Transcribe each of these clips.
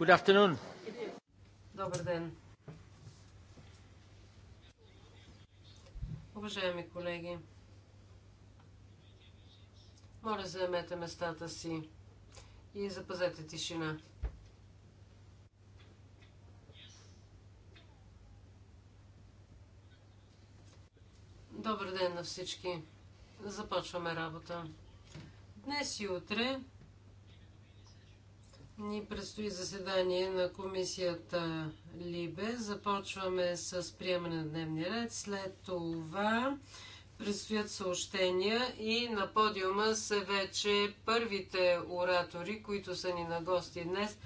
Good afternoon. Добър ден. Уважаеми колеги, моля заемете местата си и запазете тишина. Добър ден на всички. Започваме работа. Днес и утре ни предстои заседание на комисията Либе. Започваме с приемане на дневния ред. След това предстоят съобщения и на подиума са вече първите оратори, които са ни на гости днес,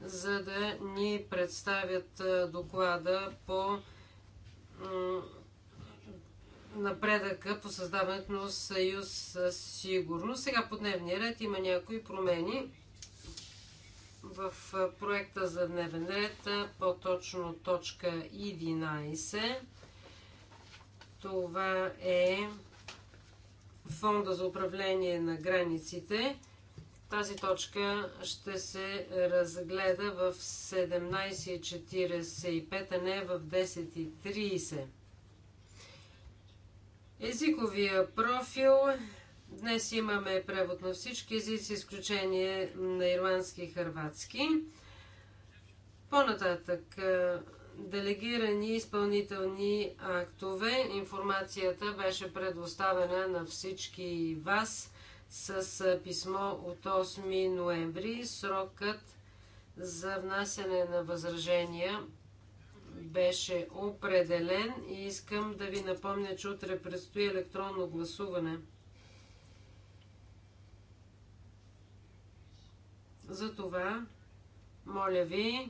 за да ни представят доклада по напредъка по създаването на Съюз сигурност. Сега по дневния ред има някои промени в проекта за дневен ред, по-точно точка 11. Това е Фонда за управление на границите. Тази точка ще се разгледа в 17.45, а не в 10.30. Езиковия профил Днес имаме превод на всички езици, изключение на ирландски и хърватски. По-нататък, е, делегирани изпълнителни актове. Информацията беше предоставена на всички вас с е, писмо от 8 ноември. Срокът за внасяне на възражения беше определен и искам да ви напомня, че утре предстои електронно гласуване – Затова, моля ви,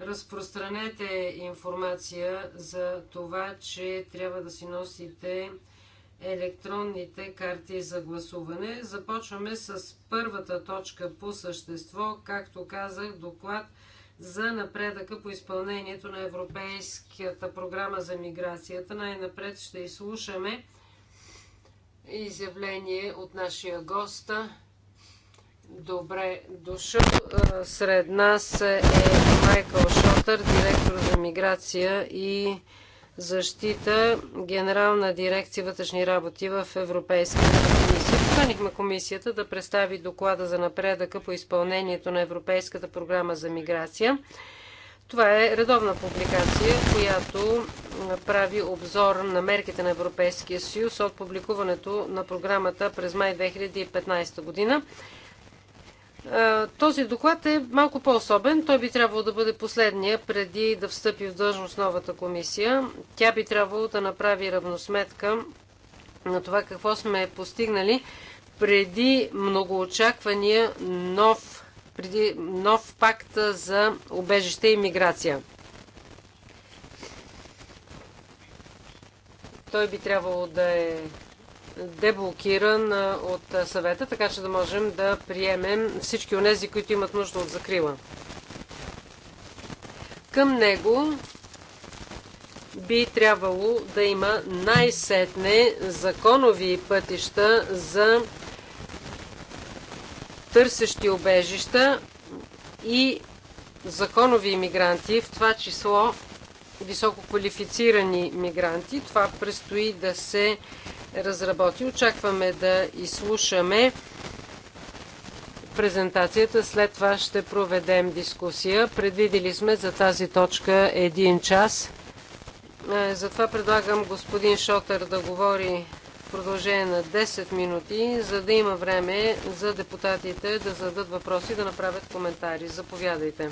разпространете информация за това, че трябва да си носите електронните карти за гласуване. Започваме с първата точка по същество, както казах, доклад за напредъка по изпълнението на Европейската програма за миграцията. Най-напред ще изслушаме изявление от нашия госта Добре дошъл. Е, сред нас е Майкъл Шотър, директор за миграция и защита, генерална дирекция вътрешни работи в Европейската комисия. Поканихме комисията да представи доклада за напредъка по изпълнението на Европейската програма за миграция. Това е редовна публикация, която прави обзор на мерките на Европейския съюз от публикуването на програмата през май 2015 година. Е, този доклад е малко по-особен. Той би трябвало да бъде последния преди да встъпи в длъжност новата комисия. Тя би трябвало да направи равносметка на това какво сме постигнали преди многоочаквания нов, преди нов пакт за обежище и миграция. Той би трябвало да е деблокиран от съвета, така че да можем да приемем всички тези, които имат нужда от закрила. Към него би трябвало да има най-сетне законови пътища за търсещи обежища и законови иммигранти, в това число висококвалифицирани мигранти. Това предстои да се разработи. Очакваме да изслушаме презентацията. След това ще проведем дискусия. Предвидели сме за тази точка един час. Е, затова предлагам господин Шотър да говори в продължение на 10 минути, за да има време за депутатите да зададат въпроси, да направят коментари. Заповядайте.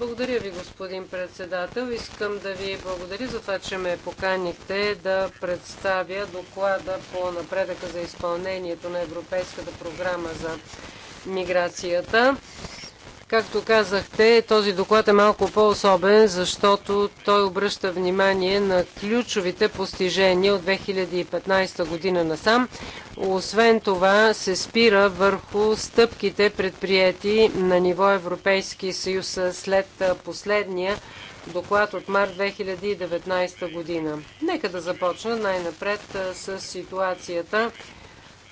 Благодаря ви, господин председател. Искам да ви благодаря за това, че ме поканихте да представя доклада по напредъка за изпълнението на Европейската програма за миграцията. Както казахте, този доклад е малко по-особен, защото той обръща внимание на ключовите постижения от 2015 година насам. Освен това се спира върху стъпките предприяти на ниво Европейски съюз след последния доклад от март 2019 година. Нека да започна най-напред с ситуацията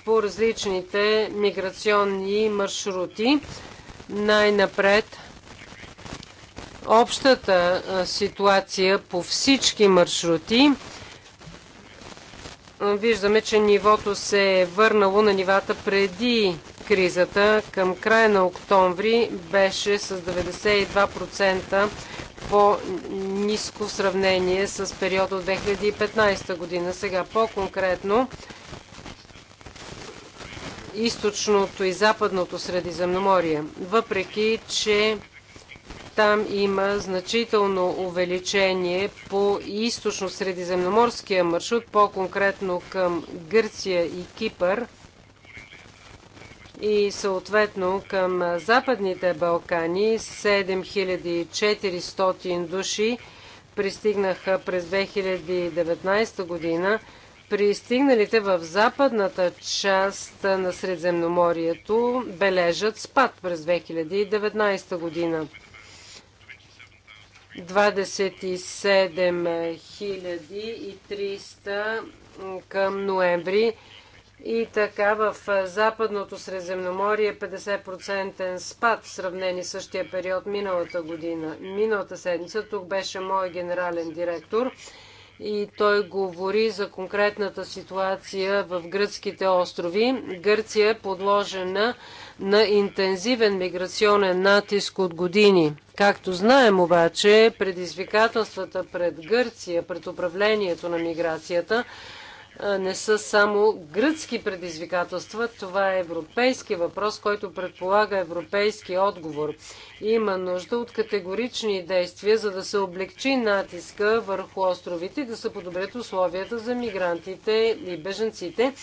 по различните миграционни маршрути. Най-напред общата ситуация по всички маршрути. Виждаме, че нивото се е върнало на нивата преди кризата. Към края на октомври беше с 92% по ниско в сравнение с периода от 2015 година. Сега по-конкретно източното и западното Средиземноморие, въпреки че там има значително увеличение по източно-средиземноморския маршрут, по-конкретно към Гърция и Кипър и съответно към Западните Балкани 7400 души пристигнаха през 2019 година Пристигналите в западната част на Средземноморието бележат спад през 2019 година. 27 300 към ноември и така в Западното Средземноморие 50% спад в сравнение същия период миналата година. Миналата седмица тук беше мой генерален директор – и той говори за конкретната ситуация в гръцките острови. Гърция е подложена на интензивен миграционен натиск от години. Както знаем обаче, предизвикателствата пред Гърция, пред управлението на миграцията, не са само гръцки предизвикателства, това е европейски въпрос, който предполага европейски отговор. Има нужда от категорични действия, за да се облегчи натиска върху островите, и да се подобрят условията за мигрантите и беженците,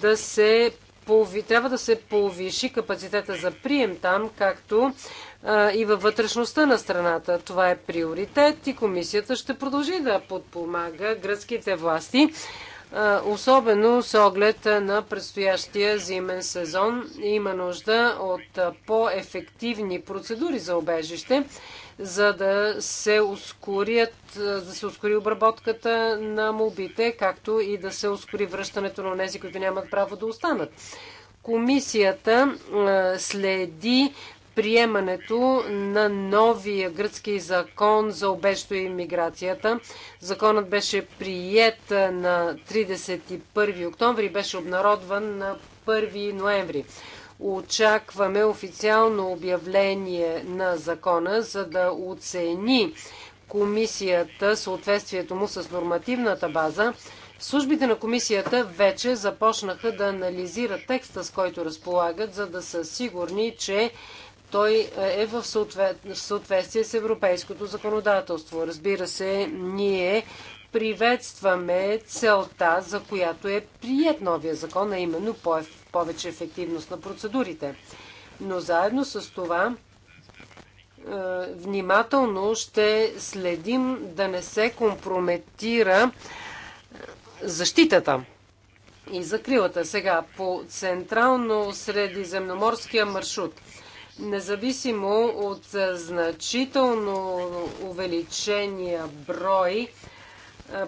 да се трябва да се повиши капацитета за прием там, както а, и във вътрешността на страната. Това е приоритет и комисията ще продължи да подпомага гръцките власти особено с оглед на предстоящия зимен сезон. Има нужда от по-ефективни процедури за обежище, за да се, ускорят, да се ускори обработката на мобите, както и да се ускори връщането на тези, които нямат право да останат. Комисията следи приемането на новия гръцки закон за обещо и миграцията. Законът беше прият на 31 октомври и беше обнародван на 1 ноември. Очакваме официално обявление на закона, за да оцени комисията съответствието му с нормативната база. Службите на комисията вече започнаха да анализират текста, с който разполагат, за да са сигурни, че той е в съответствие с европейското законодателство. Разбира се, ние приветстваме целта, за която е прият новия закон, а именно повече ефективност на процедурите. Но заедно с това е, внимателно ще следим да не се компрометира е, защитата и закрилата сега по централно средиземноморския маршрут – Независимо от значително увеличения брой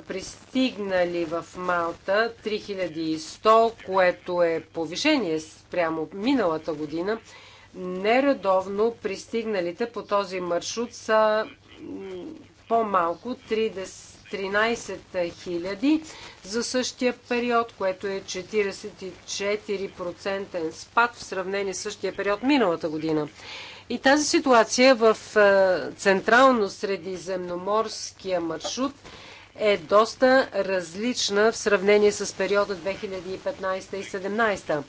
пристигнали в Малта 3100, което е повишение спрямо миналата година, нередовно пристигналите по този маршрут са по-малко 30 13 000 за същия период, което е 44% спад в сравнение с същия период миналата година. И тази ситуация в е, централно-средиземноморския маршрут е доста различна в сравнение с периода 2015 и 2017.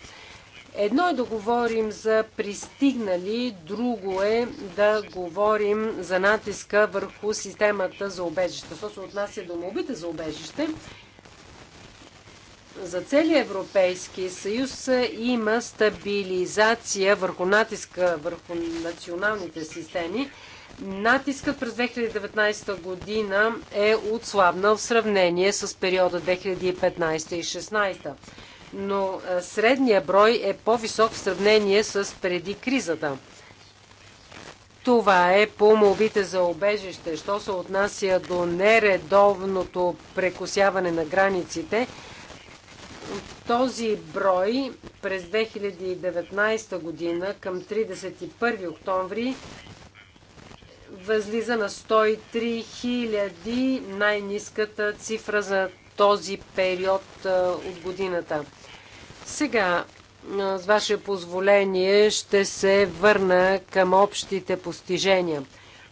Едно е да говорим за пристигнали, друго е да говорим за натиска върху системата за обежище. Що се отнася до мобите за обежище, за целия Европейски съюз има стабилизация върху натиска върху националните системи. Натискът през 2019 година е отслабнал в сравнение с периода 2015 и 2016 но средният брой е по-висок в сравнение с преди кризата. Това е по молбите за обежище. Що се отнася до нередовното прекусяване на границите, този брой през 2019 година към 31 октомври възлиза на 103 000 най-низката цифра за този период от годината. Сега, с ваше позволение, ще се върна към общите постижения.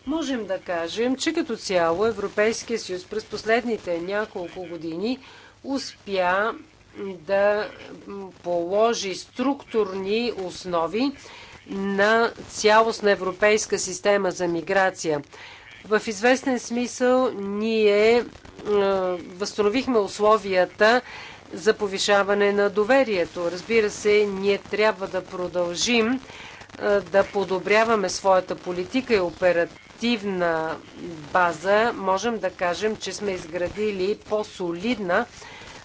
Можем да кажем, че като цяло Европейския съюз през последните няколко години успя да положи структурни основи на цялостна европейска система за миграция. В известен смисъл ние възстановихме условията за повишаване на доверието. Разбира се, ние трябва да продължим да подобряваме своята политика и оперативна база. Можем да кажем, че сме изградили по-солидна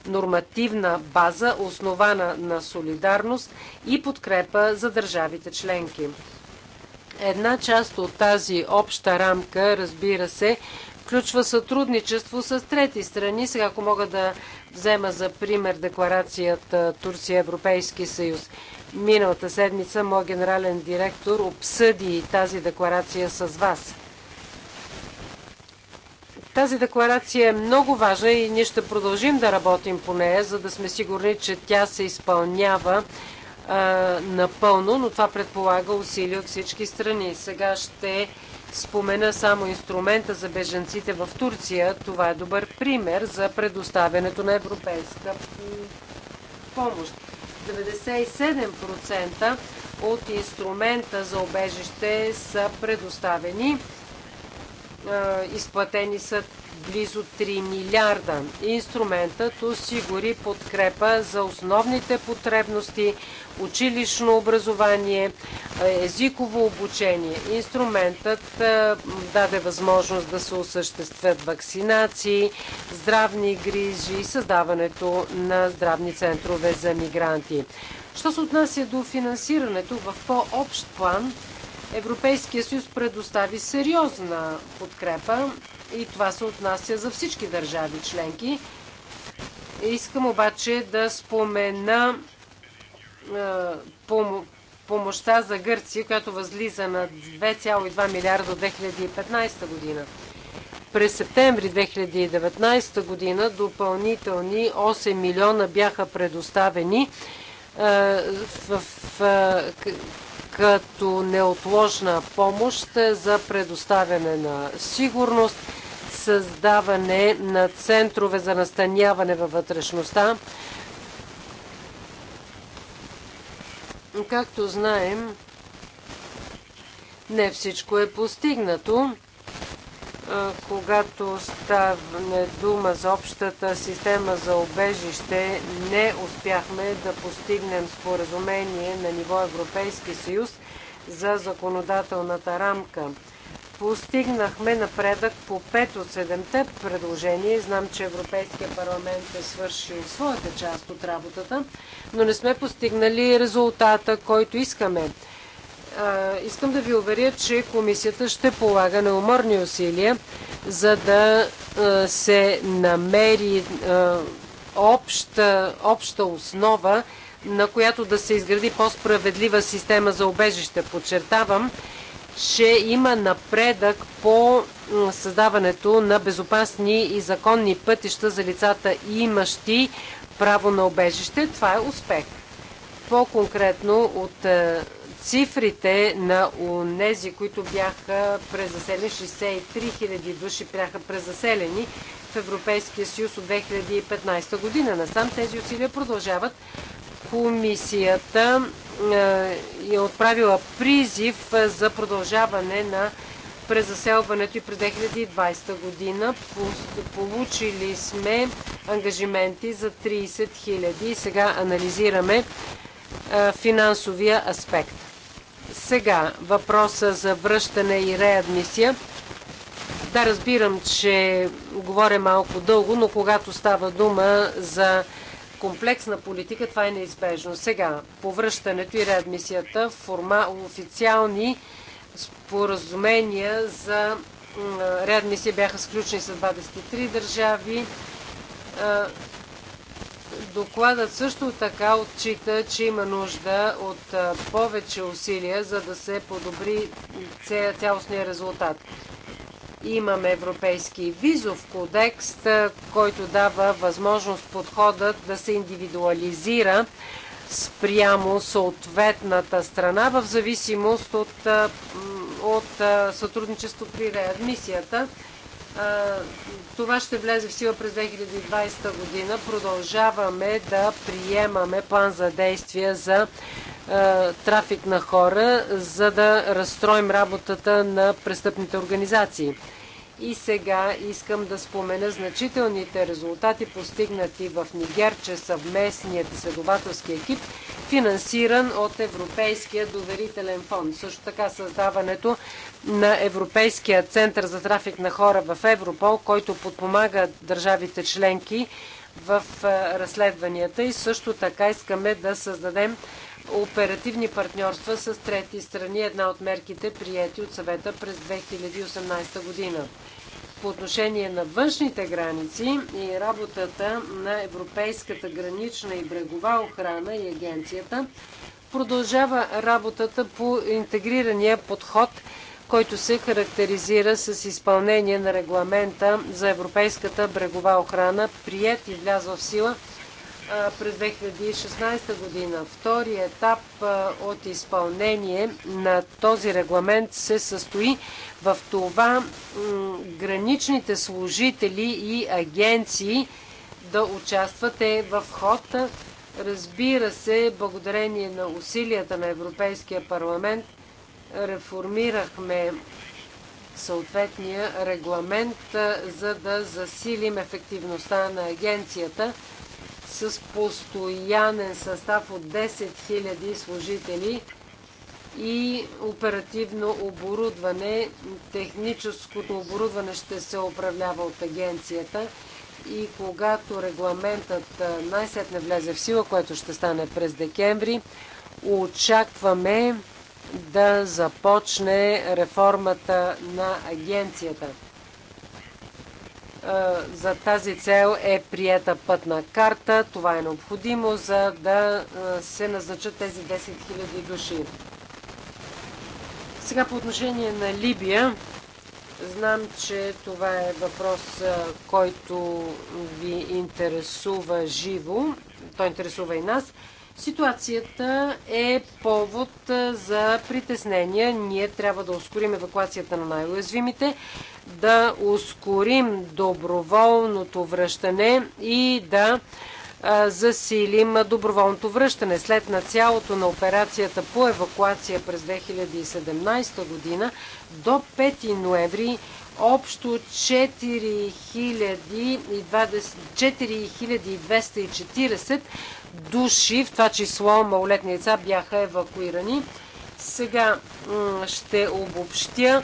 нормативна база, основана на солидарност и подкрепа за държавите членки. Една част от тази обща рамка, разбира се, включва сътрудничество с трети страни. Сега, ако мога да взема за пример декларацията Турция-Европейски съюз. Миналата седмица моят генерален директор обсъди тази декларация с вас. Тази декларация е много важна и ние ще продължим да работим по нея, за да сме сигурни, че тя се изпълнява а, напълно, но това предполага усилия от всички страни. Сега ще спомена само инструмента за беженците в Турция. Това е добър пример за предоставянето на европейска помощ. 97% от инструмента за обежище са предоставени. Изплатени са близо 3 милиарда. Инструментът осигури подкрепа за основните потребности училищно образование, езиково обучение. Инструментът е, даде възможност да се осъществят вакцинации, здравни грижи и създаването на здравни центрове за мигранти. Що се отнася до финансирането в по-общ план, Европейския съюз предостави сериозна подкрепа и това се отнася за всички държави членки. Искам обаче да спомена е, помощта за Гърция, която възлиза на 2,2 милиарда от 2015 година. През септември 2019 година допълнителни 8 милиона бяха предоставени е, в, в, е, като неотложна помощ за предоставяне на сигурност, създаване на центрове за настаняване във вътрешността, Както знаем, не всичко е постигнато. Когато ставне дума за общата система за обежище, не успяхме да постигнем споразумение на ниво Европейски съюз за законодателната рамка. Постигнахме напредък по 5 от 7-те предложения. Знам, че Европейския парламент е свършил своята част от работата, но не сме постигнали резултата, който искаме. А, искам да ви уверя, че комисията ще полага неуморни усилия, за да а, се намери а, обща, обща основа, на която да се изгради по-справедлива система за обежище. Подчертавам, че има напредък по създаването на безопасни и законни пътища за лицата, имащи право на обежище. Това е успех. По-конкретно от е, цифрите на унези, които бяха презаселени, 63 000 души бяха презаселени в Европейския съюз от 2015 година. Насам тези усилия продължават. Комисията е, е отправила призив е, за продължаване на презаселването и през 2020 година. Получили сме ангажименти за 30 000 и сега анализираме е, финансовия аспект. Сега въпроса за връщане и реадмисия. Да, разбирам, че говоря малко дълго, но когато става дума за комплексна политика, това е неизбежно. Сега, повръщането и реадмисията, форма, официални споразумения за реадмисия бяха сключени с 23 държави. Докладът също така отчита, че има нужда от повече усилия, за да се подобри цялостния резултат. Имаме европейски визов кодекс, който дава възможност подходът да се индивидуализира спрямо съответната страна в зависимост от, от сътрудничество при реадмисията. Това ще влезе в сила през 2020 година. Продължаваме да приемаме план за действие за е, трафик на хора, за да разстроим работата на престъпните организации. И сега искам да спомена значителните резултати, постигнати в Нигер, че съвместният изследователски екип, финансиран от Европейския доверителен фонд. Също така създаването на Европейския център за трафик на хора в Европол, който подпомага държавите членки в е, разследванията и също така искаме да създадем оперативни партньорства с трети страни, една от мерките, прияти от съвета през 2018 година по отношение на външните граници и работата на Европейската гранична и брегова охрана и агенцията продължава работата по интегрирания подход, който се характеризира с изпълнение на регламента за Европейската брегова охрана, прият и влязъл в сила през 2016 година. Втори етап от изпълнение на този регламент се състои в това граничните служители и агенции да участват е в ход. Разбира се, благодарение на усилията на Европейския парламент, реформирахме съответния регламент, за да засилим ефективността на агенцията с постоянен състав от 10 000 служители и оперативно оборудване. Техническото оборудване ще се управлява от агенцията и когато регламентът най-сетне влезе в сила, което ще стане през декември, очакваме да започне реформата на агенцията. За тази цел е приета пътна карта. Това е необходимо, за да се назначат тези 10 000 души. Сега по отношение на Либия. Знам, че това е въпрос, който ви интересува живо. Той интересува и нас. Ситуацията е повод за притеснения. Ние трябва да ускорим евакуацията на най-уязвимите, да ускорим доброволното връщане и да засилим доброволното връщане. След началото на операцията по евакуация през 2017 година до 5 ноември общо 4240 души, в това число малолетни деца, бяха евакуирани. Сега ще обобщя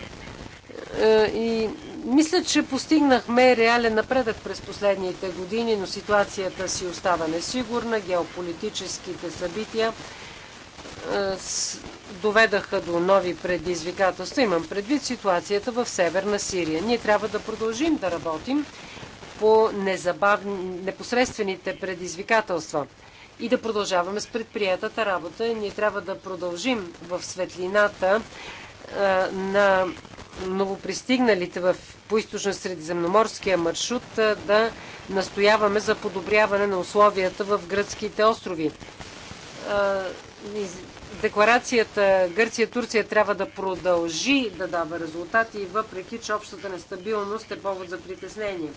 е, и мисля, че постигнахме реален напредък през последните години, но ситуацията си остава несигурна. Геополитическите събития е, доведаха до нови предизвикателства. Имам предвид ситуацията в Северна Сирия. Ние трябва да продължим да работим по непосредствените предизвикателства – и да продължаваме с предприятата работа. Ние трябва да продължим в светлината на новопристигналите в поисточно средиземноморския маршрут да настояваме за подобряване на условията в гръцките острови. Декларацията Гърция-Турция трябва да продължи да дава резултати, въпреки че общата нестабилност е повод за притеснение.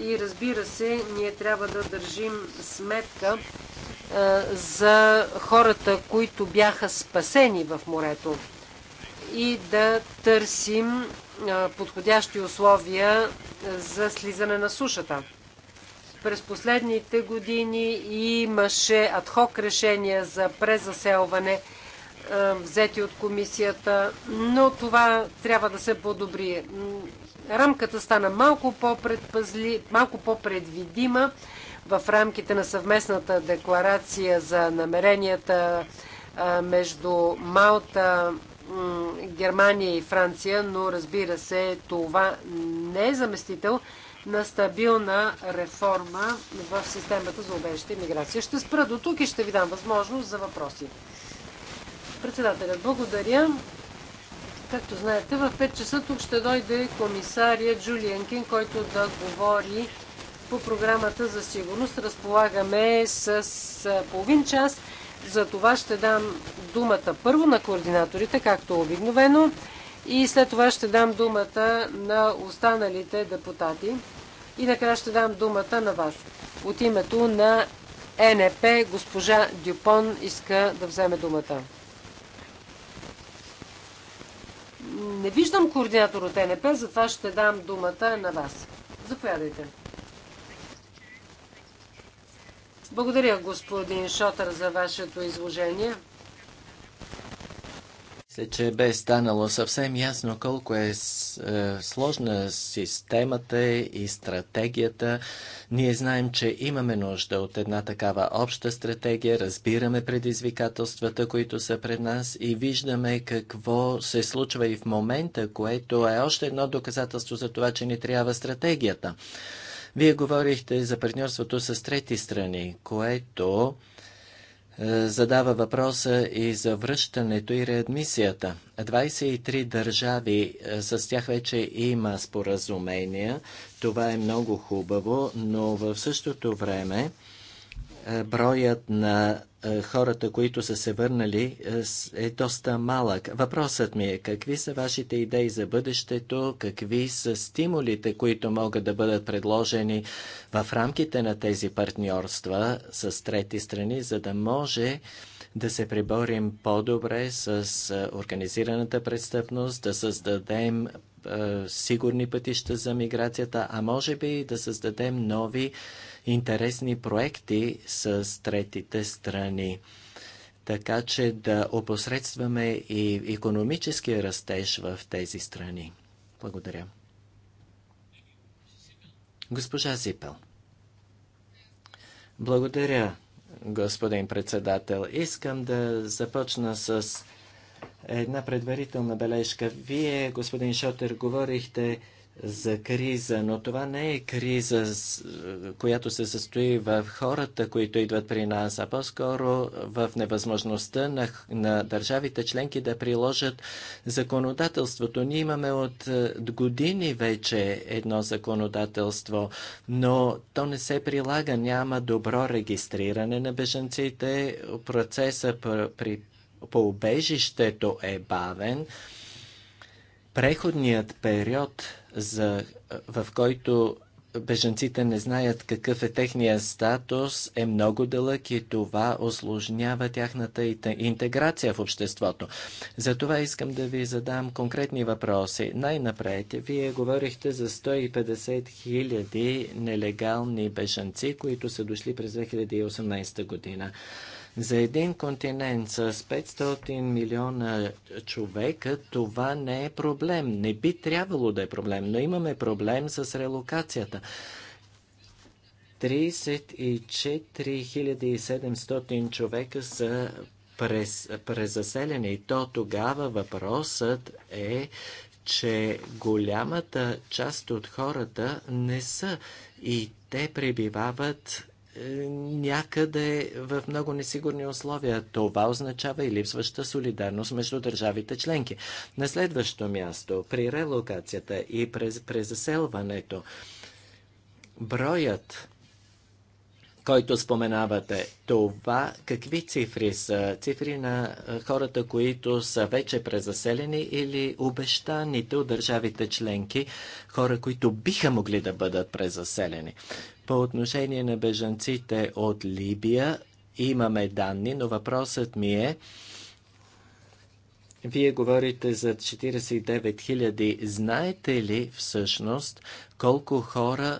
И разбира се, ние трябва да държим сметка за хората, които бяха спасени в морето и да търсим подходящи условия за слизане на сушата. През последните години имаше адхок решения за презаселване, взети от комисията, но това трябва да се подобри. Рамката стана малко по-предпазли, малко по-предвидима в рамките на съвместната декларация за намеренията между Малта, Германия и Франция, но разбира се, това не е заместител на стабилна реформа в системата за обежище и миграция. Ще спра до тук и ще ви дам възможност за въпроси. Председателят, благодаря. Както знаете, в 5 часа тук ще дойде комисария Джулиен Кин, който да говори по програмата за сигурност разполагаме с половин час. За това ще дам думата първо на координаторите, както обикновено, и след това ще дам думата на останалите депутати. И накрая ще дам думата на вас. От името на НП госпожа Дюпон иска да вземе думата. Не виждам координатор от НП, затова ще дам думата на вас. Заповядайте. Благодаря, господин Шотър, за вашето изложение. Се, че бе станало съвсем ясно колко е, е сложна системата и стратегията. Ние знаем, че имаме нужда от една такава обща стратегия, разбираме предизвикателствата, които са пред нас и виждаме какво се случва и в момента, което е още едно доказателство за това, че ни трябва стратегията. Вие говорихте за партньорството с трети страни, което е, задава въпроса и за връщането и реадмисията. 23 държави, е, с тях вече има споразумения. Това е много хубаво, но в същото време е, броят на е, хората, които са се върнали, е, е доста малък. Въпросът ми е, какви са вашите идеи за бъдещето, какви са стимулите, които могат да бъдат предложени в рамките на тези партньорства с трети страни, за да може да се приборим по-добре с организираната престъпност, да създадем сигурни пътища за миграцията, а може би да създадем нови интересни проекти с третите страни така че да опосредстваме и економическия растеж в тези страни. Благодаря. Госпожа Зипел. Благодаря, господин председател. Искам да започна с една предварителна бележка. Вие, господин Шотер, говорихте за криза, но това не е криза, която се състои в хората, които идват при нас, а по-скоро в невъзможността на, на държавите членки да приложат законодателството. Ние имаме от е, години вече едно законодателство, но то не се прилага. Няма добро регистриране на бежанците, процеса при, по убежището е бавен преходният период, за, в който беженците не знаят какъв е техния статус, е много дълъг и това осложнява тяхната интеграция в обществото. Затова искам да ви задам конкретни въпроси. Най-напред, вие говорихте за 150 хиляди нелегални беженци, които са дошли през 2018 година. За един континент с 500 милиона човека това не е проблем. Не би трябвало да е проблем, но имаме проблем с релокацията. 34 700 човека са през, презаселени. И то тогава въпросът е, че голямата част от хората не са и те пребивават някъде в много несигурни условия. Това означава и липсваща солидарност между държавите членки. На следващо място, при релокацията и през презаселването, броят който споменавате. Това какви цифри са? Цифри на хората, които са вече презаселени или обещаните от държавите членки, хора, които биха могли да бъдат презаселени. По отношение на бежанците от Либия имаме данни, но въпросът ми е вие говорите за 49 000. Знаете ли всъщност колко хора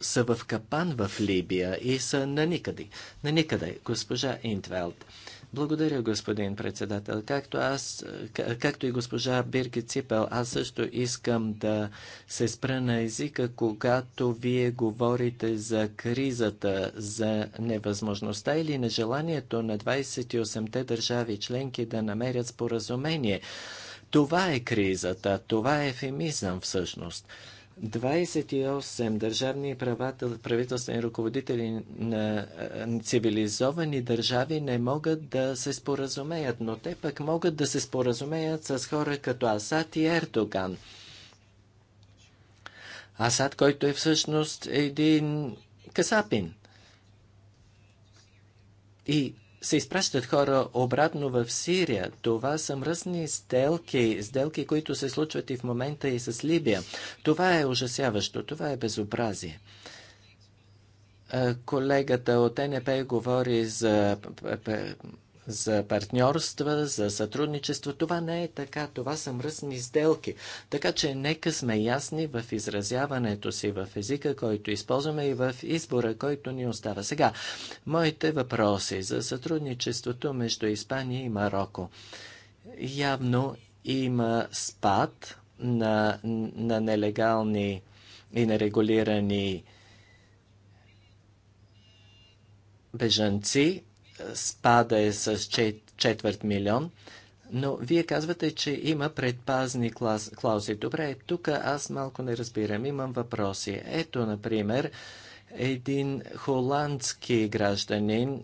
са в капан в Либия и са на никъде. На никъде, госпожа Интвелд. Благодаря, господин председател. Както, аз, както и госпожа Бирки Ципел, аз също искам да се спра на езика, когато вие говорите за кризата, за невъзможността или нежеланието на 28-те държави членки да намерят споразумение. Това е кризата, това е ефемизъм всъщност. 28 държавни права, правителствени руководители на цивилизовани държави не могат да се споразумеят, но те пък могат да се споразумеят с хора като Асад и Ердоган. Асад, който е всъщност един касапин. И се изпращат хора обратно в Сирия. Това са мръсни сделки, сделки, които се случват и в момента и с Либия. Това е ужасяващо, това е безобразие. Колегата от НП говори за за партньорства, за сътрудничество. Това не е така. Това са мръсни сделки. Така че нека сме ясни в изразяването си, в езика, който използваме и в избора, който ни остава. Сега, моите въпроси за сътрудничеството между Испания и Марокко. Явно има спад на, на нелегални и нерегулирани бежанци спада е с четвърт милион. Но вие казвате, че има предпазни клаузи. Добре, тук аз малко не разбирам. Имам въпроси. Ето, например, един холандски гражданин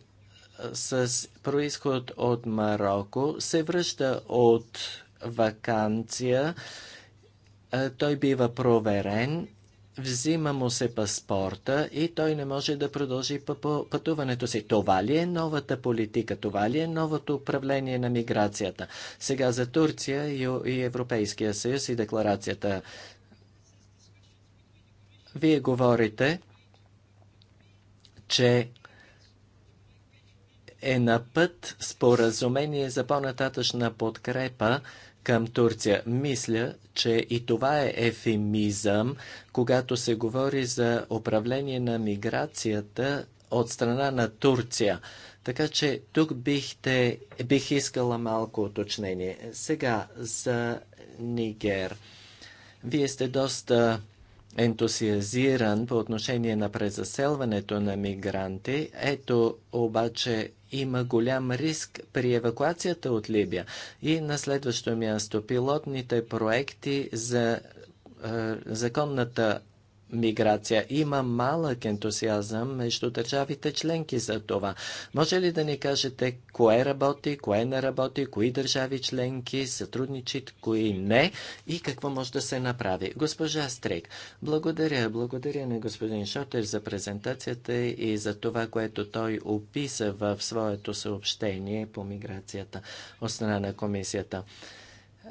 с происход от Марокко се връща от вакансия. Той бива проверен взима му се паспорта и той не може да продължи пътуването си. Това ли е новата политика? Това ли е новото управление на миграцията? Сега за Турция и Европейския съюз и декларацията. Вие говорите, че е на път споразумение за по-нататъчна подкрепа към Турция. Мисля, че и това е ефемизъм, когато се говори за управление на миграцията от страна на Турция. Така че тук бихте, бих искала малко уточнение. Сега за Нигер. Вие сте доста ентусиазиран по отношение на презаселването на мигранти. Ето обаче има голям риск при евакуацията от Либия. И на следващо място, пилотните проекти за е, законната миграция. Има малък ентусиазъм между държавите членки за това. Може ли да ни кажете кое работи, кое не работи, кои държави членки сътрудничат, кои не и какво може да се направи? Госпожа Стрик, благодаря. Благодаря на господин Шотер за презентацията и за това, което той описа в своето съобщение по миграцията от страна на комисията.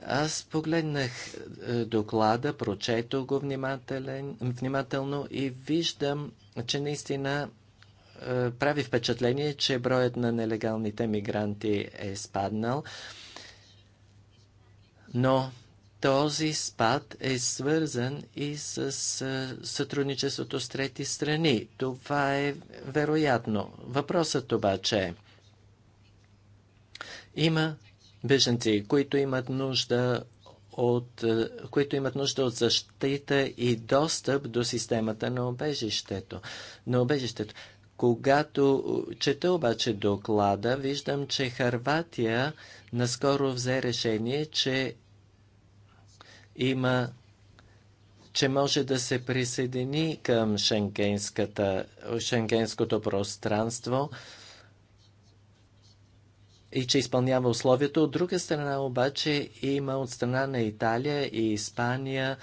Аз погледнах е, доклада, прочето го внимателно и виждам, че наистина е, прави впечатление, че броят на нелегалните мигранти е спаднал. Но този спад е свързан и с е, сътрудничеството с трети страни. Това е вероятно. Въпросът обаче е, има беженци, които имат нужда от, е, които имат нужда от защита и достъп до системата на обежището. На обежището. Когато чета обаче доклада, виждам, че Харватия наскоро взе решение, че има че може да се присъедини към шенгенското пространство и че изпълнява условията. От друга страна обаче има от страна на Италия и Испания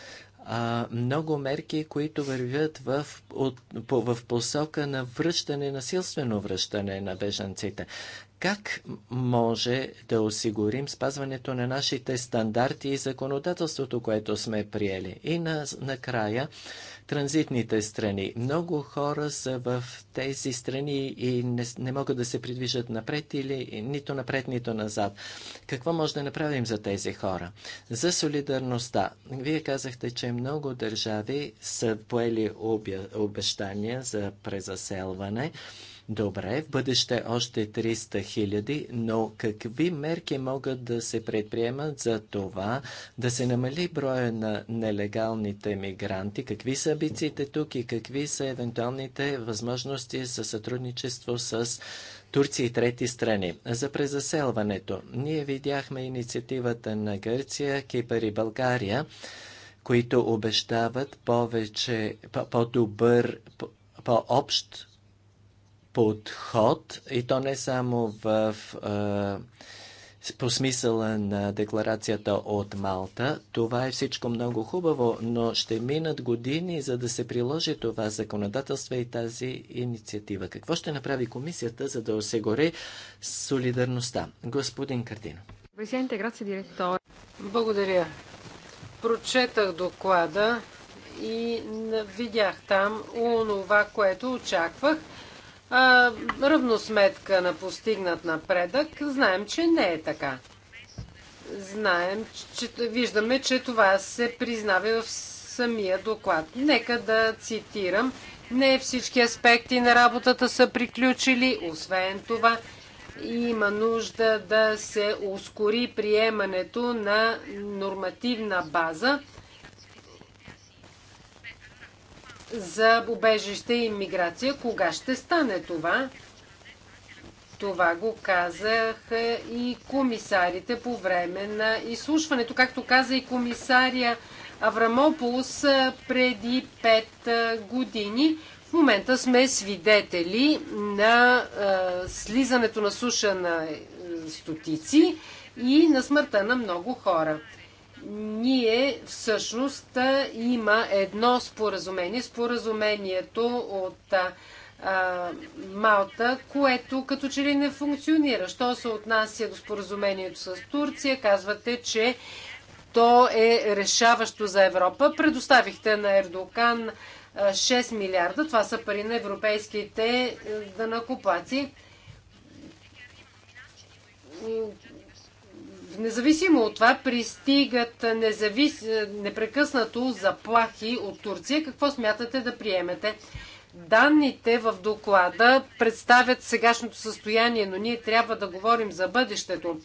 а, много мерки, които вървят в, от, по, в посока на връщане, насилствено връщане на бежанците. Как може да осигурим спазването на нашите стандарти и законодателството, което сме приели? И накрая, на транзитните страни. Много хора са в тези страни и не, не могат да се придвижат напред или нито напред, нито назад. Какво може да направим за тези хора? За солидарността. Вие казахте, че много държави са поели обещания за презаселване. Добре, в бъдеще още 300 хиляди, но какви мерки могат да се предприемат за това да се намали броя на нелегалните мигранти? Какви са амбициите тук и какви са евентуалните възможности за сътрудничество с Турция и трети страни. За презаселването ние видяхме инициативата на Гърция, Кипър и България, които обещават повече, по-добър, по-общ подход, и то не само в, а, по смисъла на декларацията от Малта. Това е всичко много хубаво, но ще минат години, за да се приложи това законодателство и тази инициатива. Какво ще направи комисията, за да осигури солидарността? Господин Картино. Президенте, Благодаря. Прочетах доклада и видях там онова, което очаквах а, равносметка на постигнат напредък, знаем, че не е така. Знаем, че, виждаме, че това се признава в самия доклад. Нека да цитирам. Не всички аспекти на работата са приключили. Освен това, има нужда да се ускори приемането на нормативна база, за убежище и иммиграция. Кога ще стане това? Това го казах и комисарите по време на изслушването, както каза и комисария Аврамополус преди 5 години. В момента сме свидетели на е, слизането на суша на е, стотици и на смъртта на много хора. Ние всъщност има едно споразумение, споразумението от а, Малта, което като че ли не функционира. Що се отнася до споразумението с Турция, казвате, че то е решаващо за Европа. Предоставихте на Ердокан 6 милиарда. Това са пари на европейските данакоплаци Независимо от това, пристигат независ... непрекъснато заплахи от Турция. Какво смятате да приемете? Данните в доклада представят сегашното състояние, но ние трябва да говорим за бъдещето.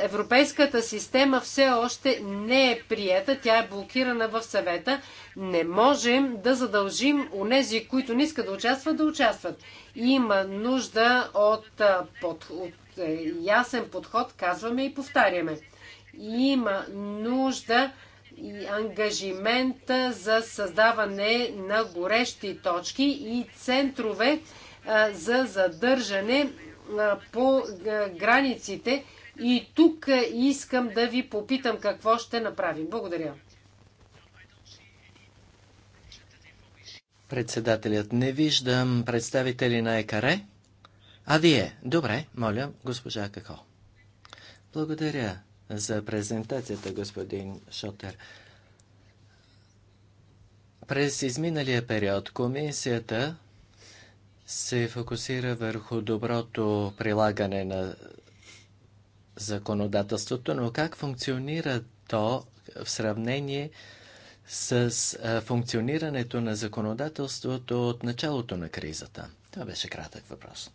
Европейската система все още не е приета, тя е блокирана в съвета. Не можем да задължим онези, които не искат да участват, да участват. Има нужда от, от, от е, ясен подход казваме и повтаряме. Има нужда и ангажимент за създаване на горещи точки и центрове за задържане по границите. И тук искам да ви попитам какво ще направим. Благодаря. Председателят, не виждам представители на ЕКАРЕ. А вие? Добре, моля, госпожа Како. Благодаря за презентацията, господин Шотер. През изминалия период комисията се фокусира върху доброто прилагане на законодателството, но как функционира то в сравнение с функционирането на законодателството от началото на кризата? Това беше кратък въпрос.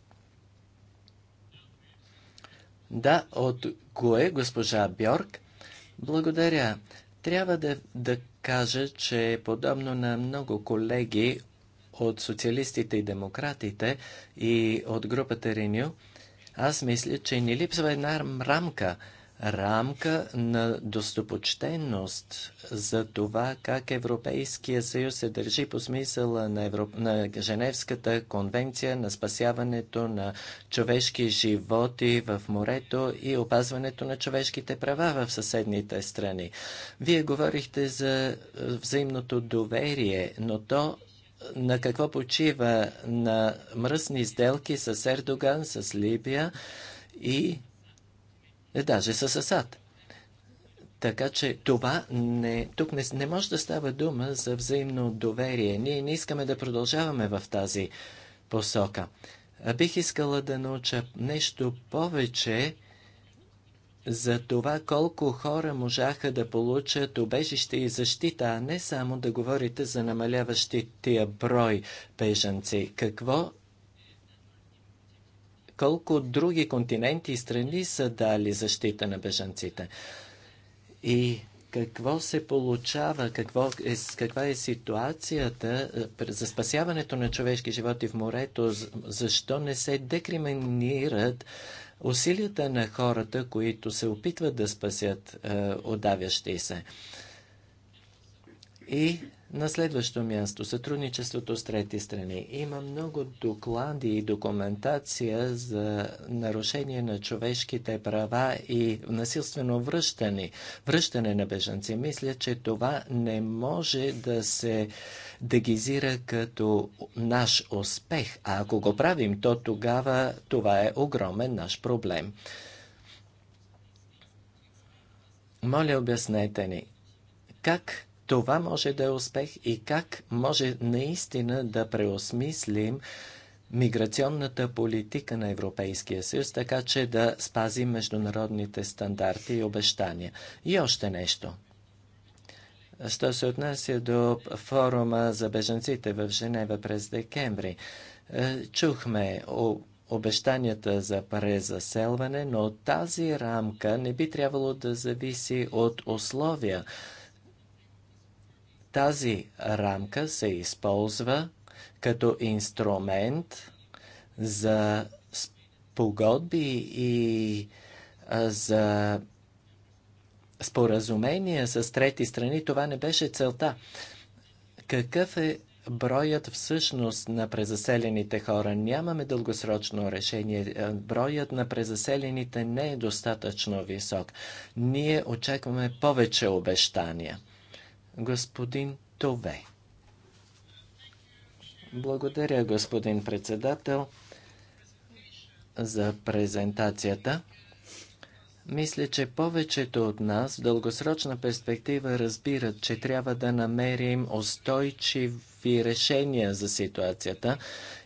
Да, от Гуе, госпожа Бьорк. Благодаря. Трябва да, да кажа, че подобно на много колеги от социалистите и демократите и от групата Реню, аз мисля, че ни липсва една рамка – рамка на достопочтеност за това как Европейския съюз се държи по смисъла на, Европ... на Женевската конвенция на спасяването на човешки животи в морето и опазването на човешките права в съседните страни. Вие говорихте за е, взаимното доверие, но то на какво почива на мръсни сделки с Ердоган, с Либия и е, даже с Асад. Така че това не, тук не, не може да става дума за взаимно доверие. Ние не искаме да продължаваме в тази посока. А бих искала да науча нещо повече за това колко хора можаха да получат убежище и защита, а не само да говорите за намаляващи тия брой бежанци. Какво колко други континенти и страни са дали защита на бежанците. И какво се получава, какво е, каква е ситуацията е, за спасяването на човешки животи в морето, защо не се декриминират усилията на хората, които се опитват да спасят е, отдавящи се. И на следващо място, сътрудничеството с трети страни. Има много доклади и документация за нарушение на човешките права и насилствено връщане, връщане на бежанци. Мисля, че това не може да се дегизира като наш успех. А ако го правим, то тогава това е огромен наш проблем. Моля, обяснете ни, как това може да е успех и как може наистина да преосмислим миграционната политика на Европейския съюз, така че да спазим международните стандарти и обещания. И още нещо. Що се отнася до форума за беженците в Женева през декември, е, чухме обещанията за презаселване, но тази рамка не би трябвало да зависи от условия. Тази рамка се използва като инструмент за погодби и за споразумения с трети страни. Това не беше целта. Какъв е броят всъщност на презаселените хора? Нямаме дългосрочно решение. Е, броят на презаселените не е достатъчно висок. Ние очакваме повече обещания господин Тове. Благодаря, господин председател, за презентацията. Мисля, че повечето от нас в дългосрочна перспектива разбират, че трябва да намерим устойчиви решения за ситуацията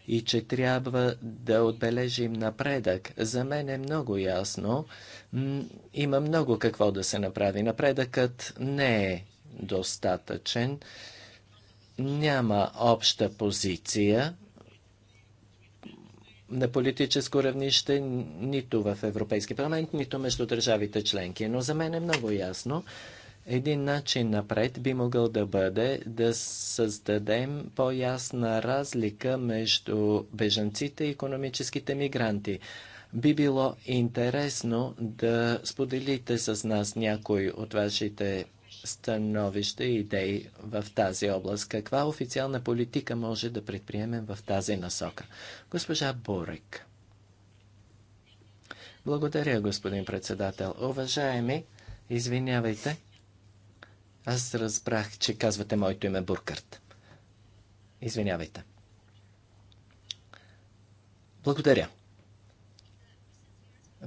и че трябва да отбележим напредък. За мен е много ясно. Има много какво да се направи. Напредъкът не е достатъчен. Няма обща позиция на политическо равнище, нито в Европейски парламент, нито между държавите членки. Но за мен е много ясно, един начин напред би могъл да бъде да създадем по-ясна разлика между бежанците и економическите мигранти. Би било интересно да споделите с нас някои от вашите становища и идеи в тази област? Каква официална политика може да предприемем в тази насока? Госпожа Борек. Благодаря, господин председател. Уважаеми, извинявайте. Аз разбрах, че казвате моето име Буркарт. Извинявайте. Благодаря.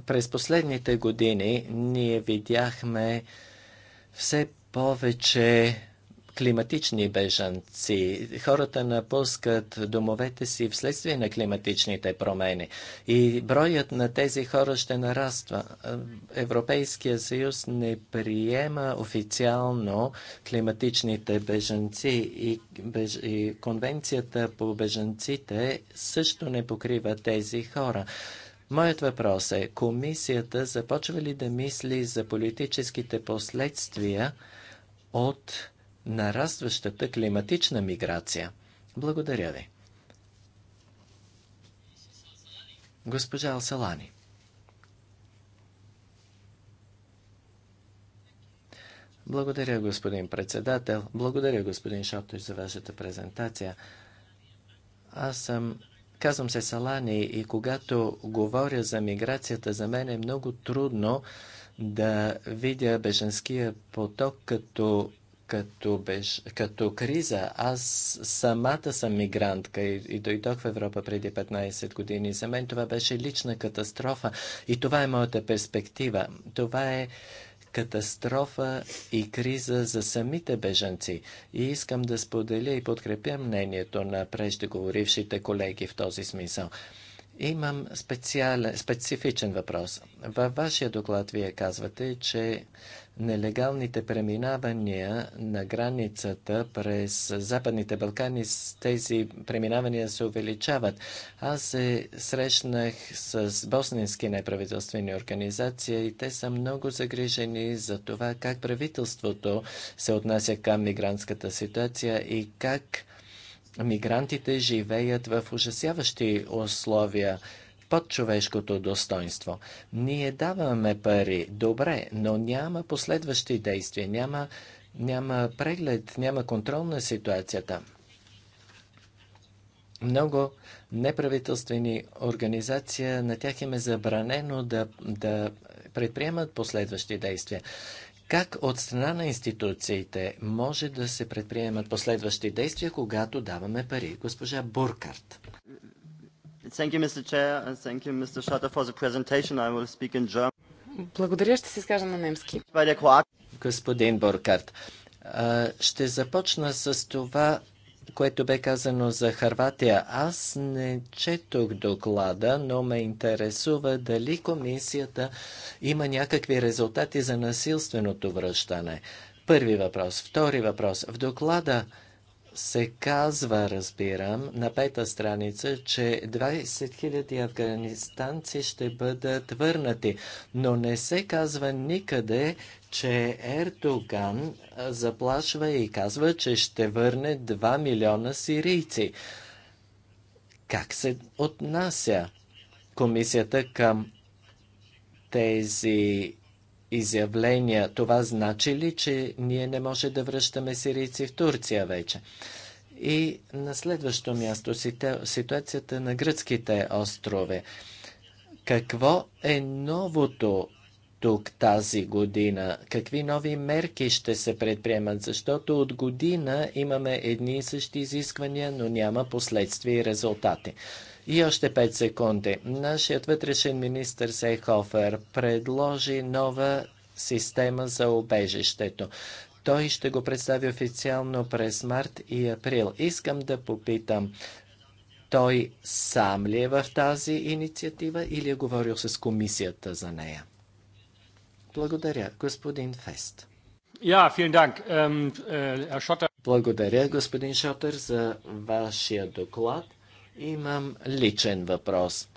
През последните години ние видяхме все повече климатични бежанци. Хората напускат домовете си вследствие на климатичните промени. И броят на тези хора ще нараства. Европейския съюз не приема официално климатичните бежанци и, беж... и конвенцията по бежанците също не покрива тези хора. Моят въпрос е, комисията започва ли да мисли за политическите последствия от нарастващата климатична миграция. Благодаря ви. Госпожа Алсалани. Благодаря, господин председател. Благодаря, господин Шоптович, за вашата презентация. Аз съм... Казвам се Салани и когато говоря за миграцията, за мен е много трудно да видя беженския поток като, като, беж, като криза. Аз самата съм мигрантка и, и дойдох в Европа преди 15 години. За мен това беше лична катастрофа и това е моята перспектива. Това е катастрофа и криза за самите бежанци. И искам да споделя и подкрепя мнението на преждеговорившите колеги в този смисъл. Имам специален, специфичен въпрос. Във вашия доклад вие казвате, че нелегалните преминавания на границата през Западните Балкани, тези преминавания се увеличават. Аз се срещнах с боснински неправителствени организации и те са много загрижени за това как правителството се отнася към мигрантската ситуация и как мигрантите живеят в ужасяващи условия под човешкото достоинство. Ние даваме пари, добре, но няма последващи действия, няма, няма преглед, няма контрол на ситуацията. Много неправителствени организации, на тях им е забранено да, да предприемат последващи действия. Как от страна на институциите може да се предприемат последващи действия, когато даваме пари? Госпожа Буркарт. Благодаря, ще се скажа на немски. Господин Буркарт, ще започна с това което бе казано за Харватия. Аз не четох доклада, но ме интересува дали комисията има някакви резултати за насилственото връщане. Първи въпрос. Втори въпрос. В доклада се казва, разбирам, на пета страница, че 20 000 афганистанци ще бъдат върнати, но не се казва никъде че Ердоган заплашва и казва, че ще върне 2 милиона сирийци. Как се отнася комисията към тези изявления? Това значи ли, че ние не може да връщаме сирийци в Турция вече? И на следващо място ситуацията на гръцките острови. Какво е новото тук тази година? Какви нови мерки ще се предприемат? Защото от година имаме едни и същи изисквания, но няма последствия и резултати. И още 5 секунди. Нашият вътрешен министр Сейхофер предложи нова система за обежището. Той ще го представи официално през март и април. Искам да попитам, той сам ли е в тази инициатива или е говорил с комисията за нея? Благодаря, господин Фест. Ähm, äh, Благодаря, господин Шотер, за вашия доклад. Имам личен въпрос.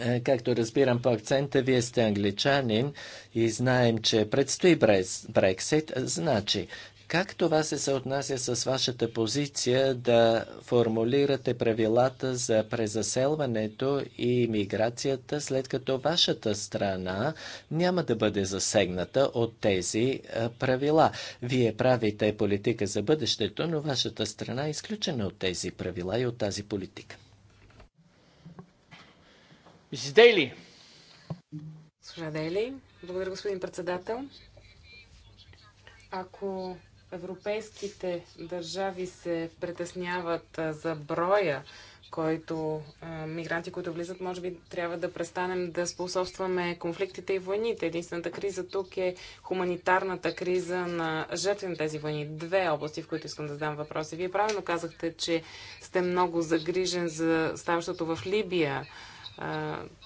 Е, както разбирам по акцента, вие сте англичанин и знаем, че предстои Брексит. Значи, как това се съотнася с вашата позиция да формулирате правилата за презаселването и миграцията, след като вашата страна няма да бъде засегната от тези е, правила? Вие правите политика за бъдещето, но вашата страна е изключена от тези правила и от тази политика. Мисис Дейли. Госпожа Дейли, благодаря господин председател. Ако европейските държави се притесняват за броя, който а, мигранти, които влизат, може би трябва да престанем да способстваме конфликтите и войните. Единствената криза тук е хуманитарната криза на жертви на тези войни. Две области, в които искам да задам въпроси. Вие правилно казахте, че сте много загрижен за ставащото в Либия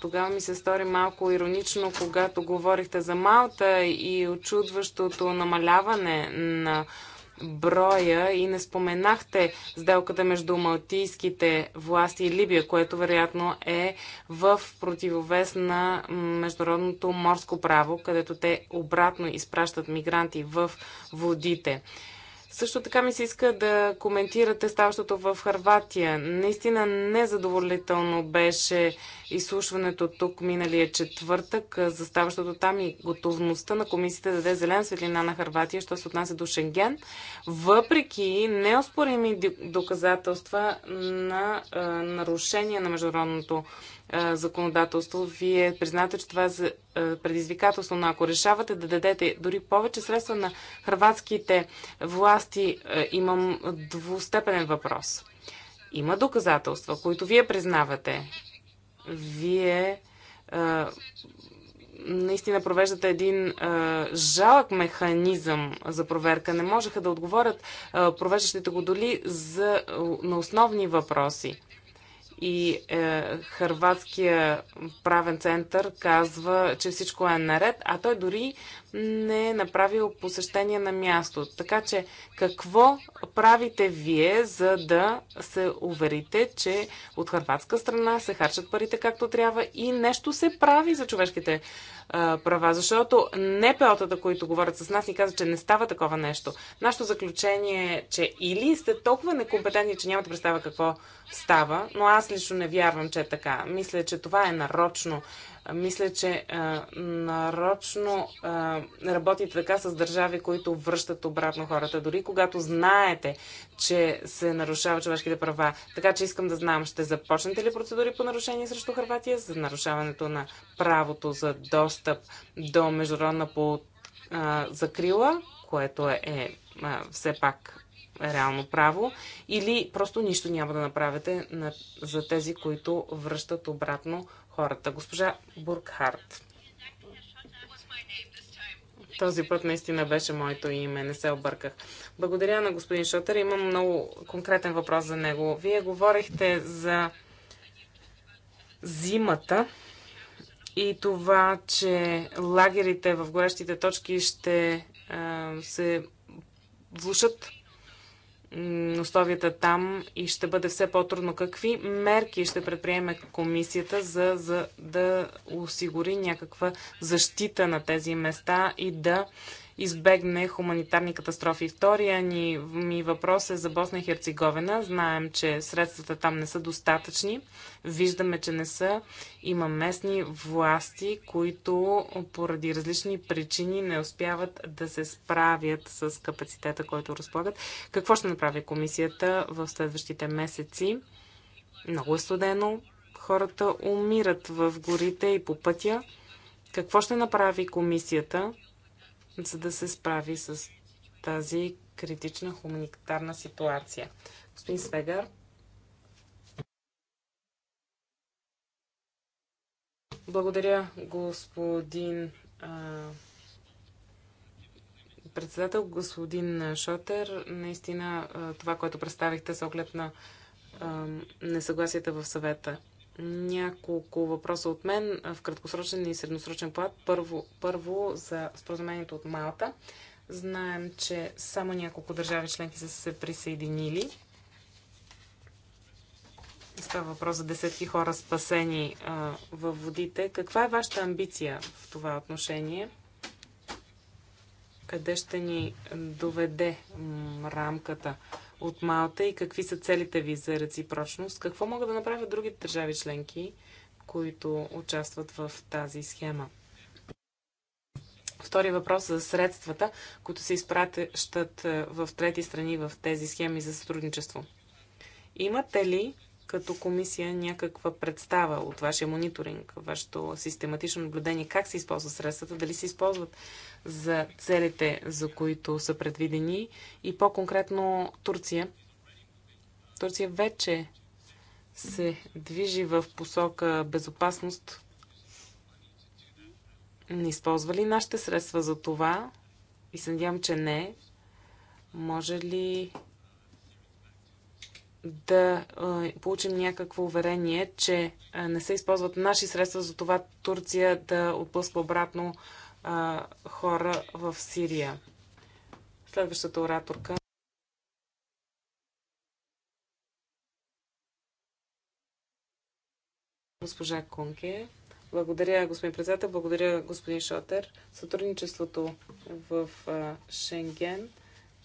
тогава ми се стори малко иронично, когато говорихте за Малта и очудващото намаляване на броя и не споменахте сделката между малтийските власти и Либия, което вероятно е в противовес на международното морско право, където те обратно изпращат мигранти в водите. Също така ми се иска да коментирате ставащото в Харватия. Наистина незадоволително беше изслушването тук миналия четвъртък за ставащото там и готовността на комисията да даде зелена светлина на Харватия, що се отнася до Шенген, въпреки неоспорими доказателства на нарушение на международното законодателство. Вие признате, че това е предизвикателство, но ако решавате да дадете дори повече средства на хрватските власти, имам двустепенен въпрос. Има доказателства, които вие признавате. Вие наистина провеждате един а, жалък механизъм за проверка. Не можеха да отговорят а, провеждащите го доли за, а, на основни въпроси и е, Харватския правен център казва, че всичко е наред, а той дори не е направил посещение на място. Така че какво правите вие, за да се уверите, че от харватска страна се харчат парите както трябва и нещо се прави за човешките е, права? Защото НПО-тата, които говорят с нас, ни казват, че не става такова нещо. Нашето заключение е, че или сте толкова некомпетентни, че нямате представа какво става, но аз лично не вярвам, че е така. Мисля, че това е нарочно. Мисля, че а, нарочно а, работи така с държави, които връщат обратно хората. Дори когато знаете, че се нарушава човешките права. Така че искам да знам, ще започнете ли процедури по нарушение срещу Харватия за нарушаването на правото за достъп до международна по закрила, което е, е все пак реално право, или просто нищо няма да направите на, за тези, които връщат обратно хората. Госпожа Бургхарт. Този път наистина беше моето име, не се обърках. Благодаря на господин Шотър. Имам много конкретен въпрос за него. Вие говорихте за зимата и това, че лагерите в горещите точки ще а, се влушат условията там и ще бъде все по-трудно. Какви мерки ще предприеме комисията за, за да осигури някаква защита на тези места и да избегне хуманитарни катастрофи. Втория ни ми въпрос е за Босна и Херцеговина. Знаем, че средствата там не са достатъчни. Виждаме, че не са. Има местни власти, които поради различни причини не успяват да се справят с капацитета, който разполагат. Какво ще направи комисията в следващите месеци? Много е студено. Хората умират в горите и по пътя. Какво ще направи комисията? за да се справи с тази критична хуманитарна ситуация. Господин Свегар. Благодаря, господин а, председател, господин Шотер. Наистина а, това, което представихте с оглед на а, несъгласията в съвета няколко въпроса от мен в краткосрочен и средносрочен план. Първо, първо за споразумението от Малта. Знаем, че само няколко държави членки са се присъединили. Става въпрос за десетки хора спасени а, във водите. Каква е вашата амбиция в това отношение? Къде ще ни доведе рамката? от Малта и какви са целите ви за реципрочност? Какво могат да направят другите държави членки, които участват в тази схема? Втори въпрос за средствата, които се изпращат е, в трети страни в тези схеми за сътрудничество. Имате ли като комисия някаква представа от вашия мониторинг, вашето систематично наблюдение, как се използват средствата, дали се използват за целите, за които са предвидени и по-конкретно Турция. Турция вече се движи в посока безопасност. Не използва ли нашите средства за това? И се надявам, че не. Може ли да получим някакво уверение, че не се използват наши средства за това Турция да отпуска обратно хора в Сирия. Следващата ораторка. Госпожа Конке. Благодаря, господин председател. Благодаря, господин Шотер. Сътрудничеството в Шенген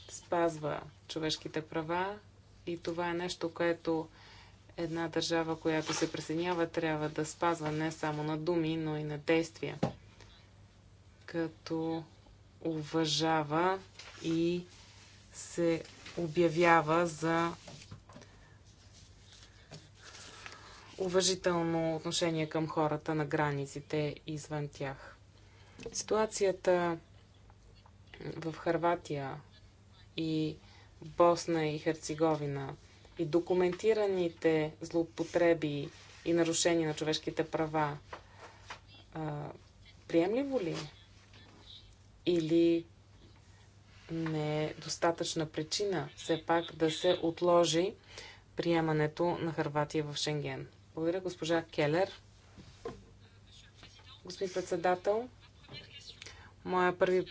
спазва човешките права, и това е нещо, което една държава, която се присъединява, трябва да спазва не само на думи, но и на действия. Като уважава и се обявява за уважително отношение към хората на границите извън тях. Ситуацията в Харватия и Босна и Херцеговина и документираните злоупотреби и нарушения на човешките права, а, приемливо ли е? или не е достатъчна причина все пак да се отложи приемането на Харватия в Шенген? Благодаря, госпожа Келер. Господин председател, моя първи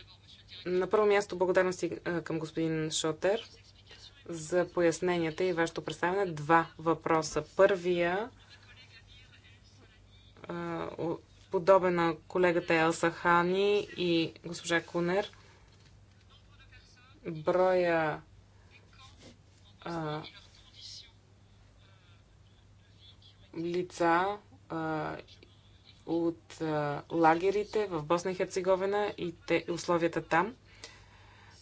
на първо място си е, към господин Шотер за поясненията и вашето представяне. Два въпроса. Първия е, подобен на колегата Елса Хани и госпожа Кунер. Броя а, е, лица а, от а, лагерите в Босна и Херцеговина и те, условията там.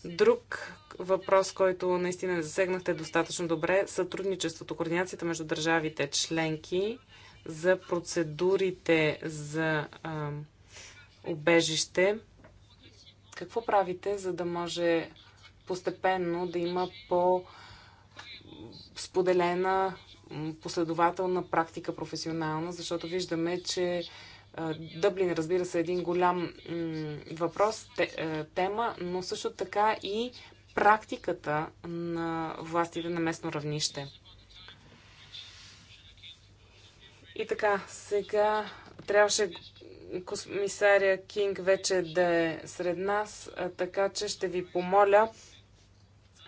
Друг въпрос, който наистина засегнахте достатъчно добре, сътрудничеството, координацията между държавите членки за процедурите за а, обежище. Какво правите, за да може постепенно да има по- споделена последователна практика професионална, защото виждаме, че Дъблин, разбира се, е един голям въпрос, е, тема, но също така и практиката на властите на местно равнище. И така, сега трябваше комисаря Кинг вече да е сред нас, така че ще ви помоля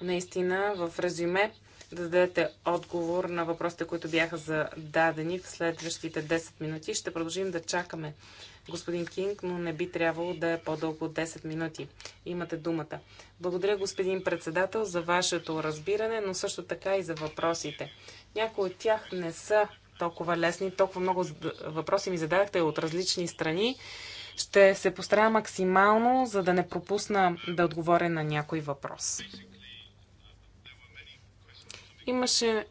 наистина в резюме да дадете отговор на въпросите, които бяха зададени в следващите 10 минути. Ще продължим да чакаме господин Кинг, но не би трябвало да е по-дълго от 10 минути. Имате думата. Благодаря, господин председател, за вашето разбиране, но също така и за въпросите. Някои от тях не са толкова лесни, толкова много въпроси ми зададахте от различни страни. Ще се постарая максимално, за да не пропусна да отговоря на някой въпрос. Имаше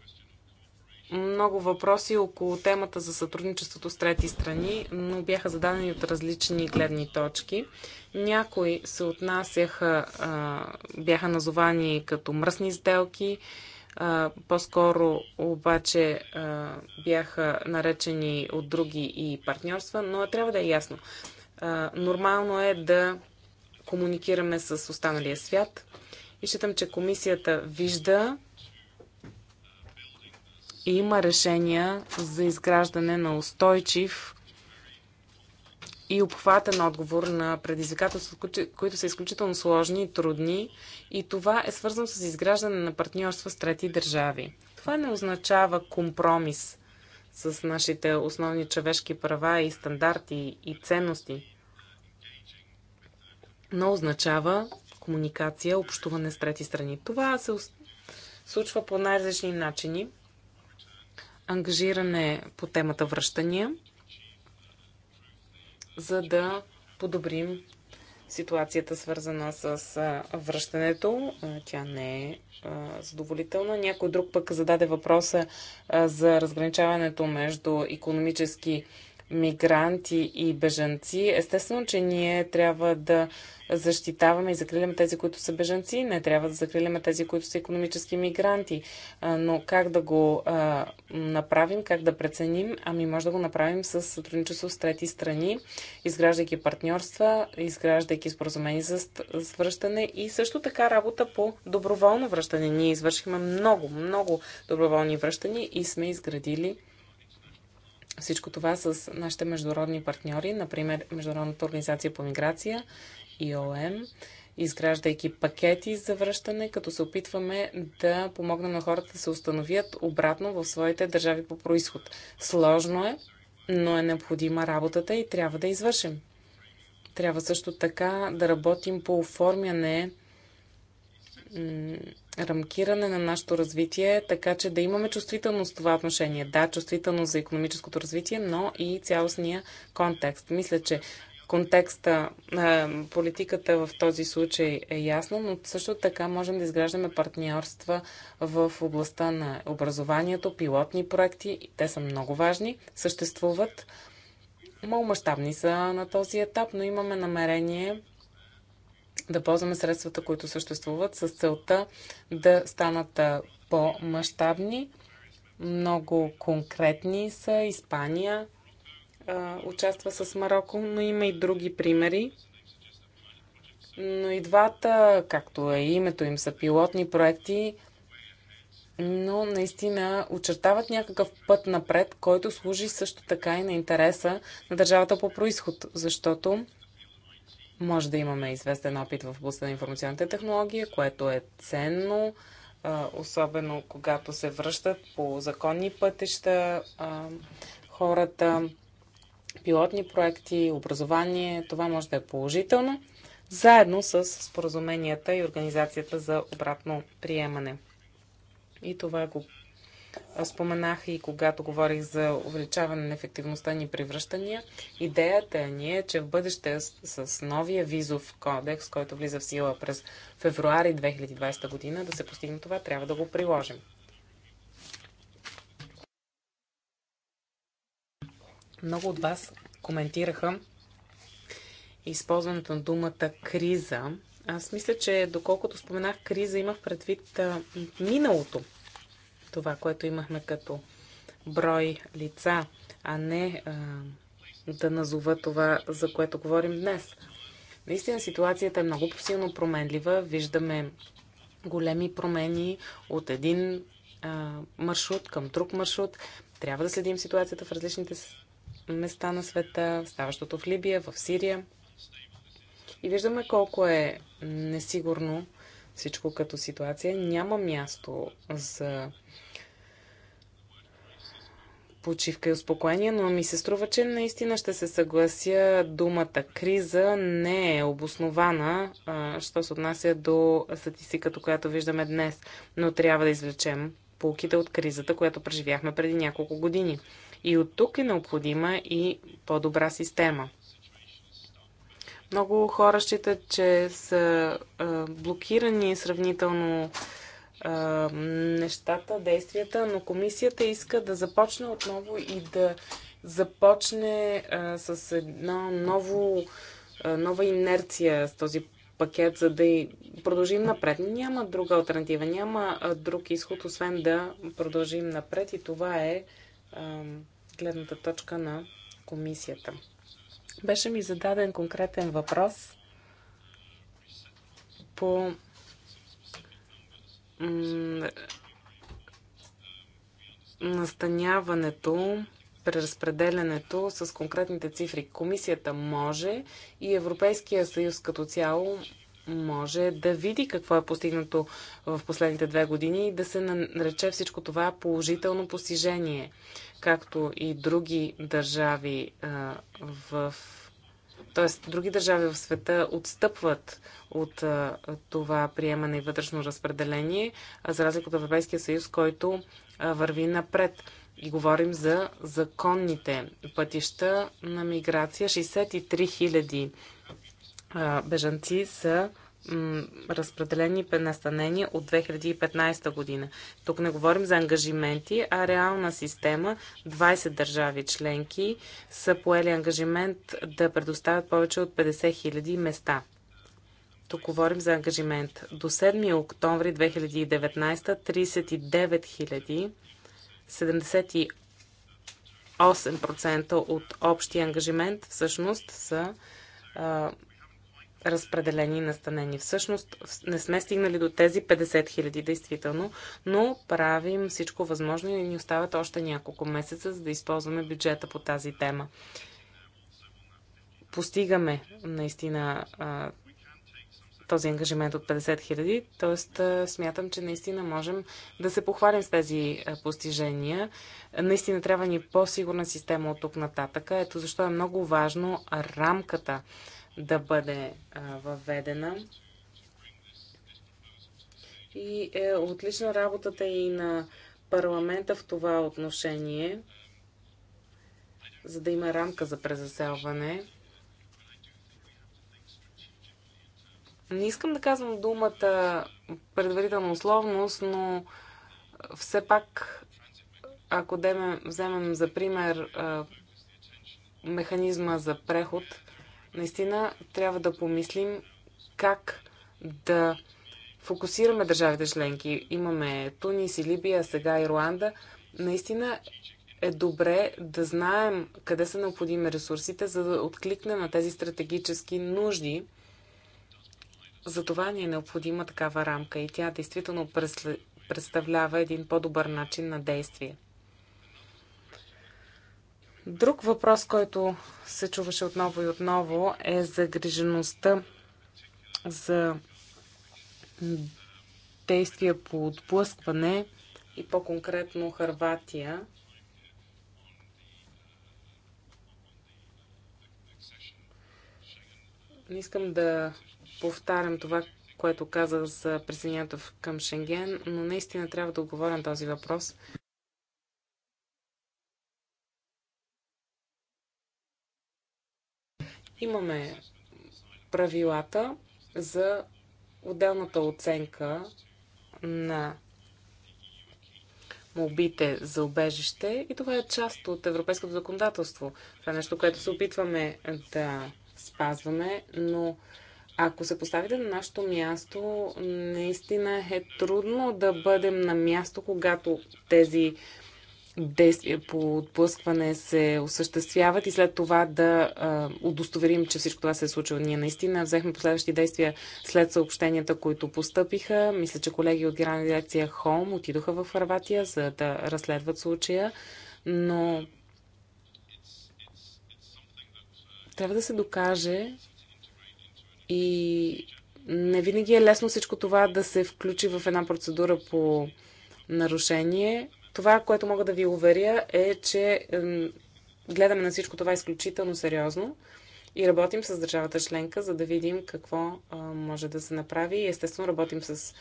много въпроси около темата за сътрудничеството с трети страни, но бяха зададени от различни гледни точки. Някои се отнасяха, бяха назовани като мръсни сделки, по-скоро обаче бяха наречени от други и партньорства, но трябва да е ясно. Нормално е да комуникираме с останалия свят и считам, че комисията вижда има решения за изграждане на устойчив и обхватен отговор на предизвикателства, които са изключително сложни и трудни. И това е свързано с изграждане на партньорства с трети държави. Това не означава компромис с нашите основни човешки права и стандарти и ценности, но означава комуникация, общуване с трети страни. Това се случва по най-различни начини ангажиране по темата връщания, за да подобрим ситуацията свързана с връщането. Тя не е задоволителна. Някой друг пък зададе въпроса за разграничаването между економически мигранти и бежанци, естествено, че ние трябва да защитаваме и закриляме тези, които са бежанци, не трябва да закриляме тези, които са економически мигранти. Но как да го направим, как да преценим? Ами може да го направим с сътрудничество с трети страни, изграждайки партньорства, изграждайки споразумени за връщане и също така работа по доброволно връщане. Ние извършихме много, много доброволни връщания и сме изградили всичко това с нашите международни партньори, например Международната организация по миграция, ИОМ, изграждайки пакети за връщане, като се опитваме да помогнем на хората да се установят обратно в своите държави по происход. Сложно е, но е необходима работата и трябва да извършим. Трябва също така да работим по оформяне рамкиране на нашето развитие, така че да имаме чувствителност в това отношение. Да, чувствителност за економическото развитие, но и цялостния контекст. Мисля, че контекста, политиката в този случай е ясна, но също така можем да изграждаме партньорства в областта на образованието, пилотни проекти, те са много важни, съществуват. Малмащабни са на този етап, но имаме намерение да ползваме средствата, които съществуват, с целта да станат по-мащабни. Много конкретни са. Испания а, участва с Марокко, но има и други примери. Но и двата, както е името им, са пилотни проекти, но наистина очертават някакъв път напред, който служи също така и на интереса на държавата по происход, защото може да имаме известен опит в областта на информационните технологии, което е ценно, особено когато се връщат по законни пътища хората, пилотни проекти, образование. Това може да е положително, заедно с споразуменията и организацията за обратно приемане. И това го споменах и когато говорих за увеличаване на ефективността ни при връщания, идеята ни е, че в бъдеще с новия визов кодекс, който влиза в сила през февруари 2020 година, да се постигне това, трябва да го приложим. Много от вас коментираха използването на думата криза. Аз мисля, че доколкото споменах криза, имах предвид миналото това, което имахме като брой лица, а не а, да назова това, за което говорим днес. Наистина ситуацията е много силно променлива. Виждаме големи промени от един а, маршрут към друг маршрут. Трябва да следим ситуацията в различните места на света, ставащото в Либия, в Сирия. И виждаме колко е несигурно всичко като ситуация. Няма място за почивка и успокоение, но ми се струва, че наистина ще се съглася думата криза не е обоснована, що се отнася до статистиката, която виждаме днес, но трябва да извлечем полките от кризата, която преживяхме преди няколко години. И от тук е необходима и по-добра система. Много хора считат, че са блокирани сравнително нещата, действията, но комисията иска да започне отново и да започне а, с едно ново, а, нова инерция с този пакет, за да продължим напред. Няма друга альтернатива, няма а, друг изход, освен да продължим напред и това е а, гледната точка на комисията. Беше ми зададен конкретен въпрос по настаняването, преразпределянето с конкретните цифри. Комисията може и Европейския съюз като цяло може да види какво е постигнато в последните две години и да се нарече всичко това положително постижение както и други държави в. Тоест, други държави в света отстъпват от а, това приемане и вътрешно разпределение, а за разлика от Европейския съюз, който а, върви напред. И говорим за законните пътища на миграция. 63 000 бежанци са разпределени настанени от 2015 година. Тук не говорим за ангажименти, а реална система. 20 държави членки са поели ангажимент да предоставят повече от 50 000 места. Тук говорим за ангажимент. До 7 октомври 2019 39 000, 78% от общия ангажимент всъщност са разпределени и настанени. Всъщност не сме стигнали до тези 50 хиляди действително, но правим всичко възможно и ни остават още няколко месеца, за да използваме бюджета по тази тема. Постигаме наистина този ангажимент от 50 хиляди, т.е. смятам, че наистина можем да се похвалим с тези постижения. Наистина трябва ни по-сигурна система от тук нататък. Ето защо е много важно рамката да бъде въведена. И е отлична работата и на парламента в това отношение, за да има рамка за презаселване. Не искам да казвам думата предварителна условност, но все пак, ако деме, вземем за пример механизма за преход – наистина трябва да помислим как да фокусираме държавите членки. Имаме Тунис и Либия, сега Ирланда. Наистина е добре да знаем къде са необходими ресурсите, за да откликнем на тези стратегически нужди. За това ни е необходима такава рамка и тя действително представлява един по-добър начин на действие. Друг въпрос, който се чуваше отново и отново е загрижеността за действия по отблъскване и по-конкретно Харватия. Не искам да повтарям това, което казах за присъединяването към Шенген, но наистина трябва да отговоря на този въпрос. Имаме правилата за отделната оценка на молбите за убежище и това е част от европейското законодателство. Това е нещо, което се опитваме да спазваме, но ако се поставите на нашето място, наистина е трудно да бъдем на място, когато тези действия по отблъскване се осъществяват и след това да а, удостоверим, че всичко това се е случило. Ние наистина взехме последващи действия след съобщенията, които постъпиха. Мисля, че колеги от Генерална дирекция Холм отидоха в Харватия, за да разследват случая, но трябва да се докаже и не винаги е лесно всичко това да се включи в една процедура по нарушение. Това, което мога да ви уверя е, че гледаме на всичко това изключително сериозно и работим с държавата членка, за да видим какво може да се направи. Естествено, работим с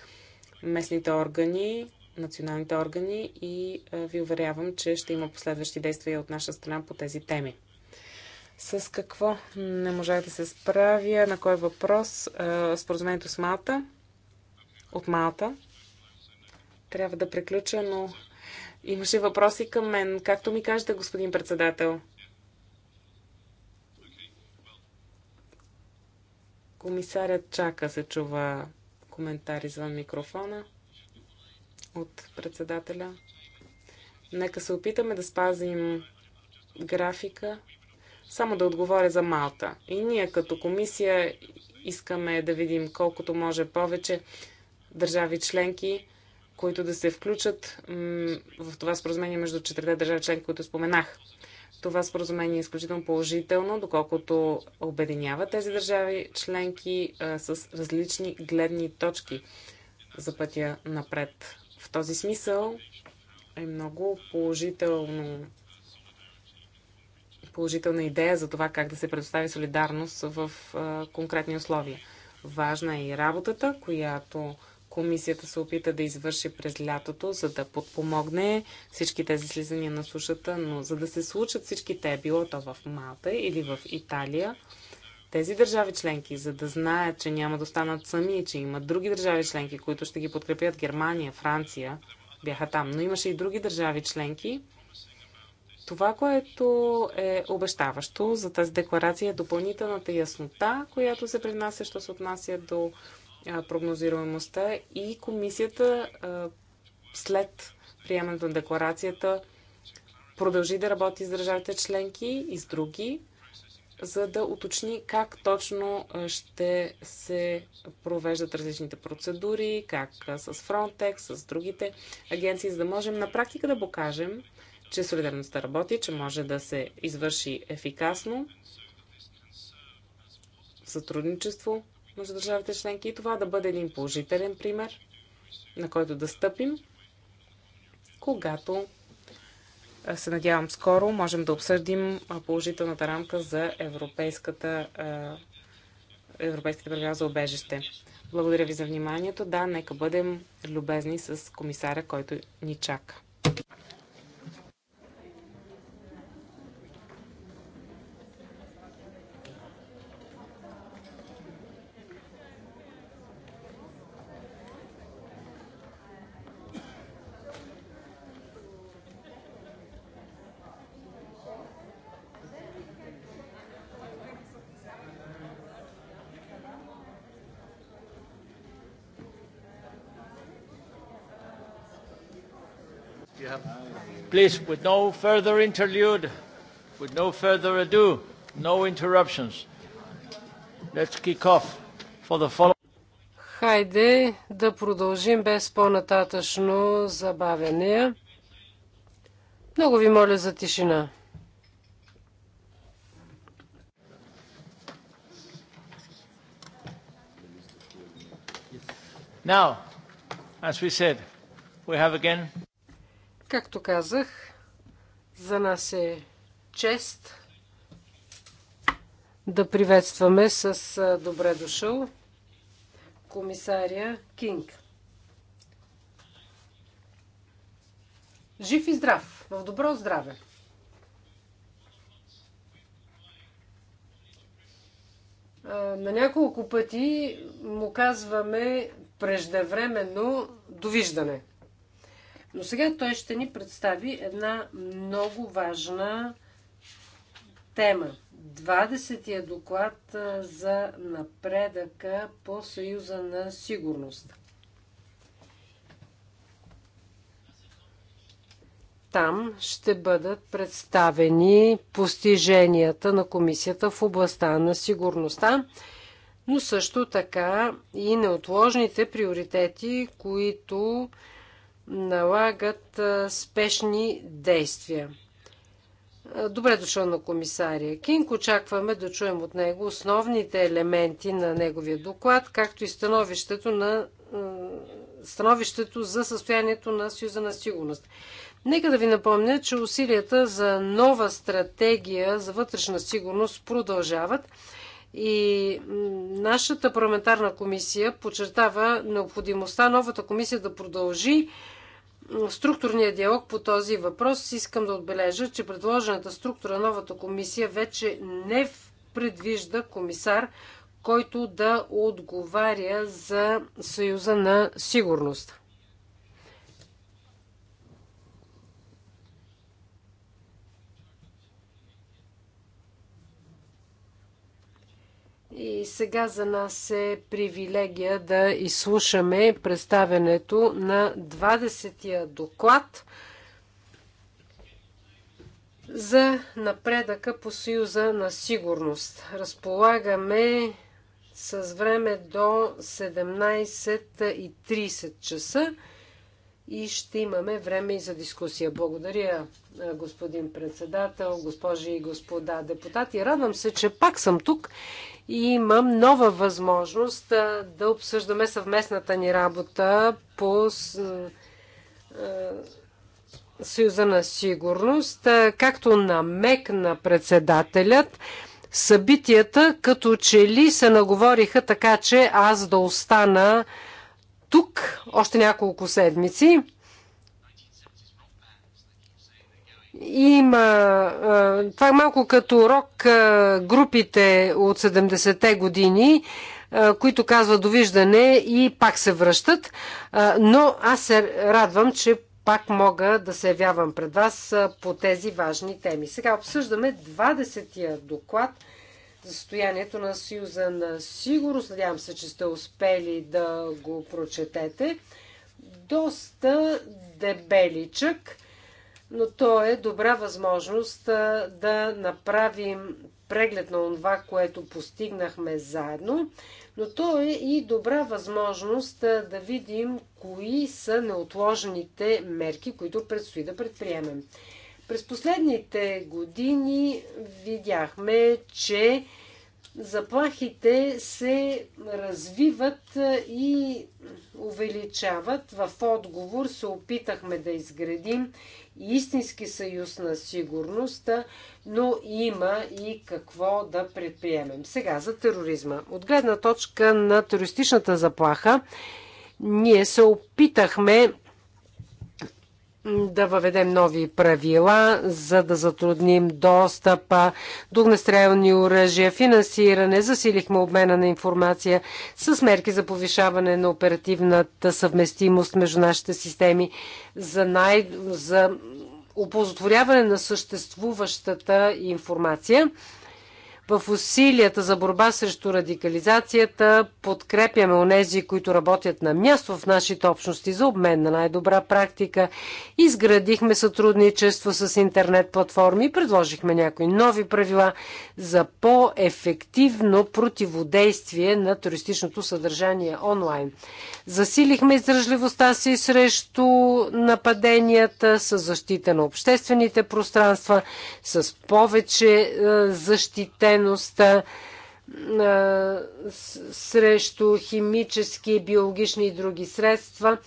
местните органи, националните органи и ви уверявам, че ще има последващи действия от наша страна по тези теми. С какво не можах да се справя? На кой въпрос? Споразумението с Малта. От Малта. Трябва да приключа, но Имаше въпроси към мен, както ми кажете, господин председател. Комисарят чака, се чува коментар извън микрофона от председателя. Нека се опитаме да спазим графика. Само да отговоря за Малта. И ние като комисия искаме да видим колкото може повече държави членки които да се включат в това споразумение между четирите държави членки, които споменах. Това споразумение е изключително положително, доколкото обединява тези държави членки а, с различни гледни точки за пътя напред. В този смисъл е много положително положителна идея за това как да се предостави солидарност в а, конкретни условия. Важна е и работата, която комисията се опита да извърши през лятото, за да подпомогне всички тези слизания на сушата, но за да се случат всички те, било то в Малта или в Италия, тези държави членки, за да знаят, че няма да останат сами, че имат други държави членки, които ще ги подкрепят, Германия, Франция, бяха там, но имаше и други държави членки. Това, което е обещаващо за тази декларация е допълнителната яснота, която се принася, що се отнася до прогнозируемостта и комисията след приемането на декларацията продължи да работи с държавите членки и с други, за да уточни как точно ще се провеждат различните процедури, как с Frontex, с другите агенции, за да можем на практика да покажем, че солидарността работи, че може да се извърши ефикасно сътрудничество между държавите членки и това да бъде един положителен пример, на който да стъпим, когато се надявам скоро можем да обсъдим положителната рамка за европейската, европейските правила за обежище. Благодаря ви за вниманието. Да, нека бъдем любезни с комисаря, който ни чака. Please, with no further interlude, with no further ado, no interruptions. Let's kick off for the following. Хайде да продължим без по-нататъчно забавяне. Много ви моля за тишина. Now, as we said, we have again Както казах, за нас е чест да приветстваме с добре дошъл комисария Кинг. Жив и здрав, в добро здраве! На няколко пъти му казваме преждевременно довиждане – но сега той ще ни представи една много важна тема. 20-я доклад за напредъка по Съюза на сигурност. Там ще бъдат представени постиженията на комисията в областта на сигурността, но също така и неотложните приоритети, които налагат спешни действия. Добре дошъл на комисария Кинг. Очакваме да чуем от него основните елементи на неговия доклад, както и становището, на, становището за състоянието на Съюза на сигурност. Нека да ви напомня, че усилията за нова стратегия за вътрешна сигурност продължават и нашата парламентарна комисия подчертава необходимостта новата комисия да продължи структурния диалог по този въпрос, искам да отбележа, че предложената структура новата комисия вече не предвижда комисар, който да отговаря за Съюза на сигурност. И сега за нас е привилегия да изслушаме представянето на 20-я доклад за напредъка по Съюза на сигурност. Разполагаме с време до 17.30 часа и ще имаме време и за дискусия. Благодаря, господин председател, госпожи и господа депутати. Радвам се, че пак съм тук и имам нова възможност да обсъждаме съвместната ни работа по Съюза на сигурност, както намек на председателят. Събитията като че ли се наговориха така, че аз да остана тук още няколко седмици. Има, това е малко като рок групите от 70-те години, които казват довиждане и пак се връщат. Но аз се радвам, че пак мога да се явявам пред вас по тези важни теми. Сега обсъждаме 20-я доклад – състоянието на Съюза на сигурност. Надявам се, че сте успели да го прочетете. Доста дебеличък, но то е добра възможност да направим преглед на това, което постигнахме заедно, но то е и добра възможност да видим кои са неотложните мерки, които предстои да предприемем. През последните години видяхме, че заплахите се развиват и увеличават. В отговор се опитахме да изградим истински съюз на сигурността, но има и какво да предприемем. Сега за тероризма. От гледна точка на терористичната заплаха, ние се опитахме да въведем нови правила, за да затрудним достъпа до огнестрелни оръжия, финансиране, засилихме обмена на информация с мерки за повишаване на оперативната съвместимост между нашите системи за, най... за оползотворяване на съществуващата информация. В усилията за борба срещу радикализацията подкрепяме онези, които работят на място в нашите общности за обмен на най-добра практика. Изградихме сътрудничество с интернет платформи и предложихме някои нови правила за по-ефективно противодействие на туристичното съдържание онлайн. Засилихме издържливостта си срещу нападенията с защита на обществените пространства, с повече е, защитен а, срещу химически, биологични и други средства.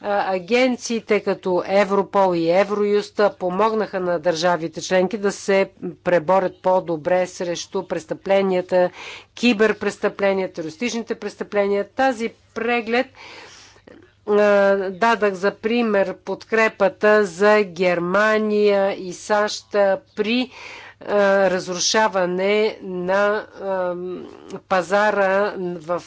Агенциите като Европол и Евроюста помогнаха на държавите членки да се преборят по-добре срещу престъпленията, киберпрестъпления, терористичните престъпления. Тази преглед дадах за пример подкрепата за Германия и САЩ при разрушаване на пазара в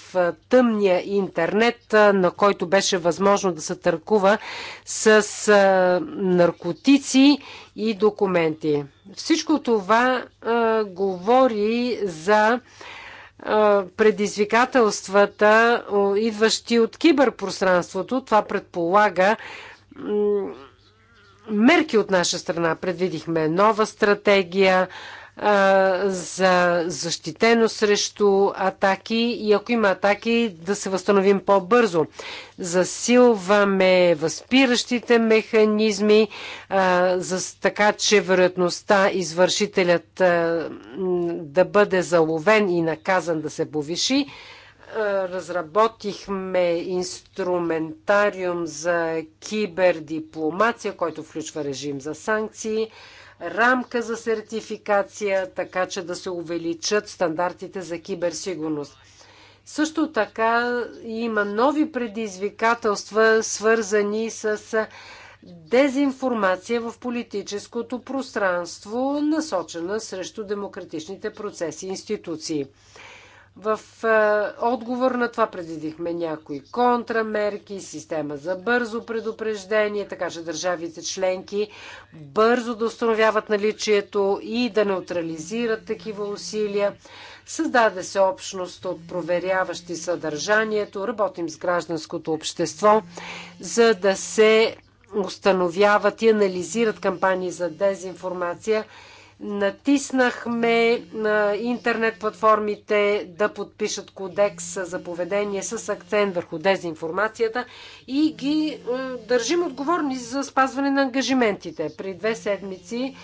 тъмния интернет, на който беше възможно да се търкува с наркотици и документи. Всичко това говори за предизвикателствата, идващи от киберпространството. Това предполага мерки от наша страна. Предвидихме нова стратегия а, за защитено срещу атаки и ако има атаки, да се възстановим по-бързо. Засилваме възпиращите механизми, а, за, така че вероятността извършителят а, да бъде заловен и наказан да се повиши разработихме инструментариум за кибердипломация, който включва режим за санкции, рамка за сертификация, така че да се увеличат стандартите за киберсигурност. Също така има нови предизвикателства, свързани с дезинформация в политическото пространство, насочена срещу демократичните процеси и институции. В е, отговор на това предвидихме някои контрамерки, система за бързо предупреждение, така че държавите членки бързо да установяват наличието и да неутрализират такива усилия. Създаде се общност от проверяващи съдържанието, работим с гражданското общество, за да се установяват и анализират кампании за дезинформация – Натиснахме на интернет платформите да подпишат кодекс за поведение с акцент върху дезинформацията и ги е, държим отговорни за спазване на ангажиментите. При две седмици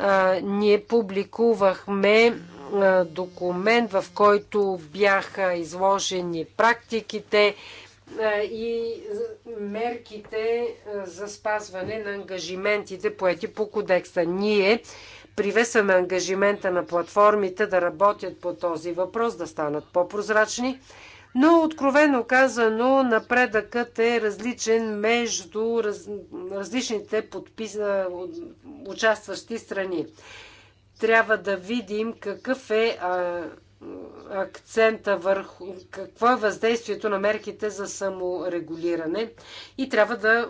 а, е, ние публикувахме а, е, документ, в който бяха изложени практиките, и мерките за спазване на ангажиментите поети по кодекса. Ние Привесваме ангажимента на платформите да работят по този въпрос, да станат по-прозрачни, но откровено казано напредъкът е различен между раз, различните подпис, участващи страни. Трябва да видим какъв е а, акцента върху какво е въздействието на мерките за саморегулиране и трябва да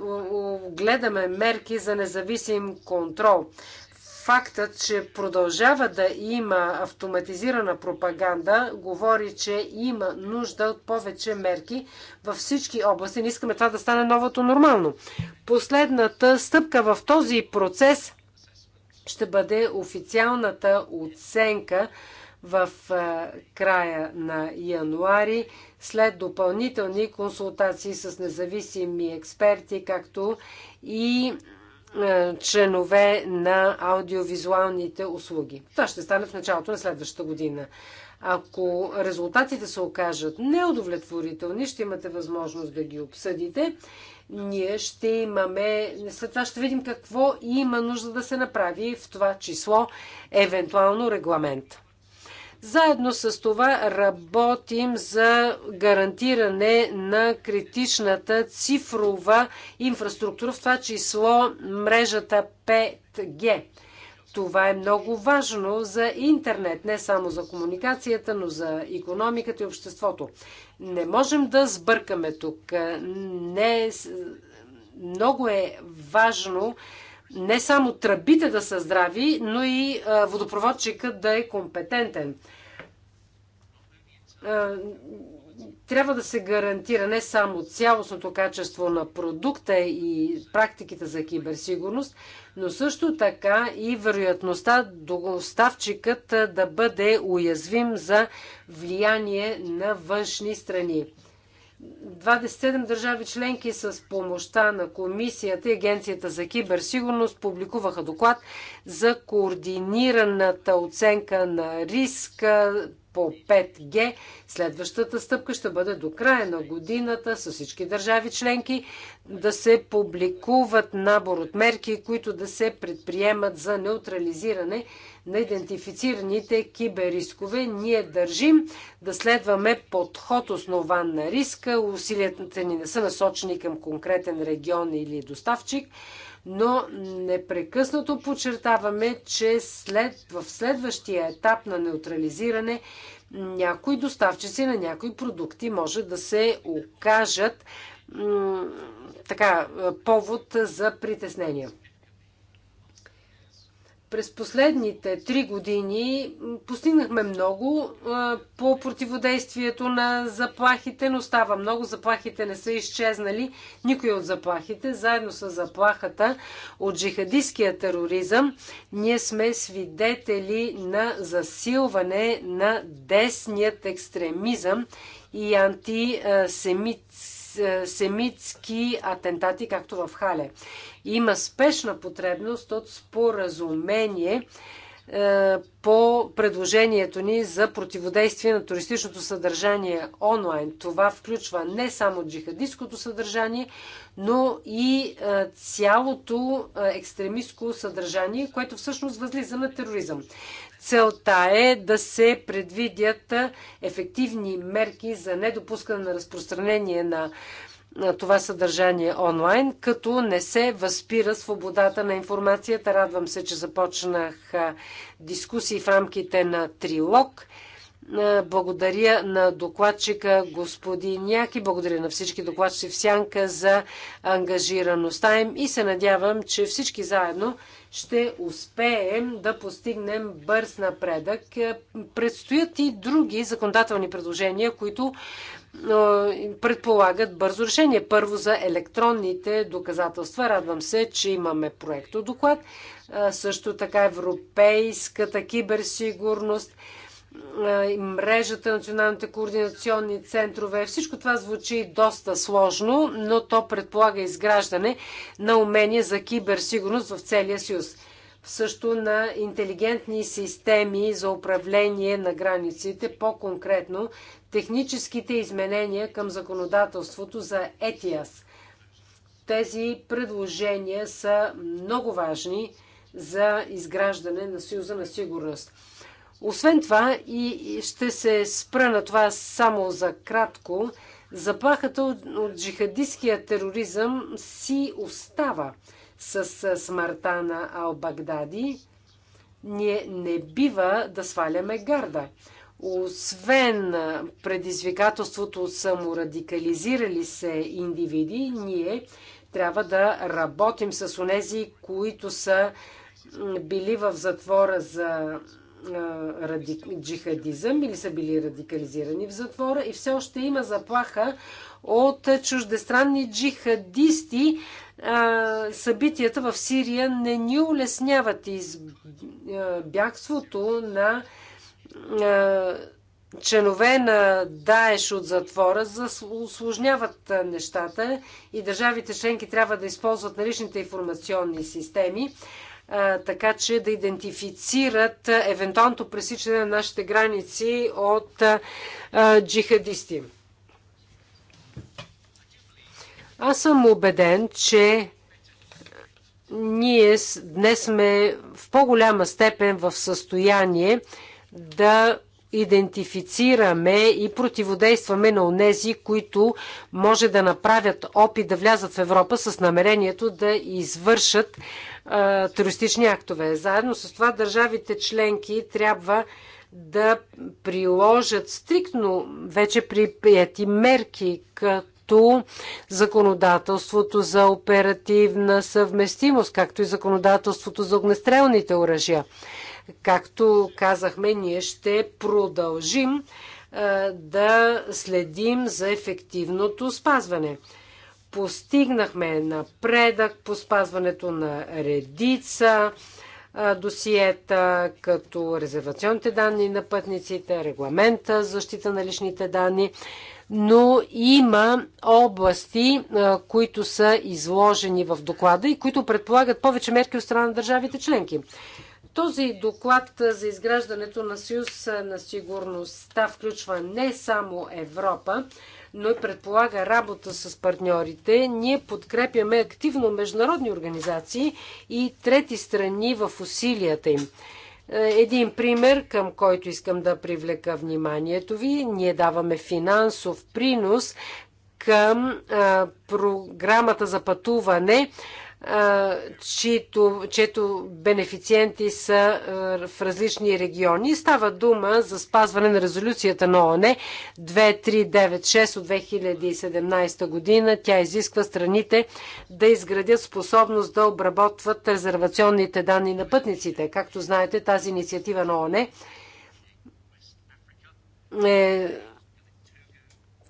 гледаме мерки за независим контрол. Фактът, че продължава да има автоматизирана пропаганда, говори, че има нужда от повече мерки във всички области. Не искаме това да стане новото нормално. Последната стъпка в този процес ще бъде официалната оценка в края на януари, след допълнителни консултации с независими експерти, както и е, членове на аудиовизуалните услуги. Това ще стане в началото на следващата година. Ако резултатите се окажат неудовлетворителни, ще имате възможност да ги обсъдите. Ние ще имаме, след това ще видим какво има нужда да се направи в това число, евентуално регламент. Заедно с това работим за гарантиране на критичната цифрова инфраструктура, в това число мрежата 5G. Това е много важно за интернет, не само за комуникацията, но за економиката и обществото. Не можем да сбъркаме тук. Не, много е важно не само тръбите да са здрави, но и водопроводчикът да е компетентен. Трябва да се гарантира не само цялостното качество на продукта и практиките за киберсигурност, но също така и вероятността доставчикът да бъде уязвим за влияние на външни страни. 27 държави членки с помощта на Комисията и Агенцията за киберсигурност публикуваха доклад за координираната оценка на риска по 5G. Следващата стъпка ще бъде до края на годината с всички държави членки да се публикуват набор от мерки, които да се предприемат за неутрализиране на идентифицираните киберрискове. Ние държим да следваме подход основан на риска. Усилията ни не са насочени към конкретен регион или доставчик, но непрекъснато подчертаваме, че след, в следващия етап на неутрализиране някои доставчици на някои продукти може да се окажат така, повод за притеснения. През последните три години постигнахме много по противодействието на заплахите, но става много. Заплахите не са изчезнали. Никой от заплахите, заедно с заплахата от джихадистския тероризъм, ние сме свидетели на засилване на десният екстремизъм и антисемитски антисемитски е, атентати, както в Хале. Има спешна потребност от споразумение е, по предложението ни за противодействие на туристичното съдържание онлайн. Това включва не само джихадистското съдържание, но и е, цялото екстремистско съдържание, което всъщност възлиза на тероризъм. Целта е да се предвидят ефективни мерки за недопускане на разпространение на на това съдържание онлайн, като не се възпира свободата на информацията. Радвам се, че започнах дискусии в рамките на трилог. Благодаря на докладчика господин Яки, благодаря на всички докладчици в Сянка за ангажираността им и се надявам, че всички заедно ще успеем да постигнем бърз напредък. Предстоят и други законодателни предложения, които е, предполагат бързо решение. Първо за електронните доказателства. Радвам се, че имаме проекто доклад. Е, също така европейската киберсигурност – мрежата, националните координационни центрове. Всичко това звучи доста сложно, но то предполага изграждане на умения за киберсигурност в целия съюз. Също на интелигентни системи за управление на границите, по-конкретно техническите изменения към законодателството за ЕТИАС. Тези предложения са много важни за изграждане на Съюза на сигурност. Освен това, и ще се спра на това само за кратко, заплахата от, от джихадистския тероризъм си остава с смъртта на Ал-Багдади. Ние не бива да сваляме гарда. Освен предизвикателството от саморадикализирали се индивиди, ние трябва да работим с онези, които са били в затвора за ради... джихадизъм или са били радикализирани в затвора и все още има заплаха от чуждестранни джихадисти. Събитията в Сирия не ни улесняват и бягството на членове на Даеш от затвора осложняват нещата и държавите членки трябва да използват наличните информационни системи, така че да идентифицират евентуалното пресичане на нашите граници от джихадисти. Аз съм убеден, че ние днес сме в по-голяма степен в състояние да идентифицираме и противодействаме на онези, които може да направят опит да влязат в Европа с намерението да извършат терористични актове. Заедно с това държавите членки трябва да приложат стриктно вече приприяти мерки, като законодателството за оперативна съвместимост, както и законодателството за огнестрелните оръжия. Както казахме, ние ще продължим да следим за ефективното спазване. Постигнахме напредък по спазването на редица досиета, като резервационните данни на пътниците, регламента за защита на личните данни, но има области, които са изложени в доклада и които предполагат повече мерки от страна на държавите членки. Този доклад за изграждането на Съюз на сигурността включва не само Европа, но и предполага работа с партньорите. Ние подкрепяме активно международни организации и трети страни в усилията им. Е, един пример, към който искам да привлека вниманието ви, ние даваме финансов принос към а, програмата за пътуване чието, чието бенефициенти са в различни региони. Става дума за спазване на резолюцията на ООН 2396 от 2017 година. Тя изисква страните да изградят способност да обработват резервационните данни на пътниците. Както знаете, тази инициатива на ООН е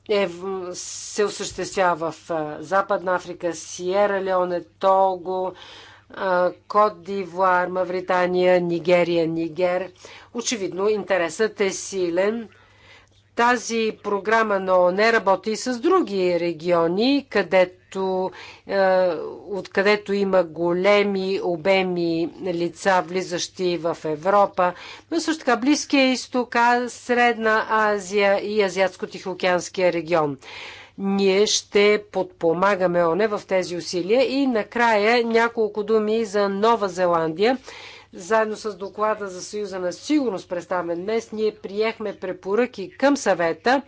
е, се осъществява в Западна Африка, Сиера Леоне, Того, Кот Дивуар, Мавритания, Нигерия, Нигер. Очевидно, интересът е силен. Тази програма на ОНЕ работи и с други региони, където където, е, откъдето има големи обеми лица, влизащи в Европа, но също така Близкия изток, Средна Азия и Азиатско-Тихоокеанския регион ние ще подпомагаме ОНЕ в тези усилия. И накрая няколко думи за Нова Зеландия. Заедно с доклада за Съюза на сигурност, представен днес, ние приехме препоръки към съвета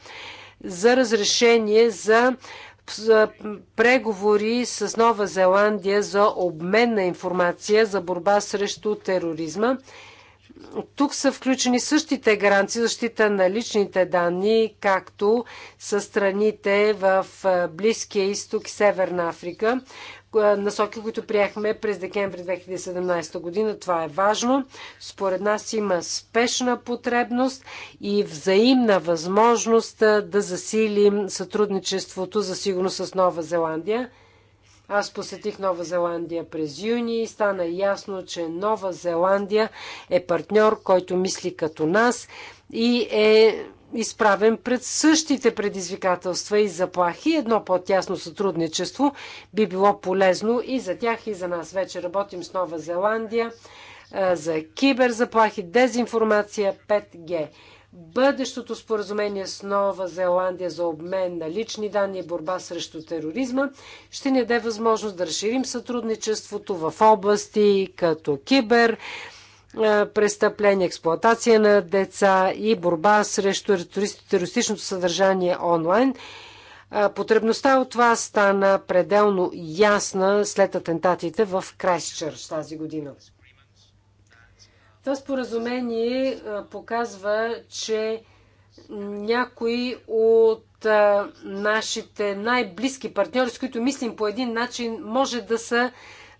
за разрешение за преговори с Нова Зеландия за обмен на информация за борба срещу тероризма. Тук са включени същите гаранции защита на личните данни, както са страните в Близкия изток и Северна Африка насоки, които приехме през декември 2017 година. Това е важно. Според нас има спешна потребност и взаимна възможност да засилим сътрудничеството за сигурност с Нова Зеландия. Аз посетих Нова Зеландия през юни и стана ясно, че Нова Зеландия е партньор, който мисли като нас и е изправен пред същите предизвикателства и заплахи. Едно по-тясно сътрудничество би било полезно и за тях, и за нас. Вече работим с Нова Зеландия за киберзаплахи, дезинформация 5G. Бъдещото споразумение с Нова Зеландия за обмен на лични данни и борба срещу тероризма ще ни даде възможност да разширим сътрудничеството в области като кибер, престъпления, експлоатация на деца и борба срещу терористичното съдържание онлайн. Потребността от това стана пределно ясна след атентатите в Крайсчърч тази година. Това споразумение показва, че някои от нашите най-близки партньори, с които мислим по един начин, може да са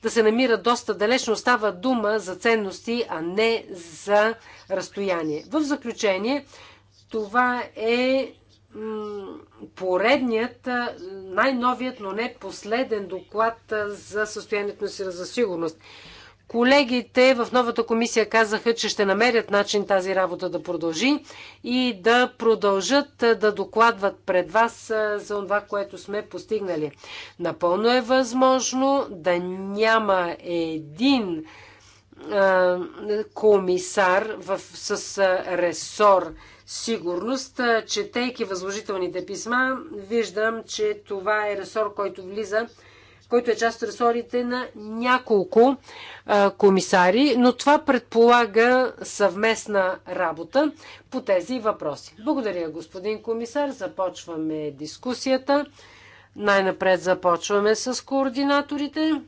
да се намира доста далечно. Става дума за ценности, а не за разстояние. В заключение, това е поредният, най-новият, но не последен доклад за състоянието на сира за сигурност. Колегите в новата комисия казаха, че ще намерят начин тази работа да продължи и да продължат да докладват пред вас за това, което сме постигнали. Напълно е възможно да няма един комисар в, с ресор сигурност. Четейки възложителните писма, виждам, че това е ресор, който влиза който е част от ресорите на няколко а, комисари, но това предполага съвместна работа по тези въпроси. Благодаря, господин комисар. Започваме дискусията. Най-напред започваме с координаторите.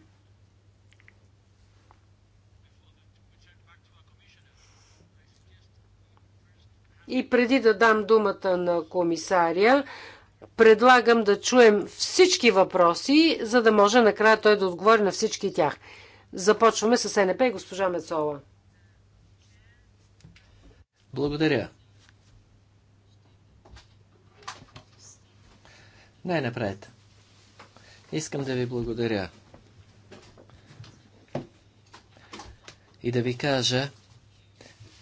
И преди да дам думата на комисаря, Предлагам да чуем всички въпроси, за да може накрая той да отговори на всички тях. Започваме с НП и госпожа Мецола. Благодаря. Най-напред. Искам да ви благодаря. И да ви кажа,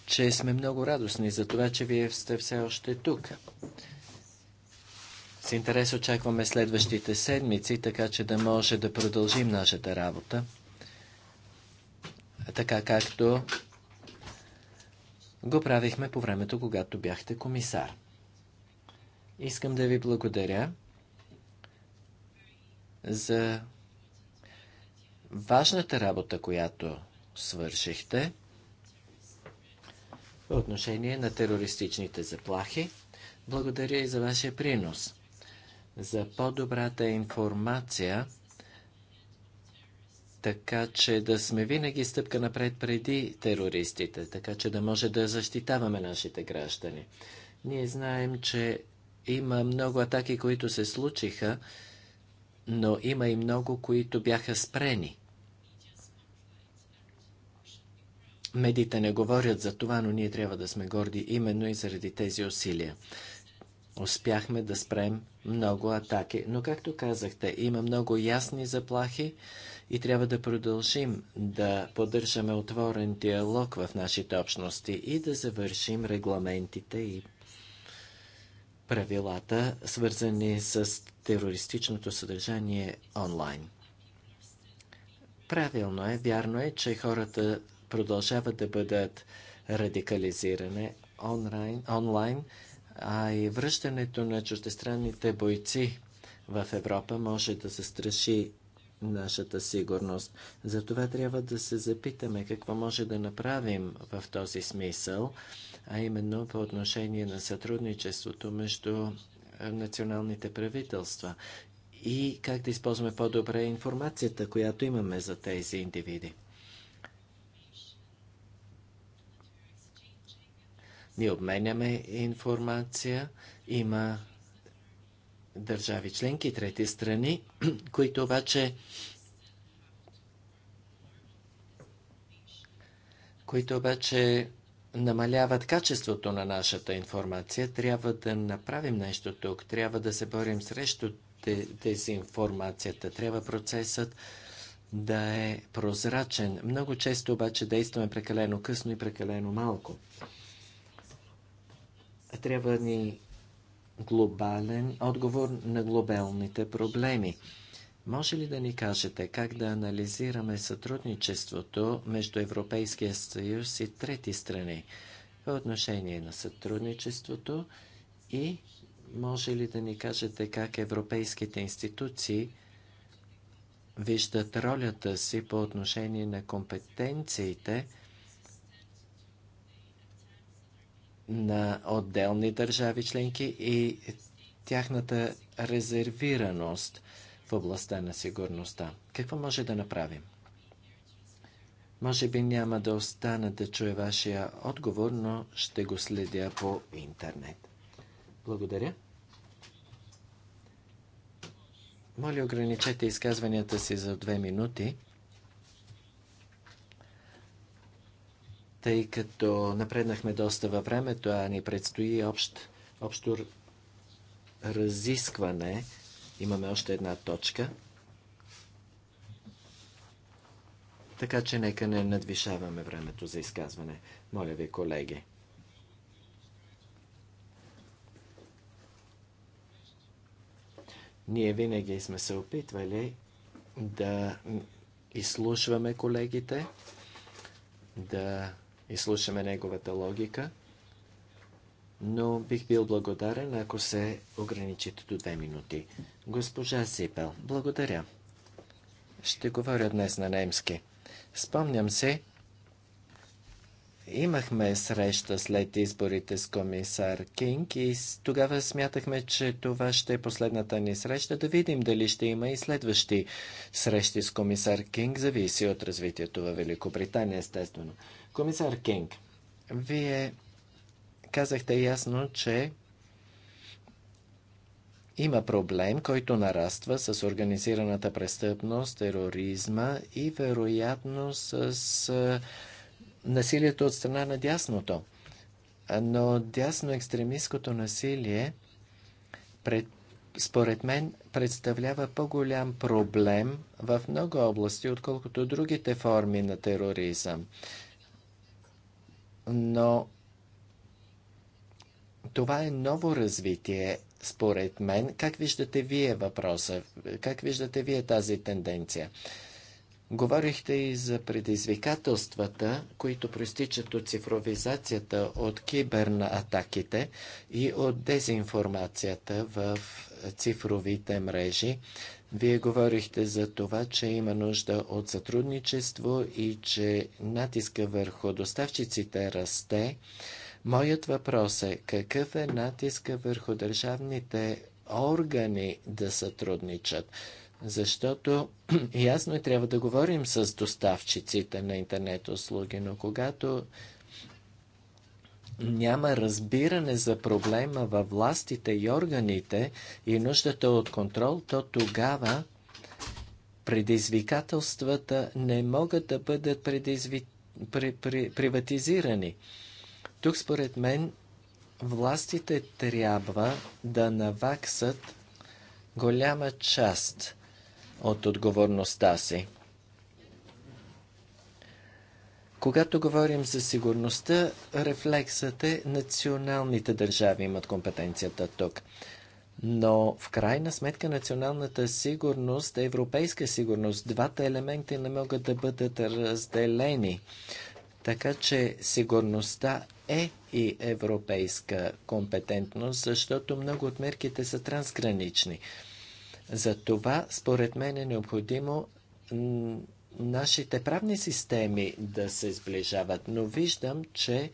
че сме много радостни за това, че вие сте все още тук. С интерес очакваме следващите седмици, така че да може да продължим нашата работа. Така както го правихме по времето, когато бяхте комисар. Искам да ви благодаря за важната работа, която свършихте по отношение на терористичните заплахи. Благодаря и за вашия принос за по-добрата информация, така че да сме винаги стъпка напред преди терористите, така че да може да защитаваме нашите граждани. Ние знаем, че има много атаки, които се случиха, но има и много, които бяха спрени. Медиите не говорят за това, но ние трябва да сме горди именно и заради тези усилия успяхме да спрем много атаки. Но, както казахте, има много ясни заплахи и трябва да продължим да поддържаме отворен диалог в нашите общности и да завършим регламентите и правилата, свързани с терористичното съдържание онлайн. Правилно е, вярно е, че хората продължават да бъдат радикализирани онлайн, онлайн а и връщането на чуждестранните бойци в Европа може да застраши нашата сигурност. Затова трябва да се запитаме какво може да направим в този смисъл, а именно по отношение на сътрудничеството между националните правителства и как да използваме по-добре информацията, която имаме за тези индивиди. Ние обменяме информация. Има държави членки, трети страни, които обаче които обаче намаляват качеството на нашата информация. Трябва да направим нещо тук. Трябва да се борим срещу дезинформацията. Трябва процесът да е прозрачен. Много често обаче действаме прекалено късно и прекалено малко трябва ни глобален отговор на глобалните проблеми. Може ли да ни кажете как да анализираме сътрудничеството между Европейския съюз и трети страни по отношение на сътрудничеството и може ли да ни кажете как европейските институции виждат ролята си по отношение на компетенциите на отделни държави членки и тяхната резервираност в областта на сигурността. Какво може да направим? Може би няма да остана да чуя вашия отговор, но ще го следя по интернет. Благодаря. Моля, ограничете изказванията си за две минути. тъй като напреднахме доста във времето, а ни предстои общ, общо разискване. Имаме още една точка. Така че нека не надвишаваме времето за изказване. Моля ви, колеги. Ние винаги сме се опитвали да изслушваме колегите, да и слушаме неговата логика, но бих бил благодарен, ако се ограничите до две минути. Госпожа Сипел, благодаря. Ще говоря днес на немски. Спомням се, имахме среща след изборите с комисар Кинг и тогава смятахме, че това ще е последната ни среща. Да видим дали ще има и следващи срещи с комисар Кинг, зависи от развитието във Великобритания, естествено. Комисар Кинг, вие казахте ясно, че има проблем, който нараства с организираната престъпност, тероризма и вероятно с насилието от страна на дясното. Но дясно екстремистското насилие, пред, според мен, представлява по-голям проблем в много области, отколкото другите форми на тероризъм но това е ново развитие, според мен. Как виждате вие въпроса? Как виждате вие тази тенденция? Говорихте и за предизвикателствата, които проистичат от цифровизацията, от атаките и от дезинформацията в цифровите мрежи. Вие говорихте за това, че има нужда от сътрудничество и че натиска върху доставчиците расте. Моят въпрос е какъв е натиска върху държавните органи да сътрудничат? Защото ясно е, трябва да говорим с доставчиците на интернет услуги, но когато няма разбиране за проблема във властите и органите и нуждата от контрол, то тогава предизвикателствата не могат да бъдат предизви... при... При... приватизирани. Тук според мен властите трябва да наваксат голяма част от отговорността си. Когато говорим за сигурността, рефлексът е националните държави имат компетенцията тук. Но в крайна сметка националната сигурност, европейска сигурност, двата елемента не могат да бъдат разделени. Така че сигурността е и европейска компетентност, защото много от мерките са трансгранични. За това, според мен, е необходимо нашите правни системи да се сближават, но виждам, че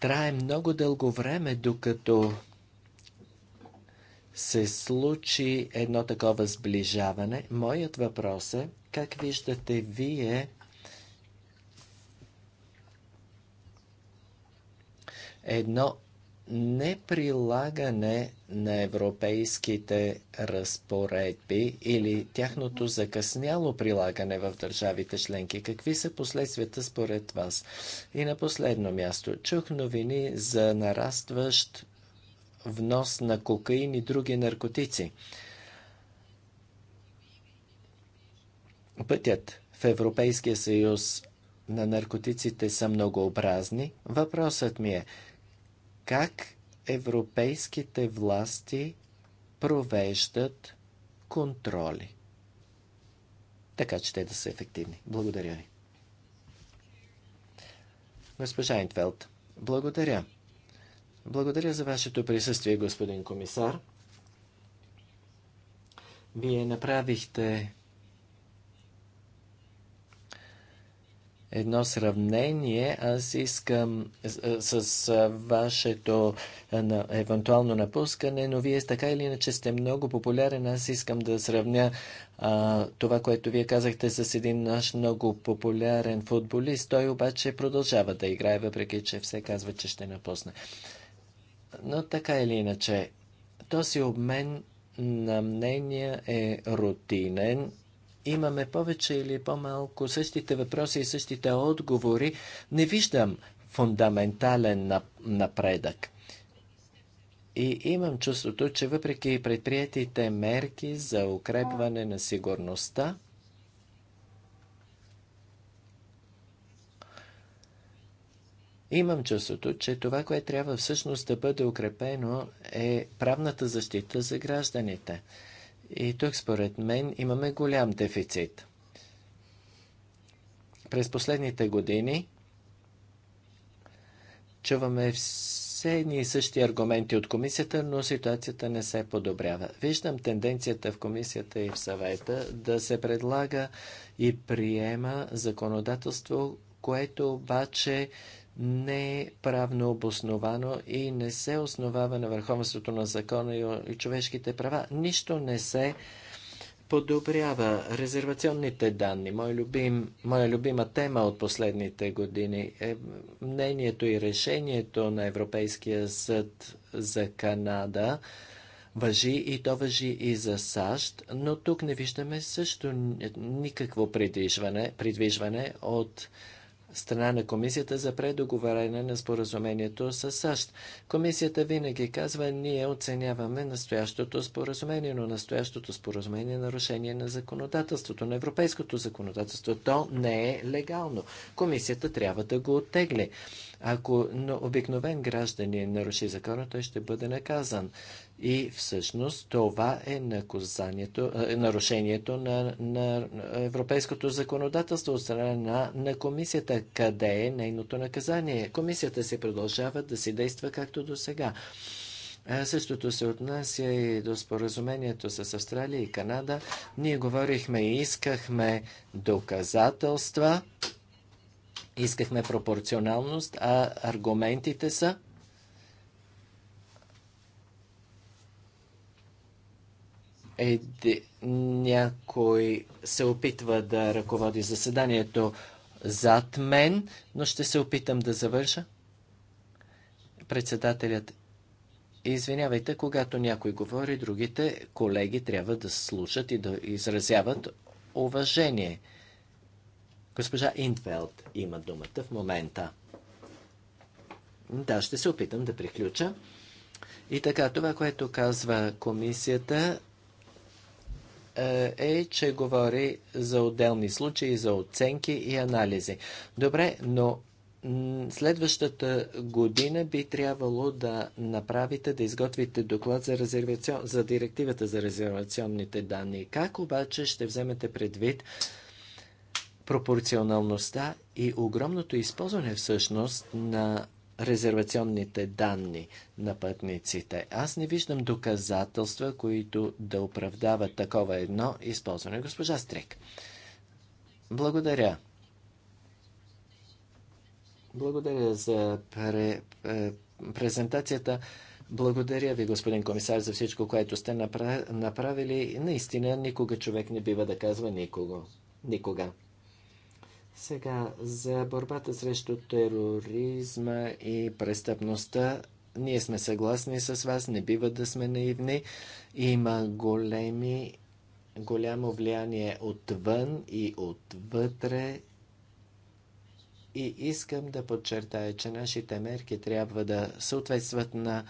трае много дълго време, докато се случи едно такова сближаване. Моят въпрос е, как виждате вие едно неприлагане на европейските разпоредби или тяхното закъсняло прилагане в държавите членки? Какви са последствията според вас? И на последно място, чух новини за нарастващ внос на кокаин и други наркотици. Пътят в Европейския съюз на наркотиците са многообразни. Въпросът ми е, как европейските власти провеждат контроли, така че те да са ефективни. Благодаря ви. Госпожа Интвелт, благодаря. Благодаря за вашето присъствие, господин комисар. Вие направихте едно сравнение. Аз искам с, с вашето на, евентуално напускане, но вие така или иначе сте много популярен. Аз искам да сравня а, това, което вие казахте с един наш много популярен футболист. Той обаче продължава да играе, въпреки че все казва, че ще напусне. Но така или иначе, този обмен на мнения е рутинен имаме повече или по-малко същите въпроси и същите отговори, не виждам фундаментален напредък. И имам чувството, че въпреки предприятите мерки за укрепване на сигурността, Имам чувството, че това, което трябва всъщност да бъде укрепено, е правната защита за гражданите. И тук, според мен, имаме голям дефицит. През последните години чуваме все едни и същи аргументи от комисията, но ситуацията не се подобрява. Виждам тенденцията в комисията и в съвета да се предлага и приема законодателство, което обаче не е правно обосновано и не се основава на върховенството на закона и човешките права. Нищо не се подобрява. Резервационните данни, моя, любим, моя любима тема от последните години, е мнението и решението на Европейския съд за Канада. Въжи и то въжи и за САЩ, но тук не виждаме също никакво придвижване, придвижване от страна на комисията за предоговаряне на споразумението с САЩ. Комисията винаги казва, ние оценяваме настоящото споразумение, но настоящото споразумение е нарушение на законодателството, на европейското законодателство. То не е легално. Комисията трябва да го оттегли. Ако обикновен гражданин наруши закона, той ще бъде наказан. И всъщност това е наказанието, е нарушението на, на европейското законодателство от страна на, на комисията. Къде е нейното наказание? Комисията се продължава да си действа както до сега. Същото се отнася и до споразумението с Австралия и Канада. Ние говорихме и искахме доказателства Искахме пропорционалност, а аргументите са е, някой се опитва да ръководи заседанието зад мен, но ще се опитам да завърша. Председателят, извинявайте, когато някой говори, другите колеги трябва да слушат и да изразяват уважение. Госпожа Индвелт има думата в момента. Да, ще се опитам да приключа. И така, това, което казва комисията, е, е че говори за отделни случаи, за оценки и анализи. Добре, но следващата година би трябвало да направите, да изготвите доклад за, резервацион... за директивата за резервационните данни. Как обаче ще вземете предвид пропорционалността и огромното използване всъщност на резервационните данни на пътниците. Аз не виждам доказателства, които да оправдават такова едно използване. Госпожа Стрек, благодаря. Благодаря за пре, е, презентацията. Благодаря ви, господин комисар, за всичко, което сте направили. Наистина, никога човек не бива да казва никого. Никога. Сега, за борбата срещу тероризма и престъпността, ние сме съгласни с вас, не бива да сме наивни. Има големи, голямо влияние отвън и отвътре. И искам да подчертая, че нашите мерки трябва да съответстват на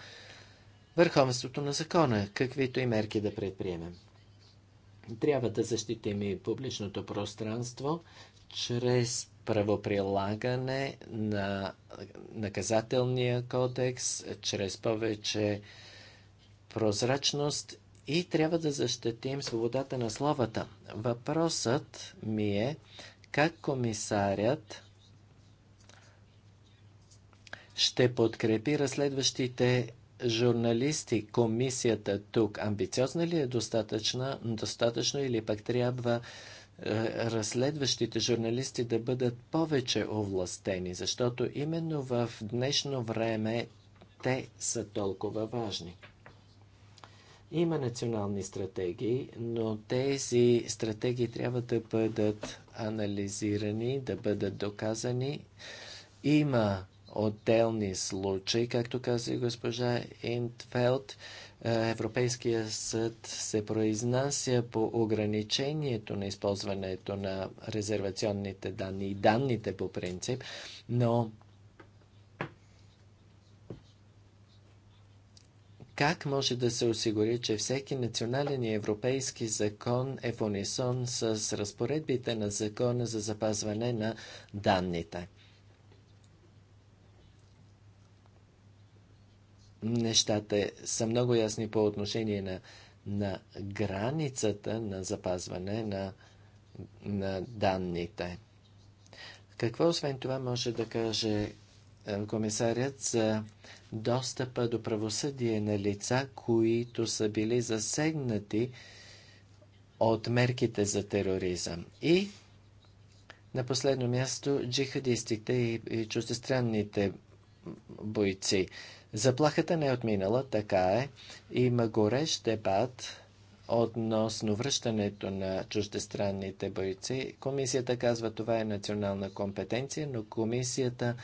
върховенството на закона, каквито и мерки да предприемем. Трябва да защитим и публичното пространство, чрез правоприлагане на наказателния кодекс, чрез повече прозрачност и трябва да защитим свободата на словата. Въпросът ми е как комисарят ще подкрепи разследващите журналисти. Комисията тук амбициозна ли е достатъчна, достатъчно или пък трябва е, разследващите журналисти да бъдат повече овластени, защото именно в днешно време те са толкова важни. Има национални стратегии, но тези стратегии трябва да бъдат анализирани, да бъдат доказани. Има отделни случаи, както каза и госпожа Интфелд, е, Европейския съд се произнася по ограничението на използването на резервационните данни и данните по принцип, но как може да се осигури, че всеки национален и европейски закон е в унисон с разпоредбите на закона за запазване на данните? нещата са много ясни по отношение на, на границата на запазване на, на данните. Какво освен това може да каже е, комисарят за достъпа до правосъдие на лица, които са били засегнати от мерките за тероризъм? И на последно място джихадистите и, и чуждестранните бойци. Заплахата не е отминала, така е. Има горещ дебат относно връщането на чуждестранните бойци. Комисията казва, това е национална компетенция, но комисията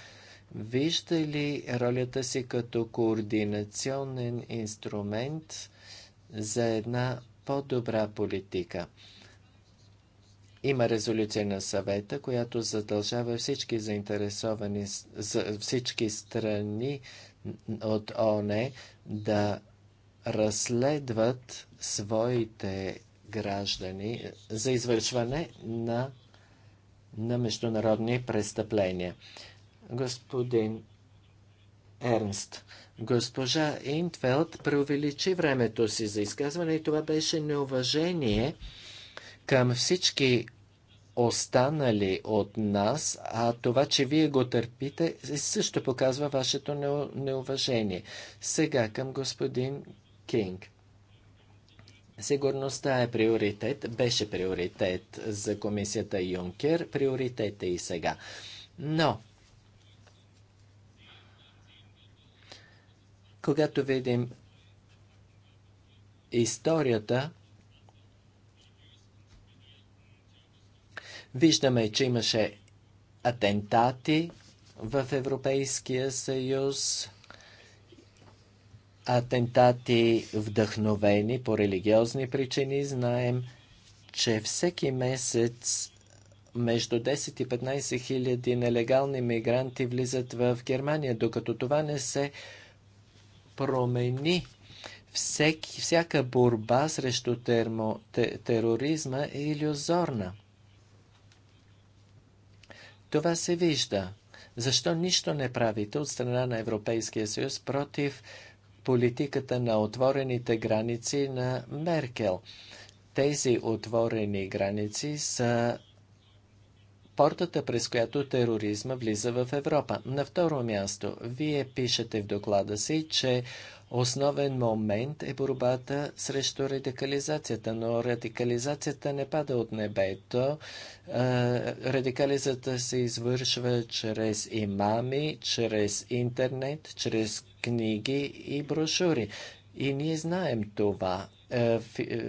вижда ли ролята си като координационен инструмент за една по-добра политика? Има резолюция на съвета, която задължава всички заинтересовани, всички страни от ОНЕ да разследват своите граждани за извършване на, на международни престъпления. Господин Ернст, госпожа Интфелд преувеличи времето си за изказване и това беше неуважение към всички останали от нас, а това, че вие го търпите, е също показва вашето неуважение. Сега към господин Кинг. Сигурността е приоритет, беше приоритет за комисията Юнкер, приоритет е и сега. Но, когато видим историята, Виждаме, че имаше атентати в Европейския съюз, атентати вдъхновени по религиозни причини. Знаем, че всеки месец между 10 и 15 хиляди нелегални мигранти влизат в Германия. Докато това не се промени, всеки, всяка борба срещу термо, те, тероризма е иллюзорна. Това се вижда. Защо нищо не правите от страна на Европейския съюз против политиката на отворените граници на Меркел? Тези отворени граници са портата, през която тероризма влиза в Европа. На второ място, вие пишете в доклада си, че основен момент е борбата срещу радикализацията, но радикализацията не пада от небето. Радикализацията се извършва чрез имами, чрез интернет, чрез книги и брошури. И ние знаем това е,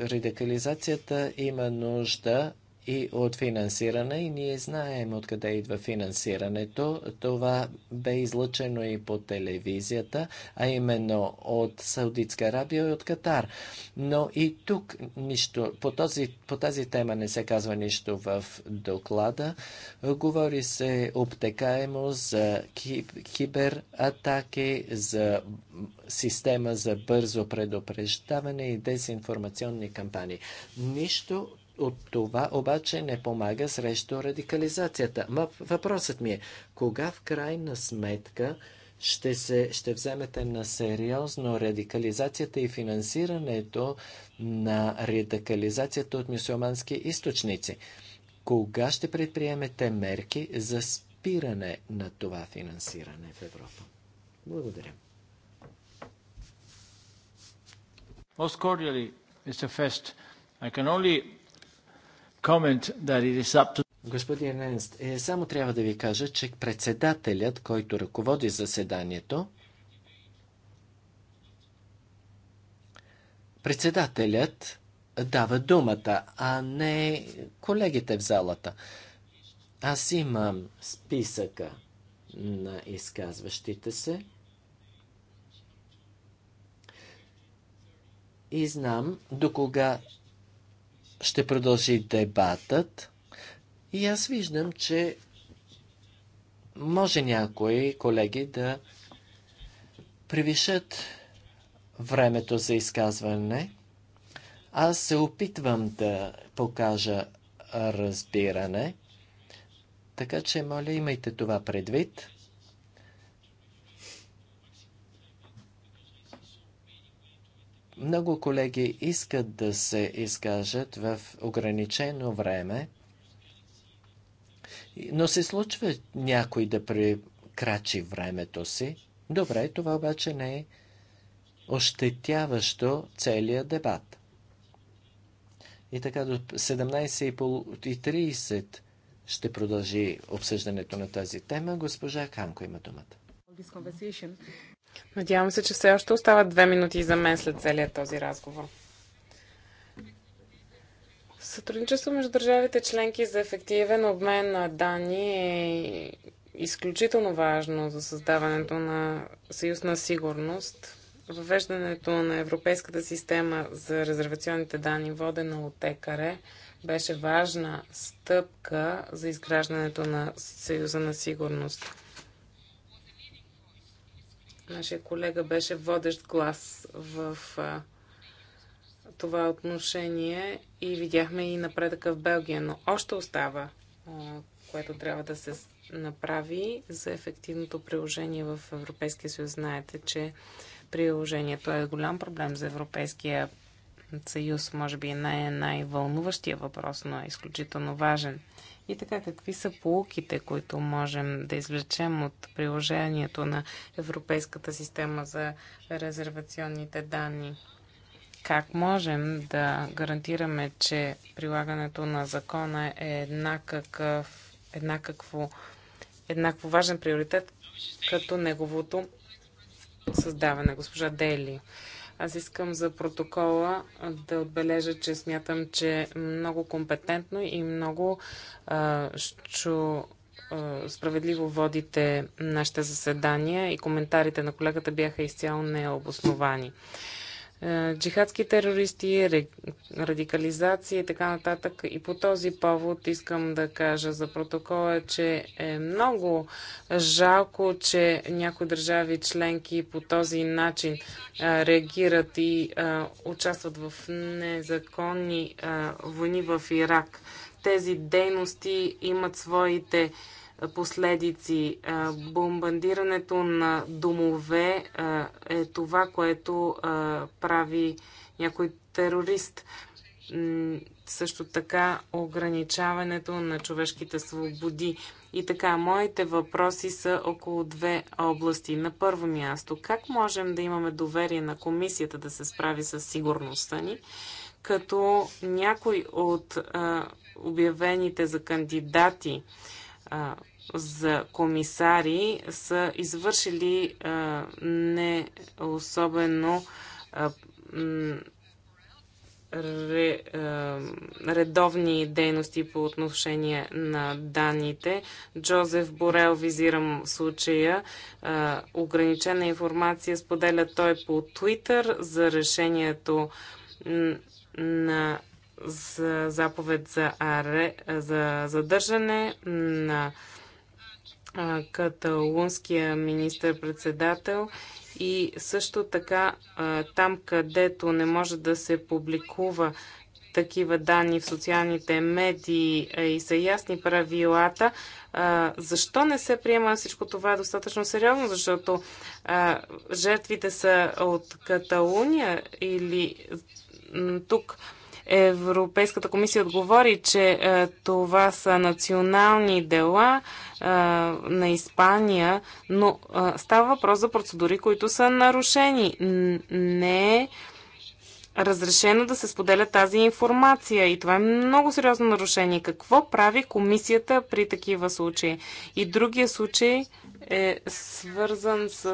радикализацията има нужда и от финансиране и ние знаем откъде идва финансирането. Това бе излъчено и по телевизията, а именно от Саудитска Арабия и от Катар. Но и тук нищо, по, този, по тази тема не се казва нищо в доклада. Говори се обтекаемо за кибератаки, за система за бързо предупреждаване и дезинформационни кампании. Нищо от това обаче не помага срещу радикализацията. Ма въпросът ми е, кога в крайна сметка ще, се, ще вземете на сериозно радикализацията и финансирането на радикализацията от мусулмански източници? Кога ще предприемете мерки за спиране на това финансиране в Европа? Благодаря. Most cordially, Mr. Fest, I can only To... Господин Ренст, е, само трябва да ви кажа, че председателят, който ръководи заседанието, председателят дава думата, а не колегите в залата. Аз имам списъка на изказващите се. И знам до кога ще продължи дебатът и аз виждам, че може някои колеги да превишат времето за изказване. Аз се опитвам да покажа разбиране, така че, моля, имайте това предвид. Много колеги искат да се изкажат в ограничено време, но се случва някой да прекрачи времето си. Добре, това обаче не е ощетяващо целият дебат. И така до 17.30 ще продължи обсъждането на тази тема. Госпожа Канко има думата. Надявам се, че все още остават две минути за мен след целият този разговор. Сътрудничество между държавите членки за ефективен обмен на данни е изключително важно за създаването на съюз на сигурност. Въвеждането на Европейската система за резервационните данни, водена от ЕКАРЕ, беше важна стъпка за изграждането на Съюза на сигурност. Нашия колега беше водещ глас в а, това отношение и видяхме и напредъка в Белгия, но още остава, а, което трябва да се направи за ефективното приложение в Европейския съюз. Знаете, че приложението е голям проблем за Европейския съюз, може би най- е най-вълнуващия въпрос, но е изключително важен. И така, какви са полуките, които можем да извлечем от приложението на Европейската система за резервационните данни? Как можем да гарантираме, че прилагането на закона е еднакъв, еднакво, еднакво важен приоритет като неговото създаване? Госпожа Дели. Аз искам за протокола да отбележа, че смятам, че много компетентно и много а, що, а, справедливо водите нашите заседания и коментарите на колегата бяха изцяло необосновани. Е, джихадски терористи, радикализация и така нататък. И по този повод искам да кажа за протокола, че е много жалко, че някои държави членки по този начин е, реагират и е, участват в незаконни войни в Ирак. Тези дейности имат своите последици. Бомбандирането на домове е това, което прави някой терорист. Също така ограничаването на човешките свободи. И така, моите въпроси са около две области. На първо място, как можем да имаме доверие на комисията да се справи с сигурността ни, като някой от а, обявените за кандидати а, за комисари са извършили а, не особено а, ре, а, редовни дейности по отношение на данните. Джозеф Борел, визирам случая, а, ограничена информация споделя той по Твитър за решението на за заповед за, аре, за задържане на каталунския министър-председател и също така там, където не може да се публикува такива данни в социалните медии и са ясни правилата, защо не се приема всичко това достатъчно сериозно? Защото жертвите са от Каталуния или тук Европейската комисия отговори, че е, това са национални дела е, на Испания, но е, става въпрос за процедури, които са нарушени. Не е разрешено да се споделя тази информация и това е много сериозно нарушение. Какво прави комисията при такива случаи? И другия случай е свързан с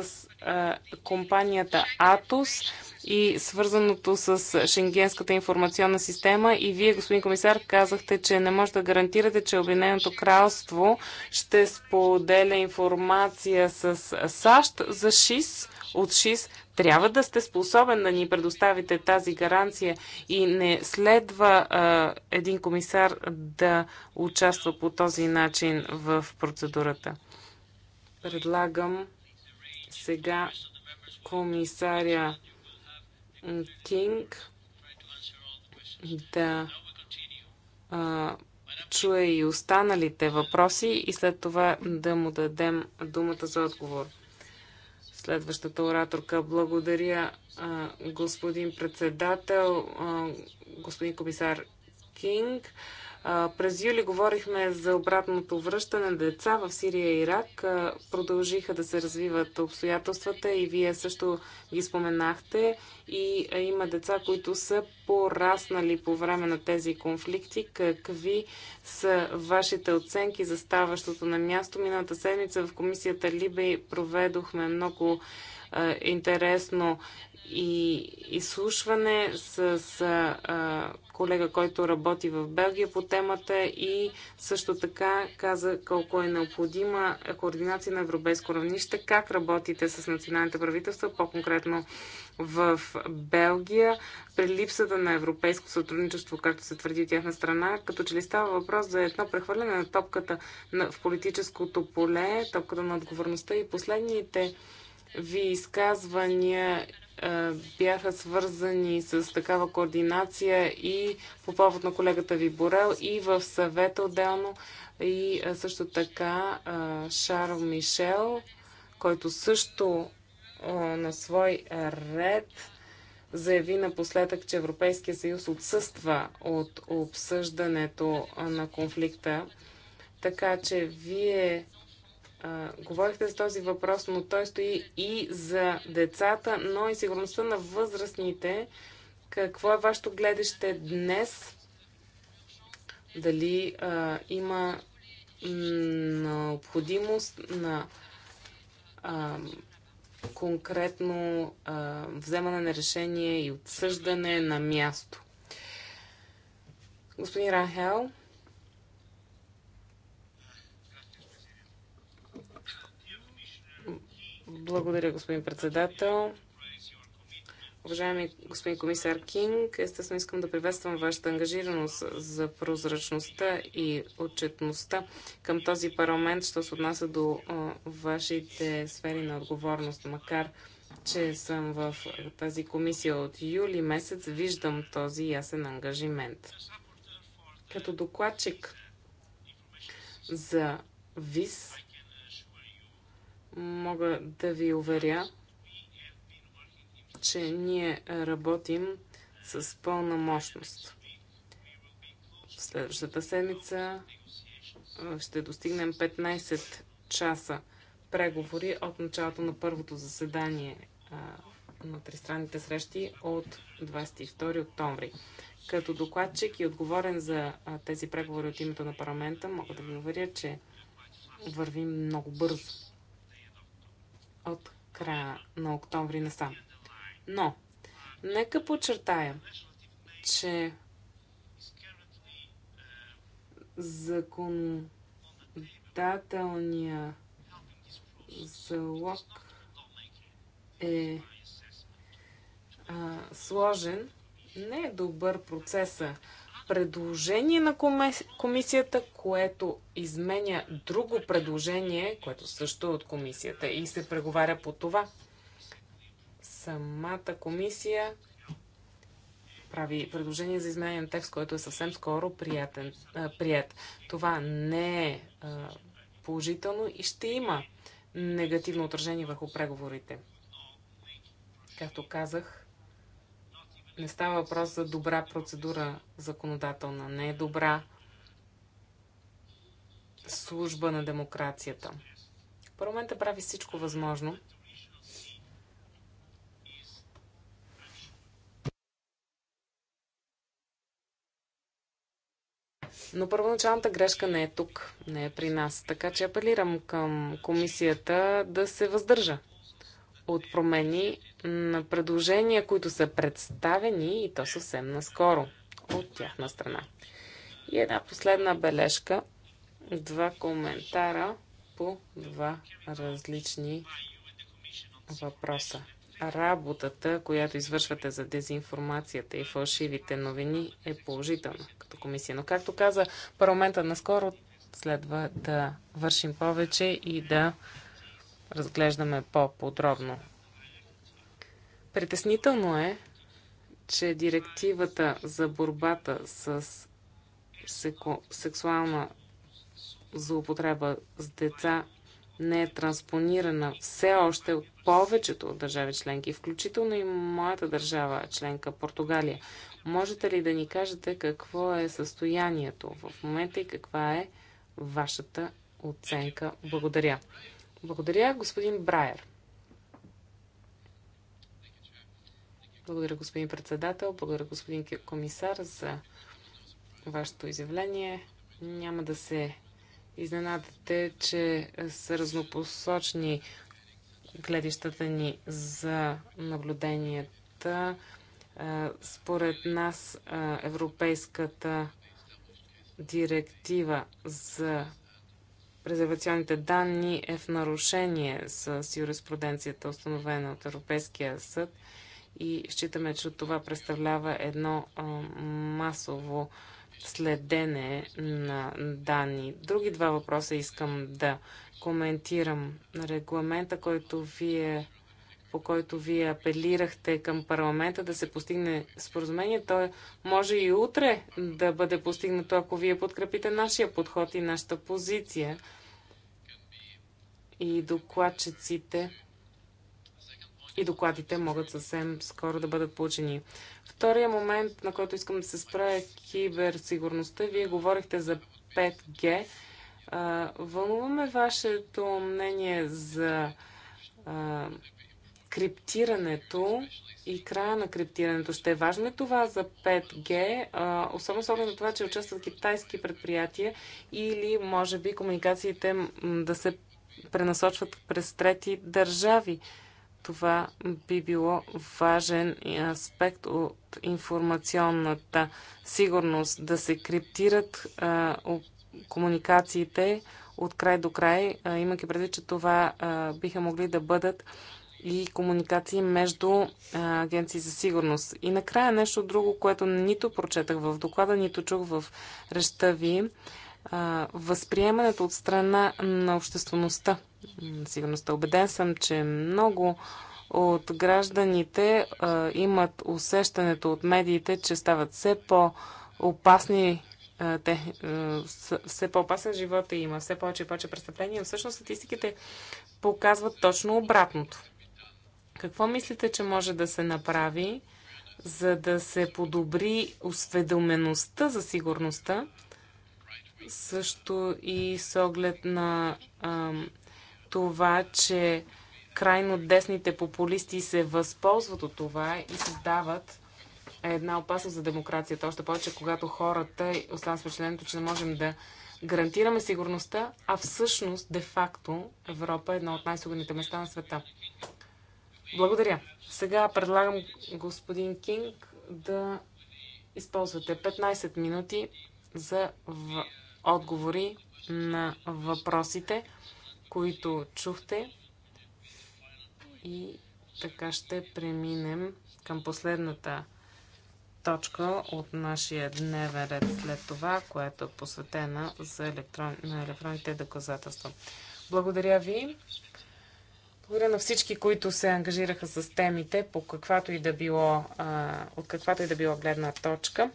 е, компанията Атос и свързаното с Шенгенската информационна система. И вие, господин комисар, казахте, че не може да гарантирате, че Обединеното кралство ще споделя информация с САЩ за ШИС от ШИС. Трябва да сте способен да ни предоставите тази гаранция и не следва а, един комисар да участва по този начин в процедурата. Предлагам сега комисаря Кинг да а, чуе и останалите въпроси и след това да му дадем думата за отговор. Следващата ораторка. Благодаря, а, господин председател, а, господин комисар Кинг през юли говорихме за обратното връщане на деца в Сирия и Ирак. продължиха да се развиват обстоятелствата и вие също ги споменахте. И има деца, които са пораснали по време на тези конфликти. Какви са вашите оценки за ставащото на място? Миналата седмица в комисията Либе проведохме много интересно и изслушване с а, колега, който работи в Белгия по темата и също така каза колко е необходима координация на европейско равнище, как работите с националните правителства, по-конкретно в Белгия, при липсата на европейско сътрудничество, както се твърди от тяхна страна, като че ли става въпрос за едно прехвърляне на топката в политическото поле, топката на отговорността и последните ви изказвания е, бяха свързани с такава координация и по повод на колегата ви Борел и в съвета отделно и е, също така е, Шарл Мишел, който също на свой ред заяви напоследък, че Европейския съюз отсъства от обсъждането на конфликта. Така че вие говорихте за този въпрос, но той стои и за децата, но и сигурността на възрастните. Какво е вашето гледаще днес? Дали а, има необходимост на а, конкретно а, вземане на решение и отсъждане на място? Господин Рахел, Благодаря, господин председател. Уважаеми господин комисар Кинг, естествено искам да приветствам вашата ангажираност за прозрачността и отчетността към този парламент, що се отнася до вашите сфери на отговорност. Макар, че съм в тази комисия от юли месец, виждам този ясен ангажимент. Като докладчик за ВИС, мога да ви уверя, че ние работим с пълна мощност. В следващата седмица ще достигнем 15 часа преговори от началото на първото заседание на тристранните срещи от 22 октомври. Като докладчик и отговорен за тези преговори от името на парламента, мога да ви уверя, че вървим много бързо от края на октомври насам. Но, нека подчертая, че законодателния залог е а, сложен, не е добър процеса предложение на комисията, което изменя друго предложение, което също е от комисията и се преговаря по това. Самата комисия прави предложение за изменение на текст, който е съвсем скоро приятен, а, прият. Това не е а, положително и ще има негативно отражение върху преговорите. Както казах, не става въпрос за добра процедура законодателна, не е добра служба на демокрацията. Парламента прави всичко възможно. Но първоначалната грешка не е тук, не е при нас. Така че апелирам към комисията да се въздържа от промени на предложения, които са представени и то съвсем наскоро от тяхна страна. И една последна бележка, два коментара по два различни въпроса. Работата, която извършвате за дезинформацията и фалшивите новини е положителна като комисия. Но както каза парламента наскоро, следва да вършим повече и да разглеждаме по-подробно Притеснително е, че директивата за борбата с секу... сексуална злоупотреба с деца не е транспонирана все още от повечето от държави членки, включително и моята държава членка Португалия. Можете ли да ни кажете какво е състоянието в момента и каква е вашата оценка? Благодаря. Благодаря, господин Брайер. Благодаря, господин председател. Благодаря, господин комисар, за вашето изявление. Няма да се изненадате, че са разнопосочни гледищата ни за наблюденията. Според нас Европейската директива за резервационните данни е в нарушение с юриспруденцията, установена от Европейския съд и считаме, че това представлява едно масово следене на данни. Други два въпроса искам да коментирам. Регламента, който вие, по който вие апелирахте към парламента да се постигне споразумение, той може и утре да бъде постигнато, ако вие подкрепите нашия подход и нашата позиция. И докладчиците и докладите могат съвсем скоро да бъдат получени. Втория момент, на който искам да се спра е киберсигурността. Вие говорихте за 5G. Вълнуваме вашето мнение за а, криптирането и края на криптирането. Ще е важно ли това за 5G, особено с оглед на това, че участват китайски предприятия или може би комуникациите да се пренасочват през трети държави? Това би било важен аспект от информационната сигурност да се криптират комуникациите от край до край, имайки предвид, че това биха могли да бъдат и комуникации между а, агенции за сигурност. И накрая нещо друго, което нито прочетах в доклада, нито чух в реща ви. А, възприемането от страна на обществеността сигурността. Обеден съм, че много от гражданите а, имат усещането от медиите, че стават все по-опасни те, все по-опасен живота има, все повече и повече престъпления. Всъщност статистиките показват точно обратното. Какво мислите, че може да се направи, за да се подобри осведомеността за сигурността, също и с оглед на това, че крайно десните популисти се възползват от това и създават една опасност за демокрацията. Още повече, когато хората останат с впечатлението, че не можем да гарантираме сигурността, а всъщност, де-факто, Европа е една от най-сигурните места на света. Благодаря. Сега предлагам господин Кинг да използвате 15 минути за отговори на въпросите които чухте. И така ще преминем към последната точка от нашия дневен ред след това, която е посветена за електрон... на електронните доказателства. Благодаря ви. Благодаря на всички, които се ангажираха с темите по каквато и да било, а, от каквато и да било гледна точка.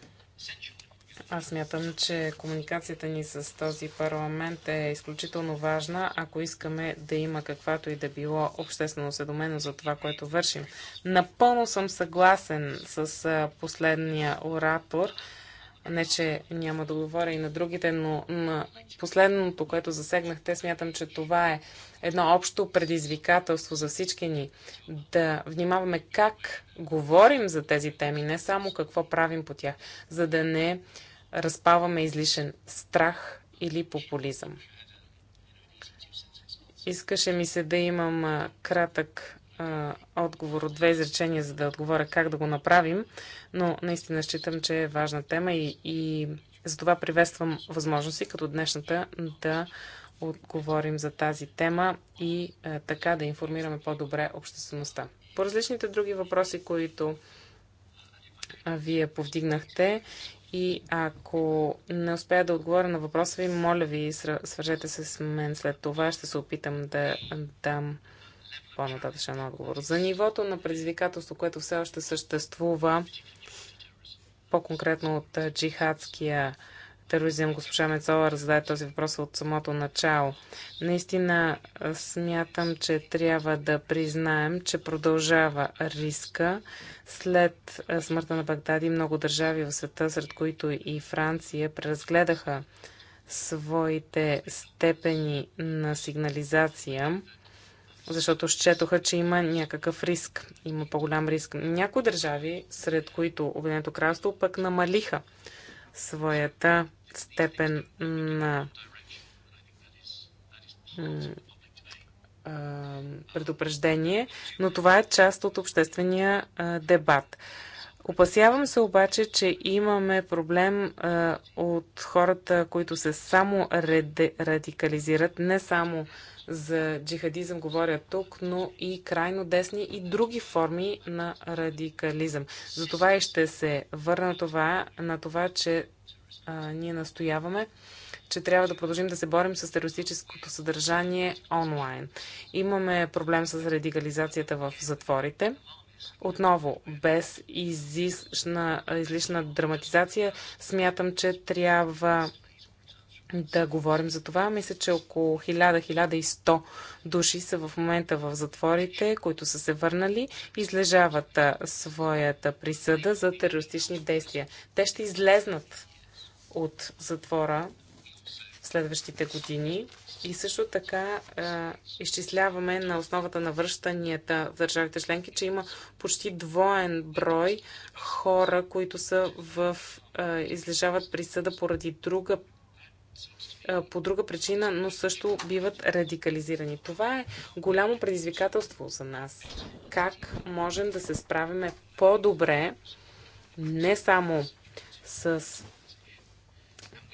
Аз мятам, че комуникацията ни с този парламент е изключително важна, ако искаме да има каквато и да било обществено осведомено за това, което вършим. Напълно съм съгласен с последния оратор. Не, че няма да говоря и на другите, но на последното, което засегнахте, смятам, че това е едно общо предизвикателство за всички ни. Да внимаваме как говорим за тези теми, не само какво правим по тях, за да не разпаваме излишен страх или популизъм. Искаше ми се да имам кратък а, отговор от две изречения, за да отговоря как да го направим, но наистина считам, че е важна тема и, и затова приветствам възможности като днешната да отговорим за тази тема и а, така да информираме по-добре обществеността. По различните други въпроси, които вие повдигнахте и ако не успея да отговоря на въпроса ви, моля ви, свържете се с мен след това. Ще се опитам да дам по-нататъчен отговор. За нивото на предизвикателство, което все още съществува, по-конкретно от джихадския тероризъм. Госпожа Мецова, раздаде този въпрос от самото начало. Наистина смятам, че трябва да признаем, че продължава риска. След смъртта на Багдади много държави в света, сред които и Франция, преразгледаха своите степени на сигнализация, защото счетоха, че има някакъв риск. Има по-голям риск. Някои държави, сред които Обединеното кралство, пък намалиха своята степен на предупреждение, но това е част от обществения дебат. Опасявам се обаче, че имаме проблем от хората, които се само радикализират, не само за джихадизъм говоря тук, но и крайно десни и други форми на радикализъм. Затова и ще се върна това, на това, че а, ние настояваме, че трябва да продължим да се борим с терористическото съдържание онлайн. Имаме проблем с радикализацията в затворите. Отново, без излишна, излишна драматизация, смятам, че трябва да говорим за това. Мисля, че около 1000-1100 души са в момента в затворите, които са се върнали, излежават своята присъда за терористични действия. Те ще излезнат от затвора в следващите години. И също така а, изчисляваме на основата на връщанията в държавите членки, че има почти двоен брой хора, които са в, а, излежават присъда поради друга по друга причина, но също биват радикализирани. Това е голямо предизвикателство за нас. Как можем да се справиме по-добре не само с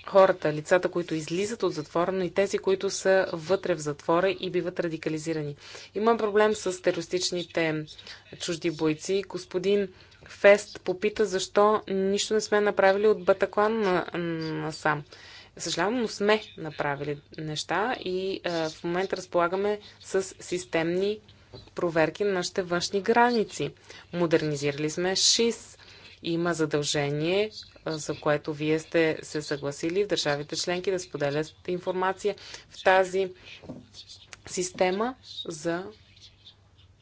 хората, лицата, които излизат от затвора, но и тези, които са вътре в затвора и биват радикализирани. Има проблем с терористичните чужди бойци. Господин Фест попита защо нищо не сме направили от Батаклан насам. На, сам. Съжалявам, но сме направили неща и а, е, в момента разполагаме с системни проверки на нашите външни граници. Модернизирали сме ШИС. Има задължение за което вие сте се съгласили в държавите членки да споделят информация в тази система за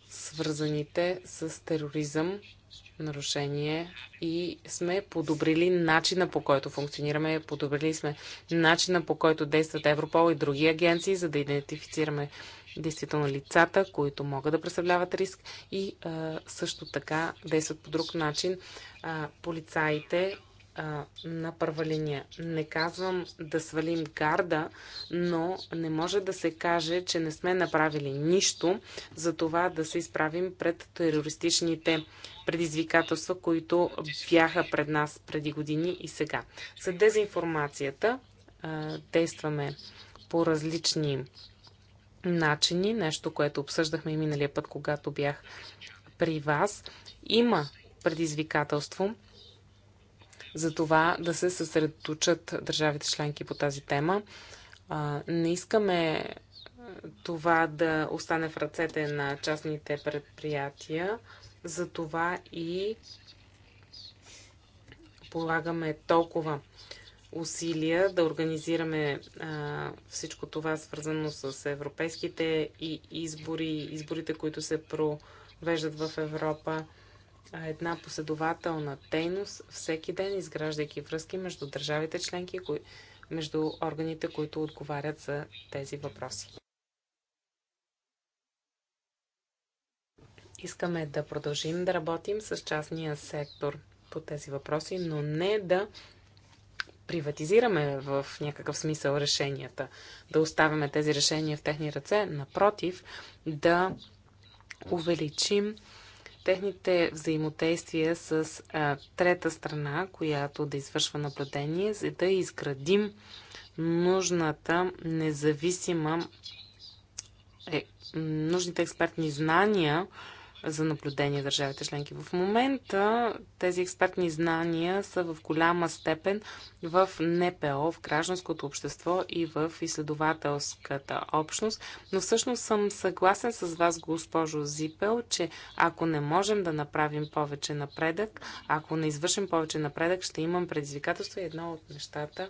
свързаните с тероризъм нарушение и сме подобрили начина по който функционираме, подобрили сме начина по който действат Европол и други агенции, за да идентифицираме действително лицата, които могат да представляват риск и а, също така действат по друг начин а, полицаите а, на първа линия. Не казвам да свалим гарда, но не може да се каже, че не сме направили нищо за това да се изправим пред терористичните предизвикателства, които бяха пред нас преди години и сега. За дезинформацията а, действаме по различни начини, нещо, което обсъждахме и миналия път, когато бях при вас. Има предизвикателство за това да се съсредоточат държавите членки по тази тема. Не искаме това да остане в ръцете на частните предприятия, за това и полагаме толкова усилия да организираме а, всичко това, свързано с европейските и избори, изборите, които се провеждат в Европа една последователна дейност всеки ден, изграждайки връзки между държавите членки, между органите, които отговарят за тези въпроси. Искаме да продължим да работим с частния сектор по тези въпроси, но не да приватизираме в някакъв смисъл решенията, да оставяме тези решения в техни ръце, напротив, да увеличим техните взаимодействия с а, трета страна, която да извършва наблюдение, за да изградим нужната независима е, нужните експертни знания за наблюдение държавите членки. В момента тези експертни знания са в голяма степен в НПО, в гражданското общество и в изследователската общност, но всъщност съм съгласен с вас, госпожо Зипел, че ако не можем да направим повече напредък, ако не извършим повече напредък, ще имам предизвикателство и едно от нещата,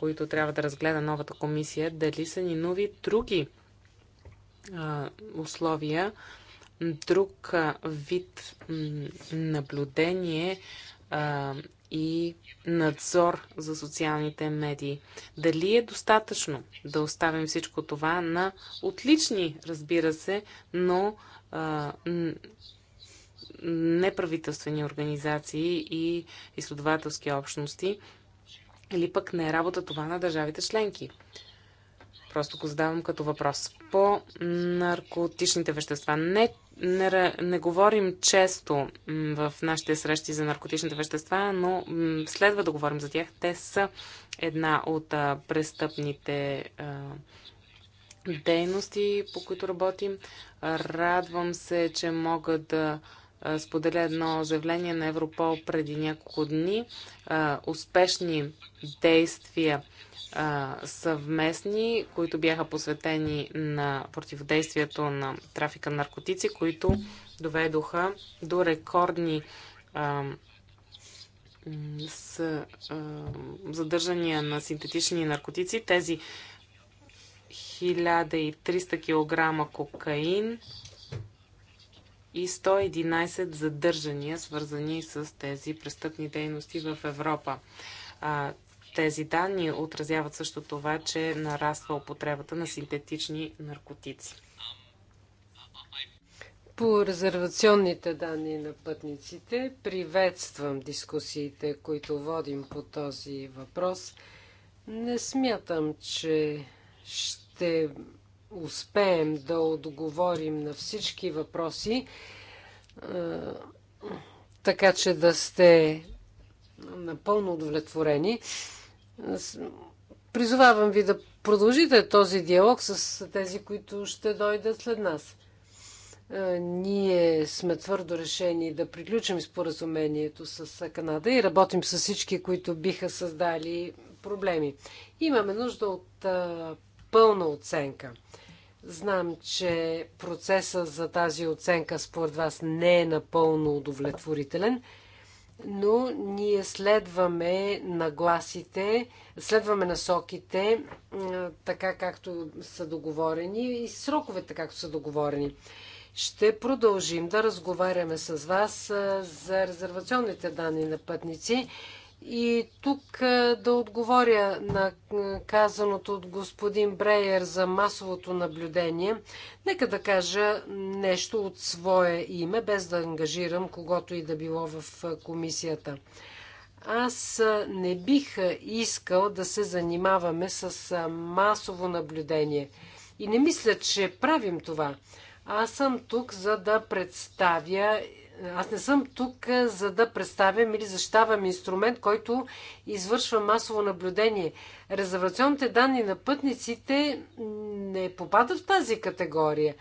които трябва да разгледа новата комисия, дали са ни нови други а, условия, друг вид наблюдение а, и надзор за социалните медии. Дали е достатъчно да оставим всичко това на отлични, разбира се, но а, неправителствени организации и изследователски общности, или пък не е работа това на държавите членки. Просто го задавам като въпрос. По наркотичните вещества. Не, не, не говорим често в нашите срещи за наркотичните вещества, но следва да говорим за тях. Те са една от а, престъпните а, дейности, по които работим. Радвам се, че мога да споделя едно заявление на Европол преди няколко дни. Успешни действия а, съвместни, които бяха посветени на противодействието на трафика на наркотици, които доведоха до рекордни а, с а, задържания на синтетични наркотици. Тези 1300 кг кокаин и 111 задържания, свързани с тези престъпни дейности в Европа. Тези данни отразяват също това, че нараства употребата на синтетични наркотици. По резервационните данни на пътниците приветствам дискусиите, които водим по този въпрос. Не смятам, че ще успеем да отговорим на всички въпроси, така че да сте напълно удовлетворени. Призовавам ви да продължите този диалог с тези, които ще дойдат след нас. Ние сме твърдо решени да приключим споразумението с Канада и работим с всички, които биха създали проблеми. Имаме нужда от пълна оценка. Знам, че процесът за тази оценка според вас не е напълно удовлетворителен – но ние следваме нагласите, следваме насоките, така както са договорени и сроковете, както са договорени. Ще продължим да разговаряме с вас за резервационните данни на пътници и тук е, да отговоря на е, казаното от господин Бреер за масовото наблюдение. Нека да кажа нещо от свое име, без да ангажирам когото и да било в е, комисията. Аз не бих искал да се занимаваме с масово наблюдение. И не мисля, че правим това. Аз съм тук, за да представя аз не съм тук, е, за да представям или защитавам инструмент, който извършва масово наблюдение. Резервационните данни на пътниците не попадат в тази категория.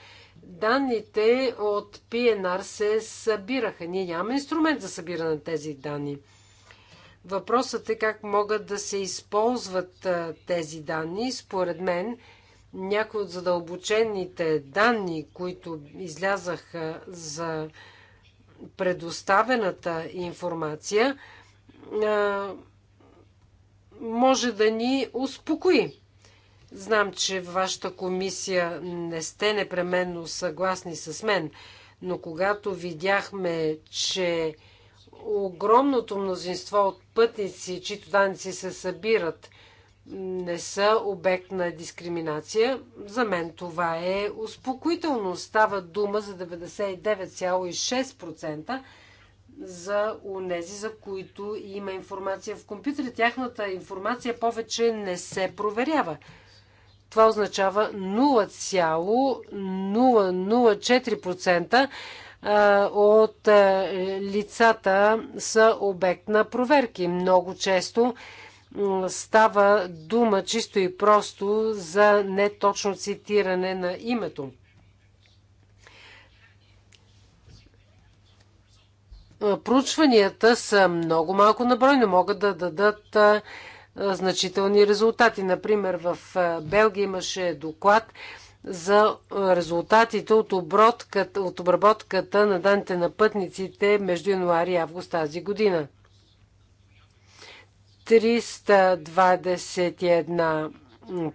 Данните от PNR се събираха. Ние нямаме инструмент за събиране на тези данни. Въпросът е как могат да се използват е, тези данни. Според мен, някои от задълбочените данни, които излязаха за предоставената информация може да ни успокои. Знам, че в вашата комисия не сте непременно съгласни с мен, но когато видяхме, че огромното мнозинство от пътници, чието данни се събират – не са обект на дискриминация. За мен това е успокоително. Става дума за 99,6% за унези, за които има информация в компютъра. Тяхната информация повече не се проверява. Това означава 0,004% от лицата са обект на проверки. Много често става дума чисто и просто за неточно цитиране на името. Проучванията са много малко наброй, но могат да дадат значителни резултати. Например, в Белгия имаше доклад за резултатите от, обработката, от обработката на данните на пътниците между януари и август тази година. 321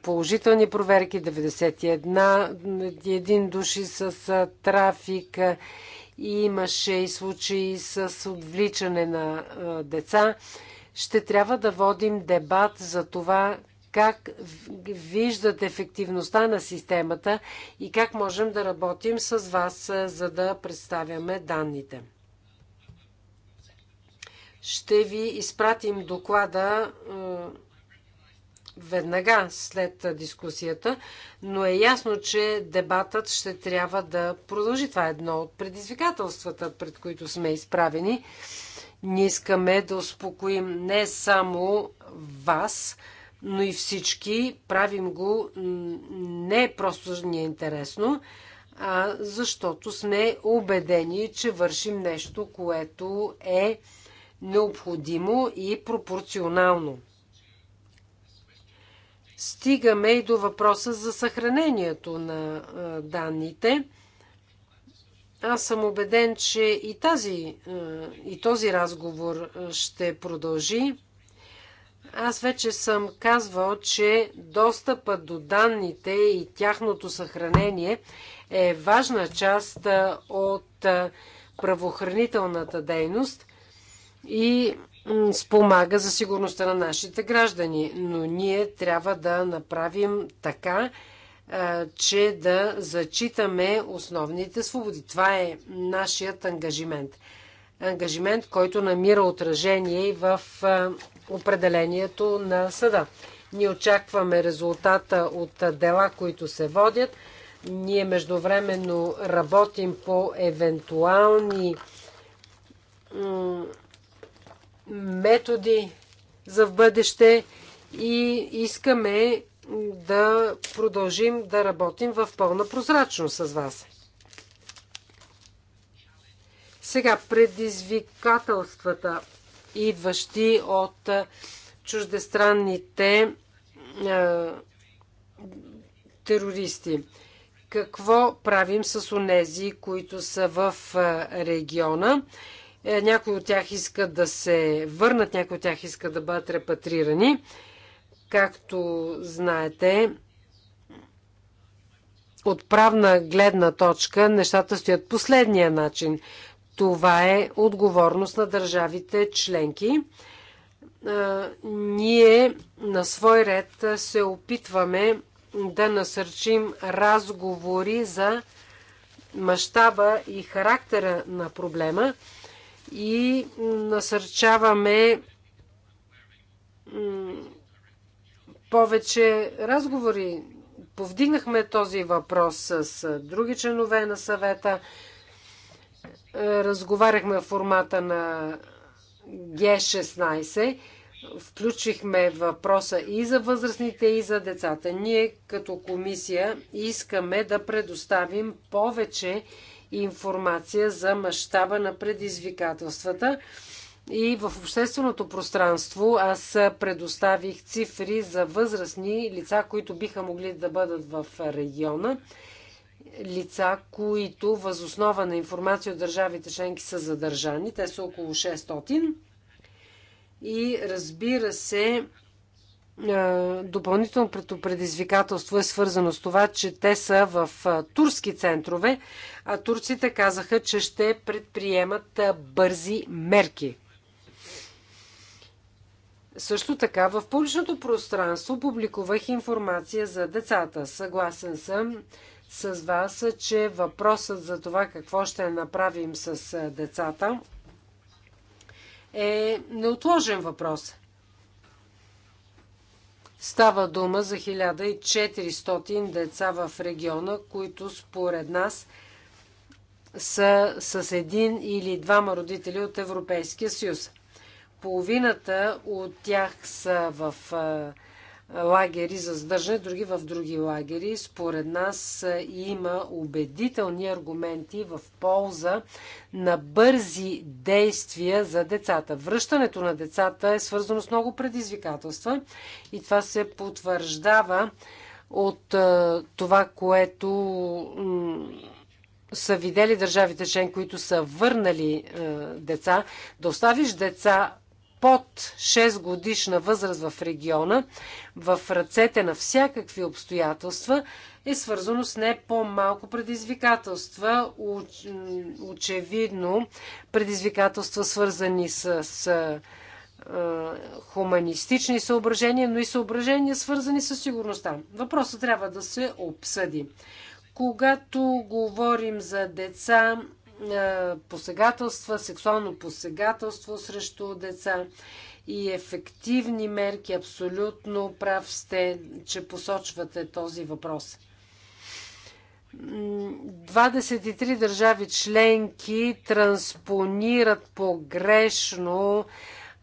положителни проверки, 91 души с трафик, имаше и случаи с отвличане на деца. Ще трябва да водим дебат за това как виждат ефективността на системата и как можем да работим с вас, за да представяме данните. Ще ви изпратим доклада е, веднага след дискусията, но е ясно, че дебатът ще трябва да продължи. Това е едно от предизвикателствата, пред които сме изправени. Ние искаме да успокоим не само вас, но и всички. Правим го не просто за ни е интересно, а защото сме убедени, че вършим нещо, което е необходимо и пропорционално. Стигаме и до въпроса за съхранението на данните. Аз съм убеден, че и, тази, и този разговор ще продължи. Аз вече съм казвал, че достъпът до данните и тяхното съхранение е важна част от правоохранителната дейност и спомага за сигурността на нашите граждани. Но ние трябва да направим така, че да зачитаме основните свободи. Това е нашият ангажимент. Ангажимент, който намира отражение и в определението на съда. Ние очакваме резултата от дела, които се водят. Ние междувременно работим по евентуални методи за в бъдеще и искаме да продължим да работим в пълна прозрачност с вас. Сега предизвикателствата, идващи от чуждестранните е, терористи. Какво правим с онези, които са в е, региона? Е, някои от тях искат да се върнат, някои от тях искат да бъдат репатрирани. Както знаете, от правна гледна точка нещата стоят последния начин. Това е отговорност на държавите членки. Е, ние на свой ред се опитваме да насърчим разговори за мащаба и характера на проблема и насърчаваме повече разговори. Повдигнахме този въпрос с други членове на съвета. Е, разговаряхме в формата на Г-16. Включихме въпроса и за възрастните, и за децата. Ние като комисия искаме да предоставим повече информация за мащаба на предизвикателствата. И в общественото пространство аз предоставих цифри за възрастни лица, които биха могли да бъдат в региона. Лица, които възоснова на информация от държавите членки са задържани. Те са около 600. И разбира се, е, допълнително предизвикателство е свързано с това, че те са в е, турски центрове, а турците казаха, че ще предприемат е, бързи мерки. Също така в публичното пространство публикувах информация за децата. Съгласен съм с вас, че въпросът за това какво ще направим с децата е неотложен въпрос – Става дума за 1400 деца в региона, които според нас са с един или двама родители от Европейския съюз. Половината от тях са в лагери за задържане, други в други лагери. Според нас има убедителни аргументи в полза на бързи действия за децата. Връщането на децата е свързано с много предизвикателства и това се потвърждава от това, което са видели държавите член, които са върнали деца. Да оставиш деца под 6 годишна възраст в региона, в ръцете на всякакви обстоятелства, е свързано с не по-малко предизвикателства. Очевидно, предизвикателства свързани с, с хуманистични съображения, но и съображения свързани с сигурността. Въпросът трябва да се обсъди. Когато говорим за деца е, посегателства, сексуално посегателство срещу деца и ефективни мерки. Абсолютно прав сте, че посочвате този въпрос. 23 държави членки транспонират погрешно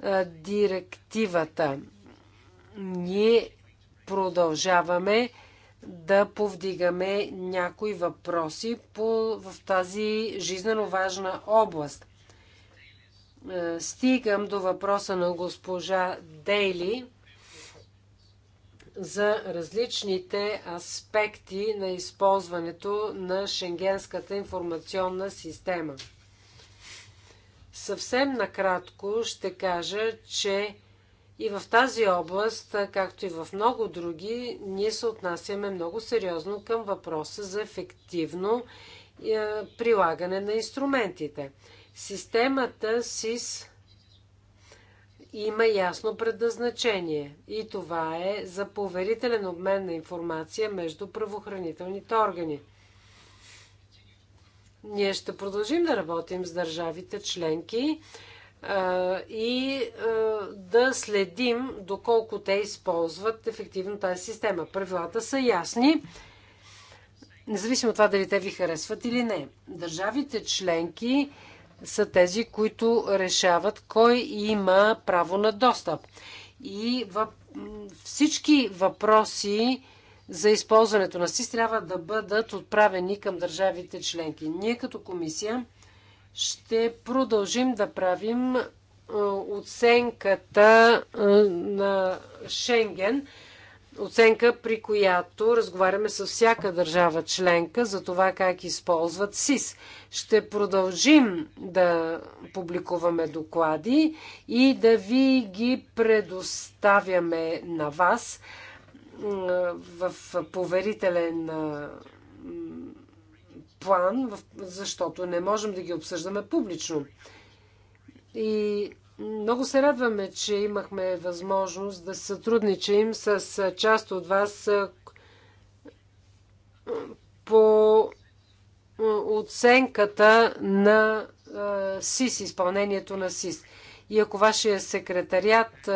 е, директивата. Ние продължаваме да повдигаме някои въпроси по, в тази жизненно важна област. Е, стигам до въпроса на госпожа Дейли за различните аспекти на използването на Шенгенската информационна система. Съвсем накратко ще кажа, че и в тази област, както и в много други, ние се отнасяме много сериозно към въпроса за ефективно е, прилагане на инструментите. Системата СИС има ясно предназначение и това е за поверителен обмен на информация между правоохранителните органи. Ние ще продължим да работим с държавите членки, и да следим доколко те използват ефективно тази система. Правилата са ясни, независимо от това дали те ви харесват или не. Държавите членки са тези, които решават кой има право на достъп. И всички въпроси за използването на СИС трябва да бъдат отправени към държавите членки. Ние като комисия ще продължим да правим оценката на Шенген, оценка при която разговаряме с всяка държава членка за това как използват СИС. Ще продължим да публикуваме доклади и да ви ги предоставяме на вас в поверителен план, защото не можем да ги обсъждаме публично. И много се радваме, че имахме възможност да сътрудничим с част от вас по оценката на СИС, изпълнението на СИС. И ако вашия секретариат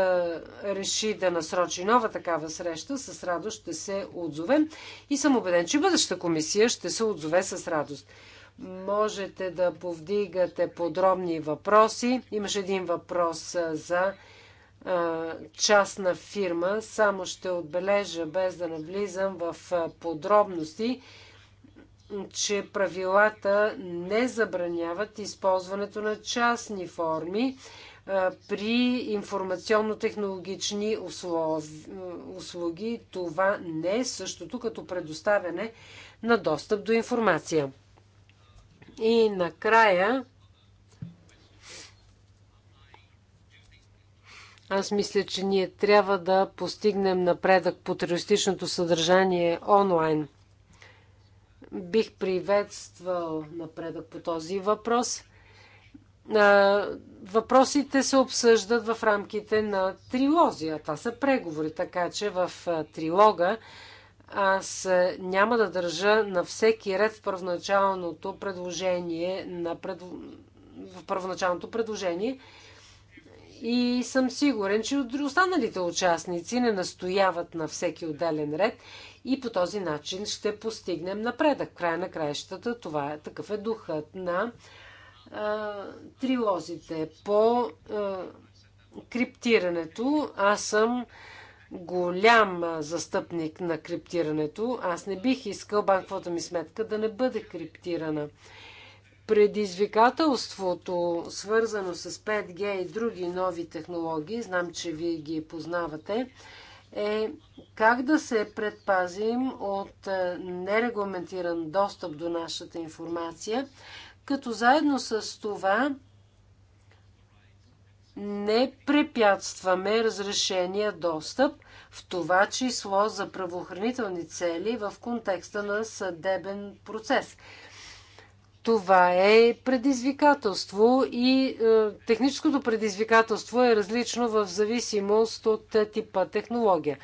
реши да насрочи нова такава среща, с радост ще се отзовем. И съм убеден, че бъдеща комисия ще се отзове с радост. Можете да повдигате подробни въпроси. Имаше един въпрос за частна фирма. Само ще отбележа, без да навлизам в подробности, че правилата не забраняват използването на частни форми при информационно-технологични услуги. Това не е същото като предоставяне на достъп до информация. И накрая, аз мисля, че ние трябва да постигнем напредък по терористичното съдържание онлайн. Бих приветствал напредък по този въпрос – въпросите се обсъждат в рамките на трилозия. Това са преговори, така че в трилога аз няма да държа на всеки ред в първоначалното предложение на пред... в първоначалното предложение и съм сигурен, че останалите участници не настояват на всеки отделен ред и по този начин ще постигнем напредък. Края на краищата това е такъв е духът на трилозите. По криптирането аз съм голям застъпник на криптирането. Аз не бих искал банковата ми сметка да не бъде криптирана. Предизвикателството, свързано с 5G и други нови технологии, знам, че вие ги познавате, е как да се предпазим от нерегламентиран достъп до нашата информация, като заедно с това не препятстваме разрешения достъп, в това число за правоохранителни цели в контекста на съдебен процес. Това е предизвикателство и е, техническото предизвикателство е различно в зависимост от е, типа технология.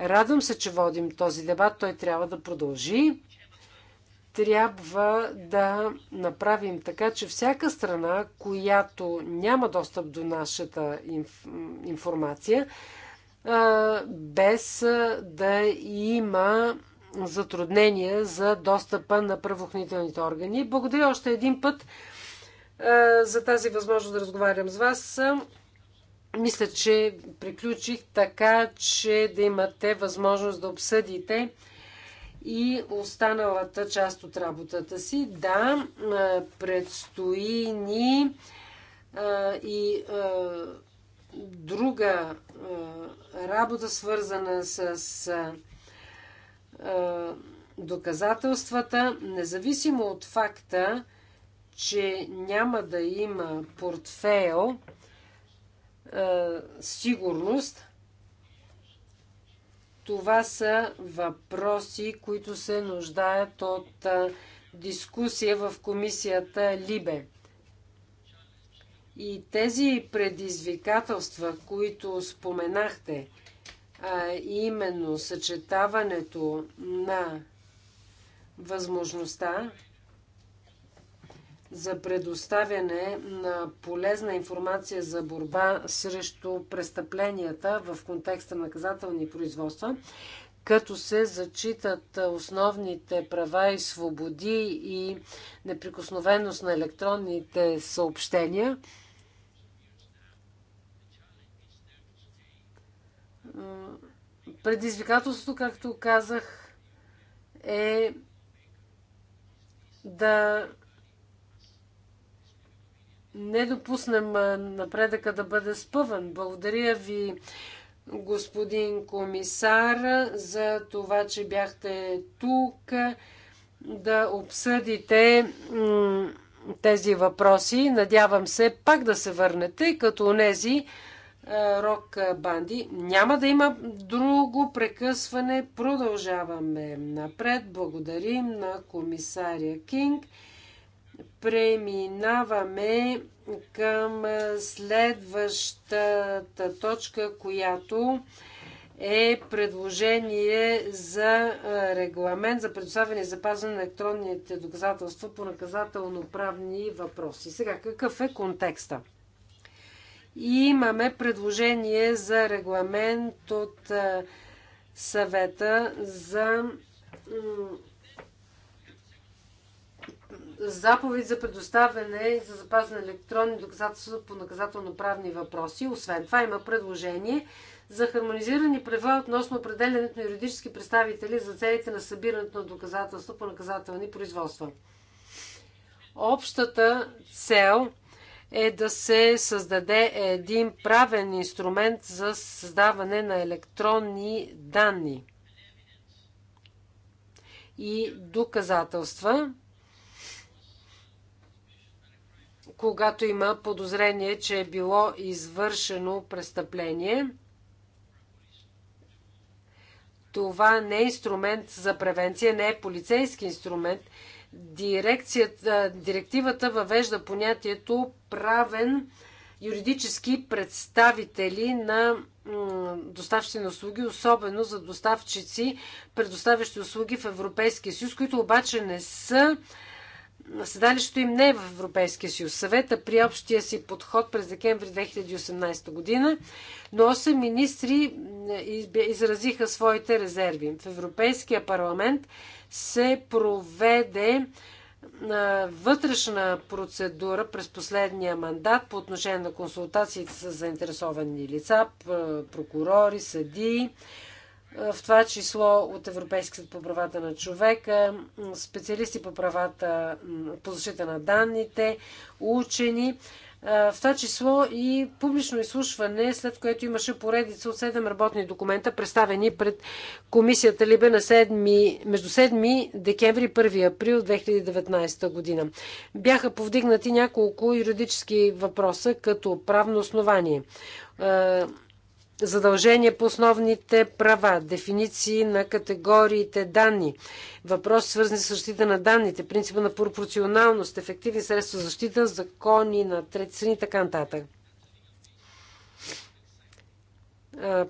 Радвам се, че водим този дебат. Той трябва да продължи трябва да направим така, че всяка страна, която няма достъп до нашата инф... информация, без да има затруднения за достъпа на правоохранителните органи. Благодаря още един път за тази възможност да разговарям с вас. Мисля, че приключих така, че да имате възможност да обсъдите и останалата част от работата си. Да, предстои ни и друга работа, свързана с доказателствата, независимо от факта, че няма да има портфейл, сигурност, това са въпроси, които се нуждаят от дискусия в комисията Либе. И тези предизвикателства, които споменахте, а именно съчетаването на възможността за предоставяне на полезна информация за борба срещу престъпленията в контекста на наказателни производства, като се зачитат основните права и свободи и неприкосновеност на електронните съобщения. Предизвикателството, както казах, е да не допуснем напредъка да бъде спъван. Благодаря ви, господин комисар, за това, че бяхте тук да обсъдите тези въпроси. Надявам се пак да се върнете, като тези рок банди. Няма да има друго прекъсване. Продължаваме напред. Благодарим на комисаря Кинг. Преминаваме към следващата точка, която е предложение за регламент за предоставяне и запазване на електронните доказателства по наказателно-правни въпроси. Сега, какъв е контекста? Имаме предложение за регламент от съвета за заповед за предоставяне за запазване на електронни доказателства по наказателно-правни въпроси. Освен това има предложение за хармонизирани права относно определенето на юридически представители за целите на събирането на доказателства по наказателни производства. Общата цел е да се създаде един правен инструмент за създаване на електронни данни и доказателства когато има подозрение, че е било извършено престъпление. Това не е инструмент за превенция, не е полицейски инструмент. Дирекцията, директивата въвежда понятието правен юридически представители на доставчици на услуги, особено за доставчици, предоставящи услуги в Европейския съюз, които обаче не са седалището им не е в Европейския съюз. Съвета при общия си подход през декември 2018 година, но 8 министри изразиха своите резерви. В Европейския парламент се проведе вътрешна процедура през последния мандат по отношение на консултациите с заинтересовани лица, прокурори, съдии, в това число от Европейската по правата на човека, специалисти по правата по защита на данните, учени, в това число и публично изслушване, след което имаше поредица от 7 работни документа, представени пред комисията Либе на 7, между 7 декември и 1 април 2019 година. Бяха повдигнати няколко юридически въпроса, като правно основание задължения по основните права, дефиниции на категориите данни, въпроси свързани с защита на данните, принципа на пропорционалност, ефективни средства за защита, закони на трети страни и така нататък.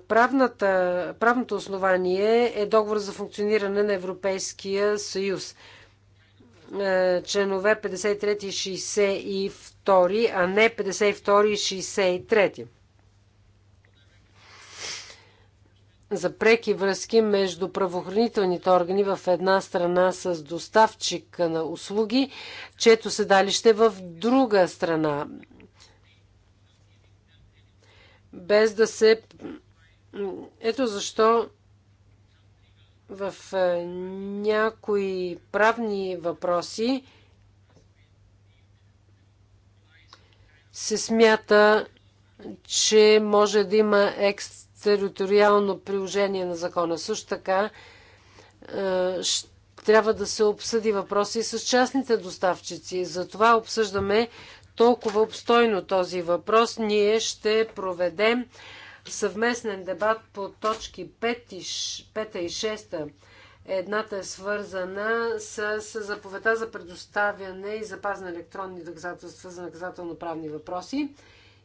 Правната, правното основание е договор за функциониране на Европейския съюз. Членове 53 и 62, а не 52 и 63. за преки връзки между правоохранителните органи в една страна с доставчик на услуги, чето седалище в друга страна. Без да се. Ето защо в е, някои правни въпроси се смята, че може да има екстра териториално приложение на закона. Също така е, трябва да се обсъди въпроси с частните доставчици. Затова обсъждаме толкова обстойно този въпрос. Ние ще проведем съвместен дебат по точки 5 и 6. Едната е свързана с, заповета заповедта за предоставяне и запазна електронни доказателства за наказателно-правни въпроси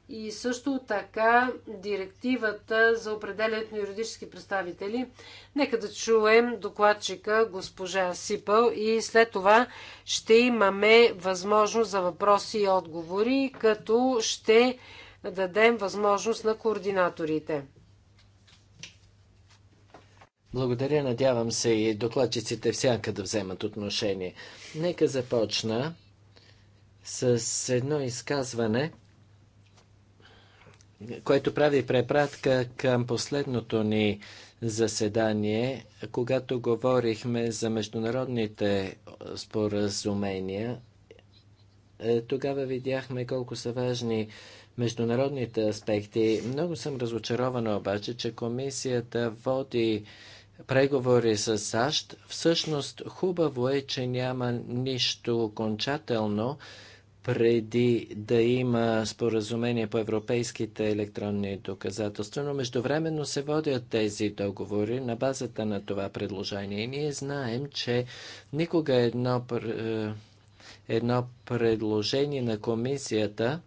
и също така директивата за определението на юридически представители. Нека да чуем докладчика госпожа Сипъл и след това ще имаме възможност за въпроси и отговори, като ще дадем възможност на координаторите. Благодаря, надявам се и докладчиците всяка да вземат отношение. Нека започна с едно изказване – което прави препратка към последното ни заседание, когато говорихме за международните споразумения. Е, тогава видяхме колко са важни международните аспекти. Много съм разочарована обаче, че комисията води преговори с САЩ. Всъщност хубаво е, че няма нищо окончателно преди да има споразумение по европейските електронни доказателства, но междувременно се водят тези договори на базата на това предложение. И ние знаем, че никога едно, е, едно предложение на комисията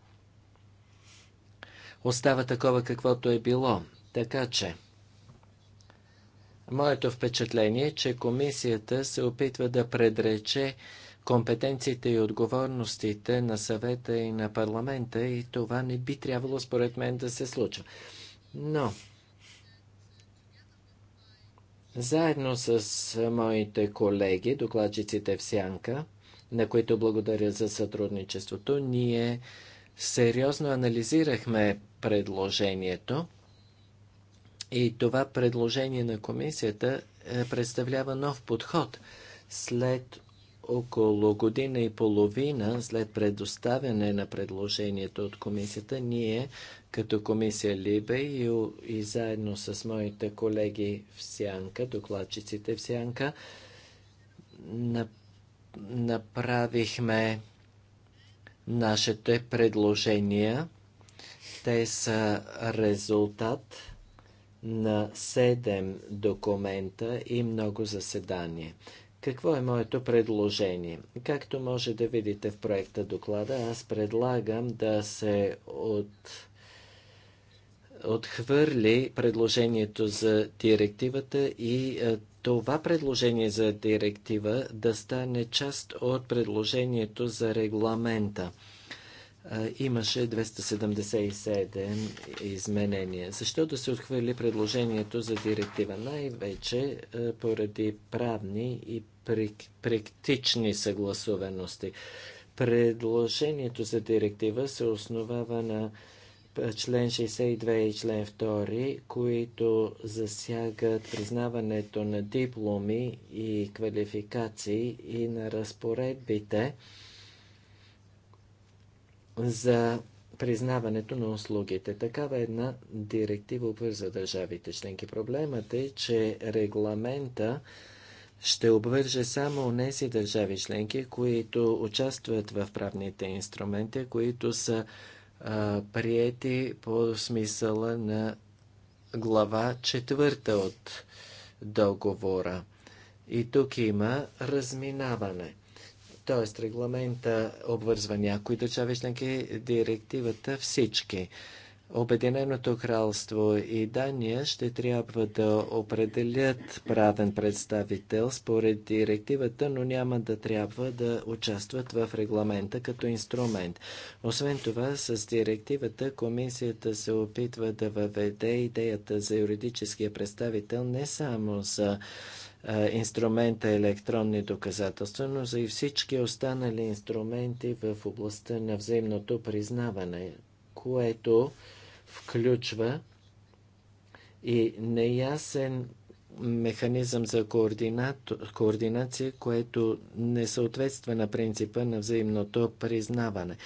остава такова каквото е било. Така че, моето впечатление е, че комисията се опитва да предрече компетенциите и отговорностите на съвета и на парламента и това не би трябвало според мен да се случва. Но, заедно с моите колеги, докладчиците в Сянка, на които благодаря за сътрудничеството, ние сериозно анализирахме предложението и това предложение на комисията е, представлява нов подход след около година и половина след предоставяне на предложението от комисията, ние като комисия Либе и, и заедно с моите колеги в Сянка, докладчиците в Сянка, на, направихме нашите предложения. Те са резултат на 7 документа и много заседания. Какво е моето предложение? Както може да видите в проекта доклада, аз предлагам да се от отхвърли предложението за директивата и това предложение за директива да стане част от предложението за регламента. Имаше 277 изменения. Защо да се отхвърли предложението за директива? Най-вече поради правни и практични съгласуваности. Предложението за директива се основава на член 62 и член 2, които засягат признаването на дипломи и квалификации и на разпоредбите за признаването на услугите. Такава една директива обвърза държавите членки. Проблемът е, че регламента ще обвърже само тези държави членки, които участват в правните инструменти, които са а, приети по смисъла на глава четвърта от договора. И тук има разминаване. Тоест, регламента обвързва някои държави членки, директивата всички. Обединеното кралство и Дания ще трябва да определят правен представител според директивата, но няма да трябва да участват в регламента като инструмент. Освен това, с директивата комисията се опитва да въведе идеята за юридическия представител не само за инструмента електронни доказателства, но за и всички останали инструменти в областта на взаимното признаване, което включва и неясен механизъм за координа... координация, което не съответства на принципа на взаимното признаване.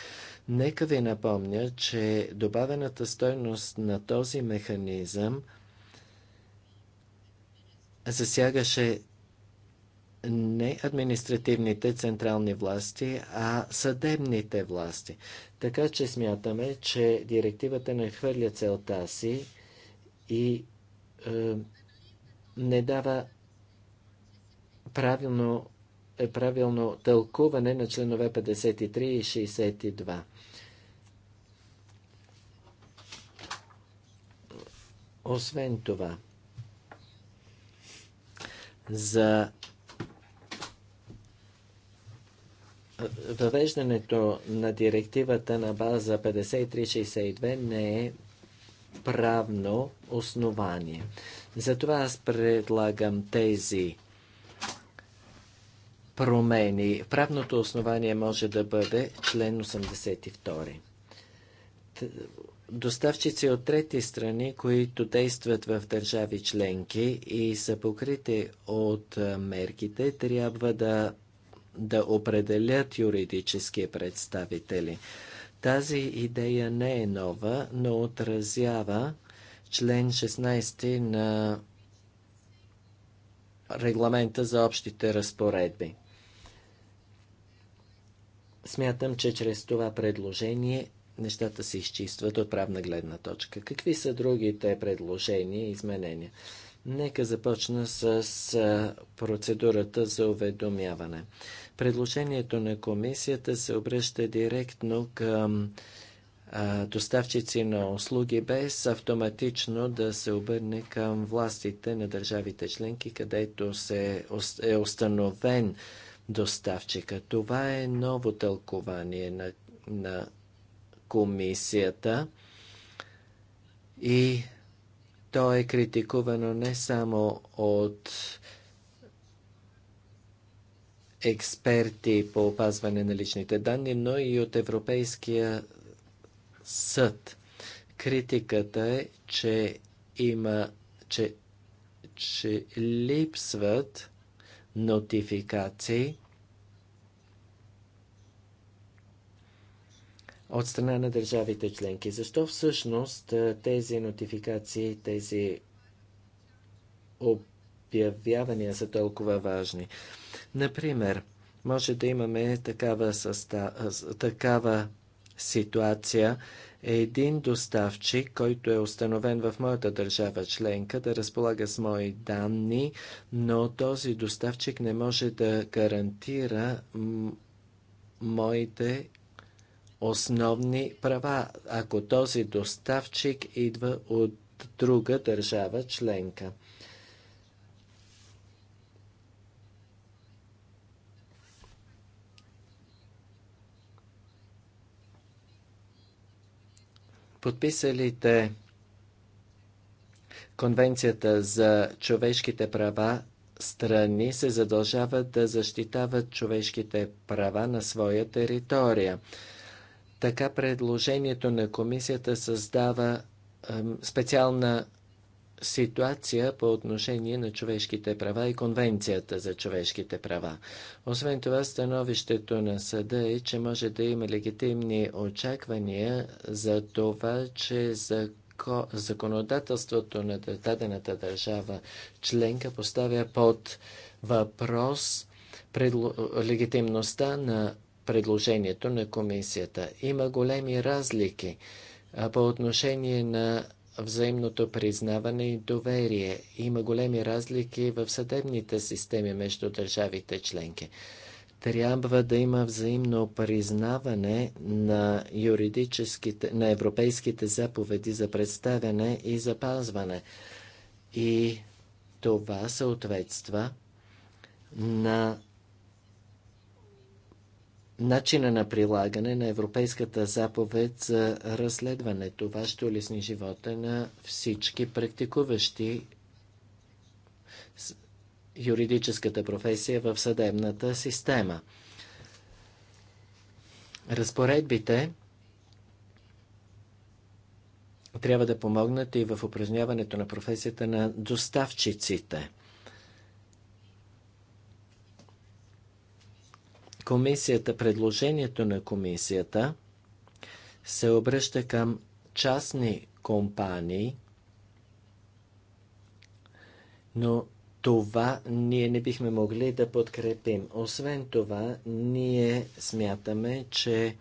Нека ви напомня, че добавената стойност на този механизъм засягаше не административните централни власти, а съдебните власти. Така че смятаме, че директивата не хвърля целта си и е, не дава правилно, е, правилно тълкуване на членове 53 и 62. Освен това, за въвеждането на директивата на база 5362 не е правно основание. Затова аз предлагам тези промени. Правното основание може да бъде член 82. Доставчици от трети страни, които действат в държави членки и са покрити от мерките, трябва да да определят юридически представители. Тази идея не е нова, но отразява член 16 на регламента за общите разпоредби. Смятам, че чрез това предложение нещата се изчистват от правна гледна точка. Какви са другите предложения и изменения? Нека започна с процедурата за уведомяване. Предложението на комисията се обръща директно към доставчици на услуги, без автоматично да се обърне към властите на държавите членки, където се е установен доставчика. Това е ново тълкование на, на комисията и то е критикувано не само от експерти по опазване на личните данни, но и от Европейския съд. Критиката е, че има, че, че липсват нотификации от страна на държавите членки. Защо всъщност тези нотификации, тези обявявания са толкова важни? Например, може да имаме такава, съста... такава ситуация, един доставчик, който е установен в моята държава членка, да разполага с мои данни, но този доставчик не може да гарантира моите основни права, ако този доставчик идва от друга държава членка. Подписалите Конвенцията за човешките права страни се задължават да защитават човешките права на своя територия. Така предложението на комисията създава специална ситуация по отношение на човешките права и Конвенцията за човешките права. Освен това, становището на съда е, че може да има легитимни очаквания за това, че за законодателството на дадената държава членка поставя под въпрос легитимността на предложението на комисията. Има големи разлики по отношение на взаимното признаване и доверие. Има големи разлики в съдебните системи между държавите членки. Трябва да има взаимно признаване на, юридическите, на европейските заповеди за представяне и запазване. И това съответства на начина на прилагане на Европейската заповед за разследване. Това ще улесни живота на всички практикуващи юридическата професия в съдебната система. Разпоредбите трябва да помогнат и в упражняването на професията на доставчиците. Комисията, предложението на комисията се обръща към частни компании, но това ние не бихме могли да подкрепим. Освен това, ние смятаме, че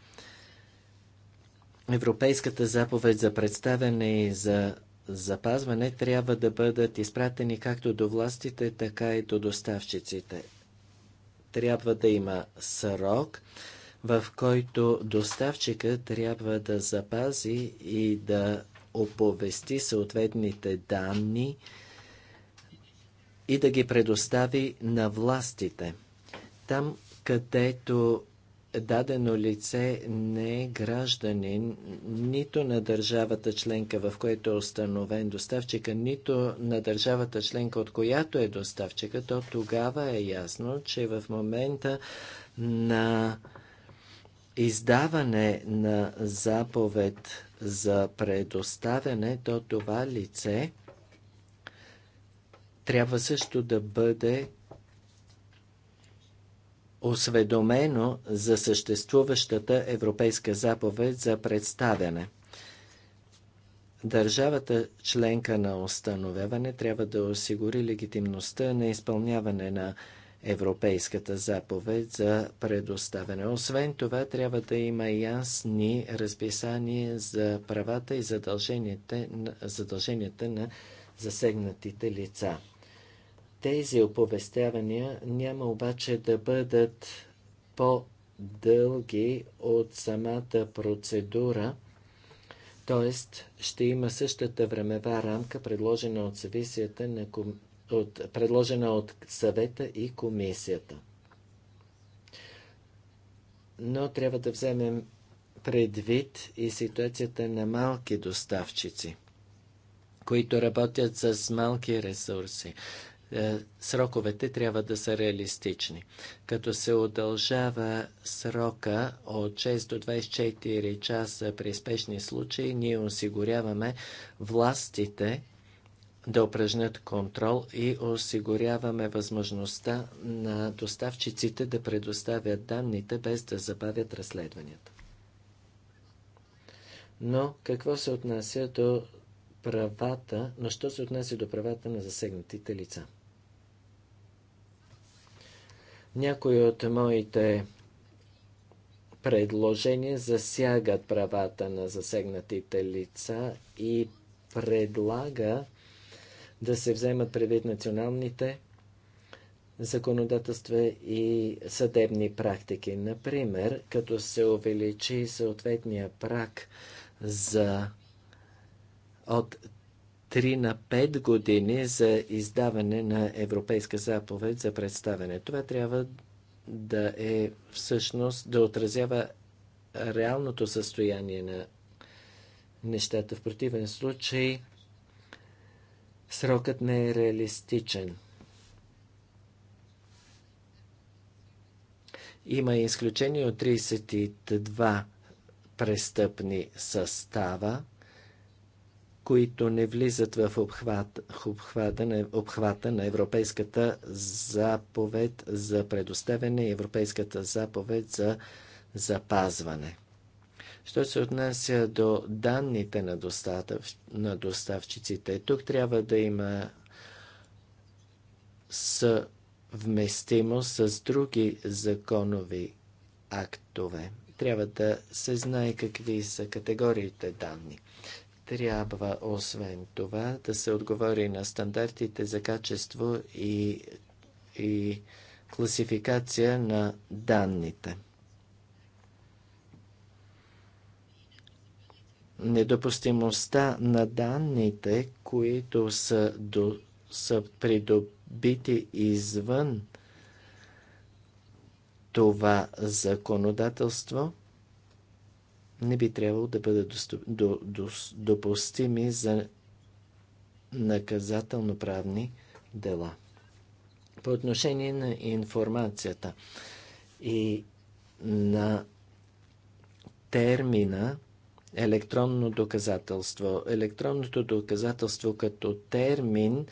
Европейската заповед за представяне и за запазване трябва да бъдат изпратени както до властите, така и до доставчиците трябва да има срок, в който доставчика трябва да запази и да оповести съответните данни и да ги предостави на властите. Там, където дадено лице не е гражданин нито на държавата членка, в която е установен доставчика, нито на държавата членка, от която е доставчика, то тогава е ясно, че в момента на издаване на заповед за предоставяне, то това лице трябва също да бъде осведомено за съществуващата Европейска заповед за представяне. Държавата членка на установяване трябва да осигури легитимността на изпълняване на Европейската заповед за предоставяне. Освен това, трябва да има ясни разписания за правата и задълженията, задълженията на засегнатите лица. Тези оповестявания няма обаче да бъдат по-дълги от самата процедура, т.е. ще има същата времева рамка, предложена от, на ком... от... предложена от съвета и комисията. Но трябва да вземем предвид и ситуацията на малки доставчици, които работят с малки ресурси. Е, сроковете трябва да са реалистични. Като се удължава срока от 6 до 24 часа при спешни случаи, ние осигуряваме властите да упражнят контрол и осигуряваме възможността на доставчиците да предоставят данните без да забавят разследванията. Но какво се отнася до правата, но що се отнася до правата на засегнатите лица? Някои от моите предложения засягат правата на засегнатите лица и предлага да се вземат предвид националните законодателства и съдебни практики. Например, като се увеличи съответния прак за от 3 на 5 години за издаване на Европейска заповед за представяне. Това трябва да е всъщност да отразява реалното състояние на нещата. В противен случай срокът не е реалистичен. Има изключение от 32 престъпни състава които не влизат в обхват, обхвата, на, обхвата на Европейската заповед за предоставяне и Европейската заповед за запазване. Що се отнася до данните на, достатъв, на доставчиците, тук трябва да има съвместимост с други законови актове. Трябва да се знае какви са категориите данни. Трябва, освен това, да се отговори на стандартите за качество и, и класификация на данните. недопустимостта на данните, които са, до, са придобити извън това законодателство, не би трябвало да бъдат допустими за наказателно-правни дела. По отношение на информацията и на термина електронно доказателство. Електронното доказателство като термин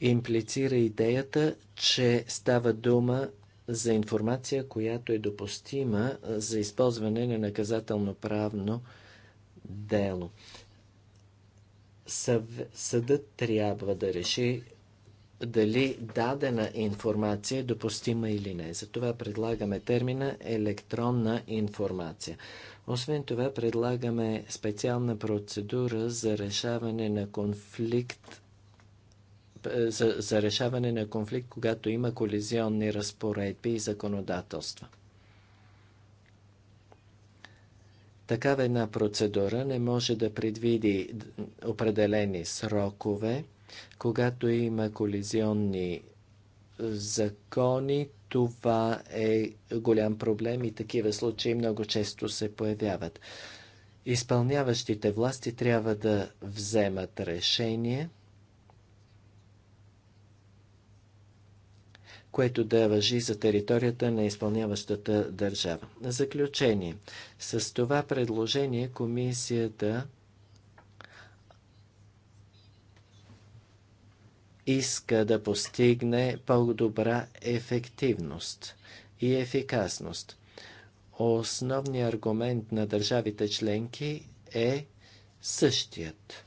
имплицира идеята, че става дума за информация, която е допустима за използване на наказателно-правно дело. Съдът трябва да реши дали дадена информация е допустима или не. Затова предлагаме термина електронна информация. Освен това, предлагаме специална процедура за решаване на конфликт за, за решаване на конфликт, когато има колизионни разпоредби и законодателства. Такава една процедура не може да предвиди определени срокове. Когато има колизионни закони, това е голям проблем и такива случаи много често се появяват. Изпълняващите власти трябва да вземат решение – което да въжи за територията на изпълняващата държава. На заключение, с това предложение комисията иска да постигне по-добра ефективност и ефикасност. Основният аргумент на държавите членки е същият.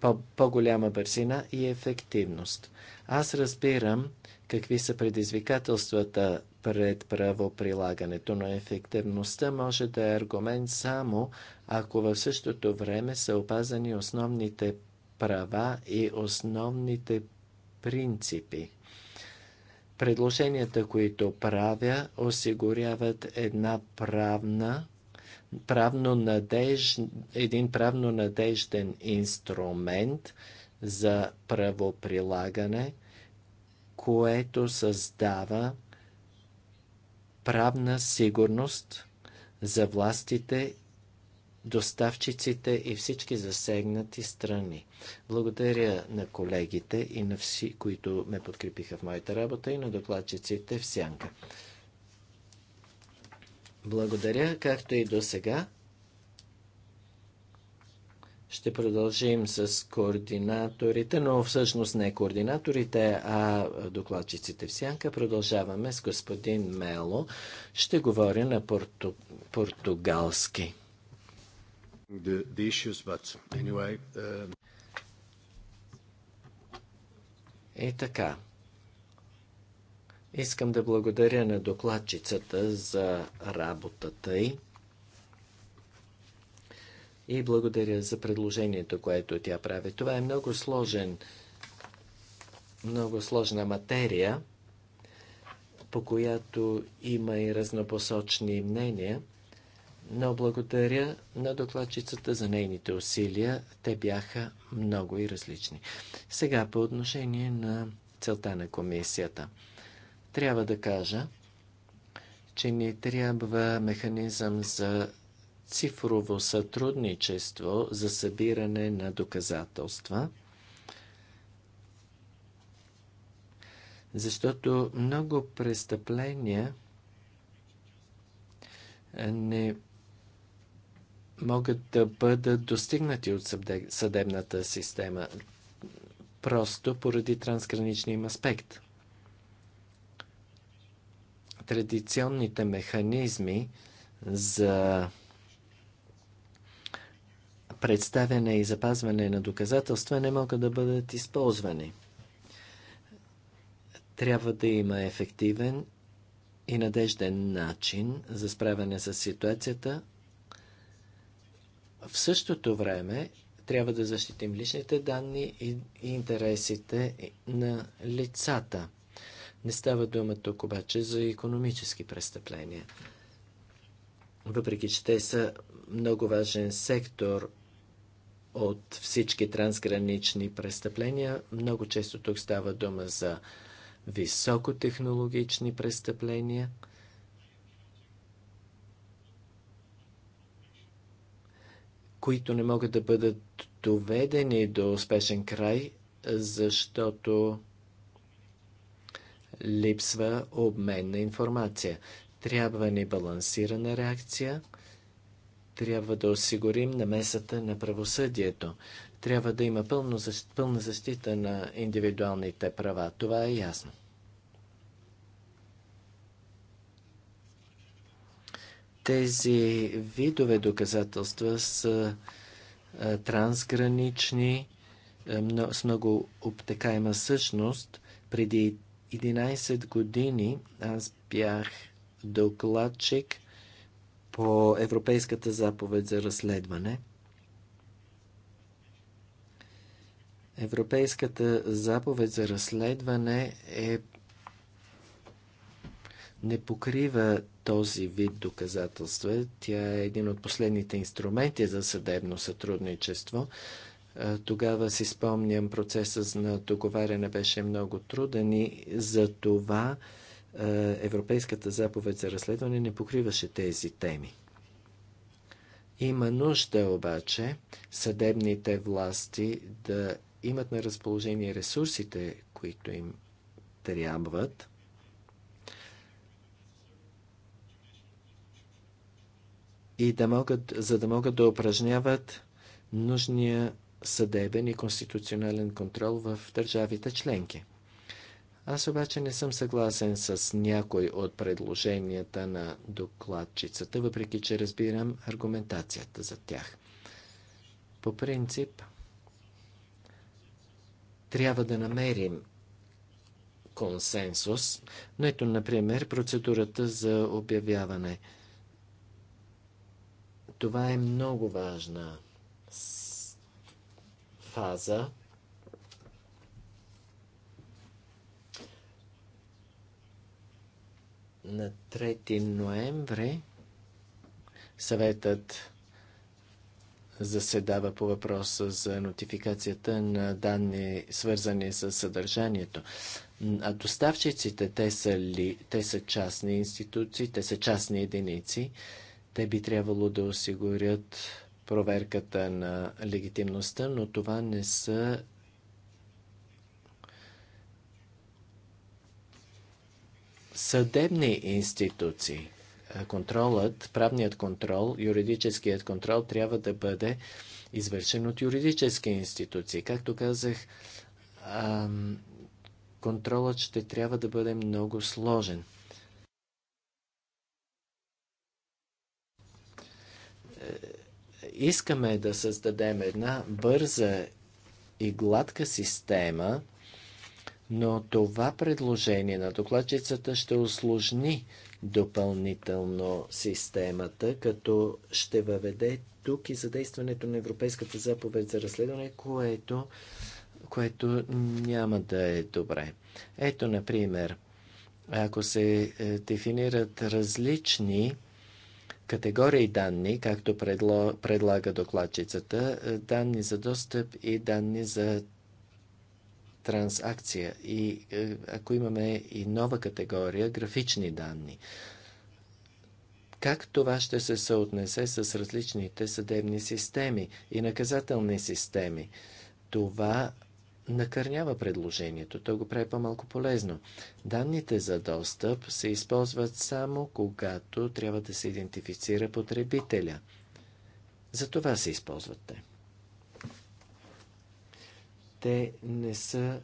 По- по-голяма бързина и ефективност. Аз разбирам какви са предизвикателствата пред правоприлагането, но ефективността може да е аргумент само ако в същото време са опазани основните права и основните принципи. Предложенията, които правя, осигуряват една правна, правно надеж, един правно надежден инструмент за правоприлагане – което създава правна сигурност за властите, доставчиците и всички засегнати страни. Благодаря на колегите и на всички, които ме подкрепиха в моята работа и на докладчиците в Сянка. Благодаря, както и до сега. Ще продължим с координаторите, но всъщност не координаторите, а докладчиците в сянка. Продължаваме с господин Мело. Ще говоря на порту... португалски. The, the issues, but anyway, uh... И така. Искам да благодаря на докладчицата за работата й и благодаря за предложението, което тя прави. Това е много сложен, много сложна материя, по която има и разнопосочни мнения, но благодаря на докладчицата за нейните усилия. Те бяха много и различни. Сега по отношение на целта на комисията. Трябва да кажа, че ни трябва механизъм за цифрово сътрудничество за събиране на доказателства, защото много престъпления не могат да бъдат достигнати от съдебната система просто поради трансграничния им аспект. Традиционните механизми за представяне и запазване на доказателства не могат да бъдат използвани. Трябва да има ефективен и надежден начин за справяне с ситуацията. В същото време трябва да защитим личните данни и, интересите на лицата. Не става дума тук обаче за економически престъпления. Въпреки, че те са много важен сектор от всички трансгранични престъпления. Много често тук става дума за високотехнологични престъпления. които не могат да бъдат доведени до успешен край, защото липсва обмен на информация. Трябва ни балансирана реакция – трябва да осигурим намесата на правосъдието. Трябва да има пълно, пълна защита на индивидуалните права. Това е ясно. Тези видове доказателства са трансгранични, с много обтекаема същност. Преди 11 години аз бях докладчик по Европейската заповед за разследване. Европейската заповед за разследване е не покрива този вид доказателства. Тя е един от последните инструменти за съдебно сътрудничество. Тогава си спомням, процесът на договаряне беше много труден и за това е, Европейската заповед за разследване не покриваше тези теми. Има нужда обаче съдебните власти да имат на разположение ресурсите, които им трябват. И да могат, за да могат да упражняват нужния съдебен и конституционален контрол в държавите членки. Аз обаче не съм съгласен с някой от предложенията на докладчицата, въпреки че разбирам аргументацията за тях. По принцип, трябва да намерим консенсус, но ето, например, процедурата за обявяване. Това е много важна фаза На 3 ноември съветът заседава по въпроса за нотификацията на данни, свързани с съдържанието. А доставчиците, те са, ли, те са частни институции, те са частни единици. Те би трябвало да осигурят проверката на легитимността, но това не са съдебни институции. Е, контролът, правният контрол, юридическият контрол трябва да бъде извършен от юридически институции. Както казах, контролът ще трябва да бъде много сложен. Е, искаме да създадем една бърза и гладка система – но това предложение на докладчицата ще осложни допълнително системата, като ще въведе тук и задействането на Европейската заповед за разследване, което, което няма да е добре. Ето, например, ако се е, дефинират различни категории данни, както предло, предлага докладчицата, е, данни за достъп и данни за транзакция. И е, ако имаме и нова категория графични данни, как това ще се съотнесе с различните съдебни системи и наказателни системи? Това накърнява предложението. То го прави по-малко полезно. Данните за достъп се използват само когато трябва да се идентифицира потребителя. За това се използват те те не са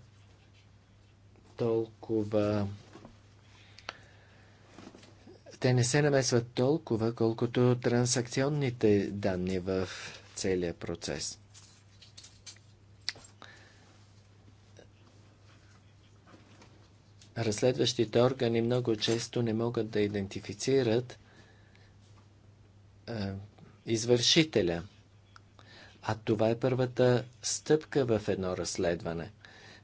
толкова те не се намесват толкова, колкото трансакционните данни в целия процес. Разследващите органи много често не могат да идентифицират а, извършителя – а това е първата стъпка в едно разследване.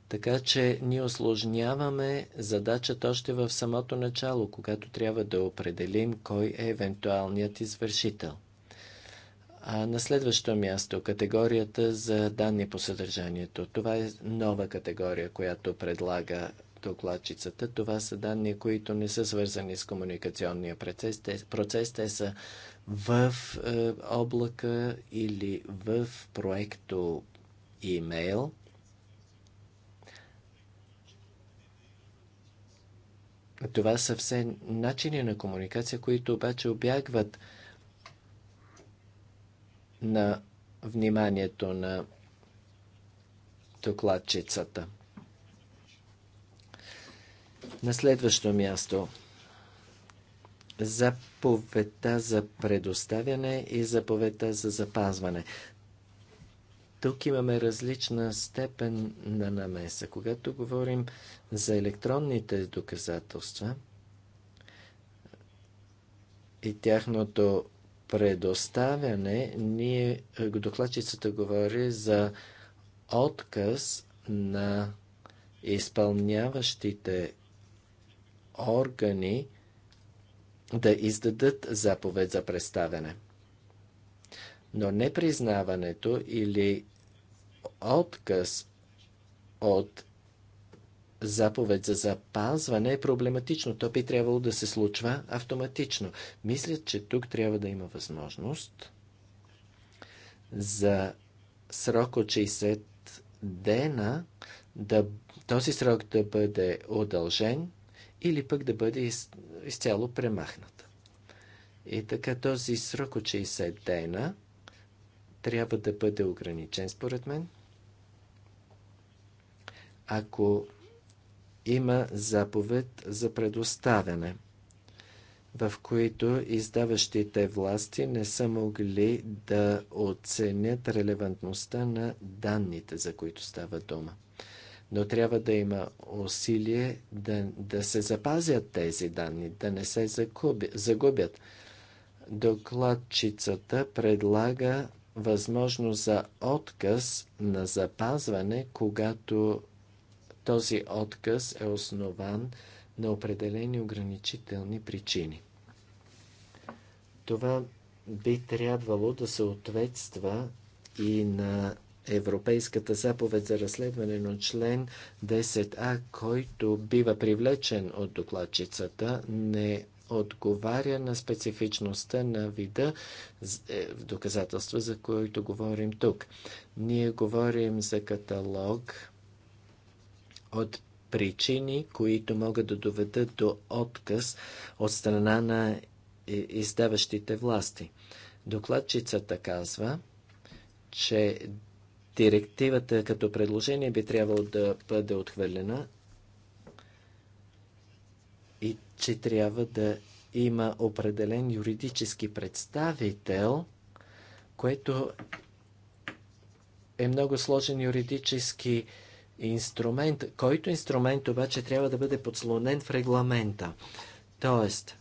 Така че ние осложняваме задачата още в самото начало, когато трябва да определим кой е евентуалният извършител. А на следващо място категорията за данни по съдържанието. Това е нова категория, която предлага докладчицата. Това са данни, които не са свързани с комуникационния процес. Те, процес, те са в е, облака или в проекто имейл. Това са все начини на комуникация, които обаче обягват на вниманието на докладчицата. На следващо място – заповедта за предоставяне и заповедта за запазване. Тук имаме различна степен на намеса. Когато говорим за електронните доказателства и тяхното предоставяне, ние, докладчицата говори за отказ на изпълняващите органи да издадат заповед за представяне. Но непризнаването или отказ от заповед за запазване е проблематично. То би трябвало да се случва автоматично. Мисля, че тук трябва да има възможност за срок от 60 дена да, този срок да бъде удължен или пък да бъде из, изцяло премахната. И така този срок от 60 дена трябва да бъде ограничен, според мен. Ако има заповед за предоставяне, в които издаващите власти не са могли да оценят релевантността на данните, за които става дума но трябва да има усилие да, да се запазят тези данни, да не се загубят. Докладчицата предлага възможност за отказ на запазване, когато този отказ е основан на определени ограничителни причини. Това би трябвало да се ответства и на Европейската заповед за разследване на член 10а, който бива привлечен от докладчицата, не отговаря на специфичността на вида е, в доказателства, за които говорим тук. Ние говорим за каталог от причини, които могат да доведат до отказ от страна на е, издаващите власти. Докладчицата казва, че Директивата като предложение би трябвало да бъде отхвърлена и че трябва да има определен юридически представител, което е много сложен юридически инструмент, който инструмент обаче трябва да бъде подслонен в регламента. Тоест,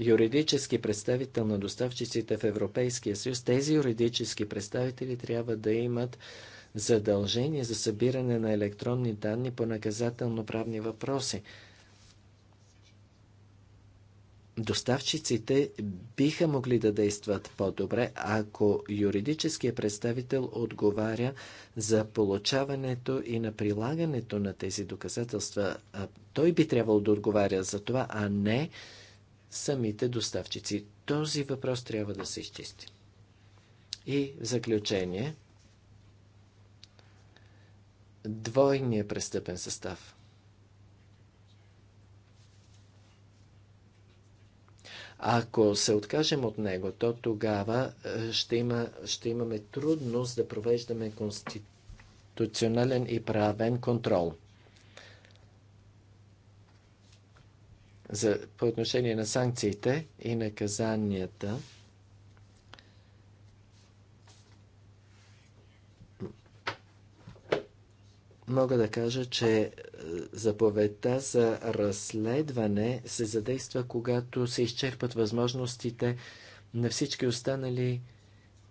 юридически представител на доставчиците в Европейския съюз, тези юридически представители трябва да имат задължение за събиране на електронни данни по наказателно-правни въпроси. Доставчиците биха могли да действат по-добре, ако юридическият представител отговаря за получаването и на прилагането на тези доказателства. Той би трябвало да отговаря за това, а не самите доставчици. Този въпрос трябва да се изчисти. И в заключение, двойният престъпен състав. Ако се откажем от него, то тогава е, ще, има, ще имаме трудност да провеждаме конституционален и правен контрол. за, по отношение на санкциите и наказанията, мога да кажа, че е, заповедта за разследване се задейства, когато се изчерпат възможностите на всички останали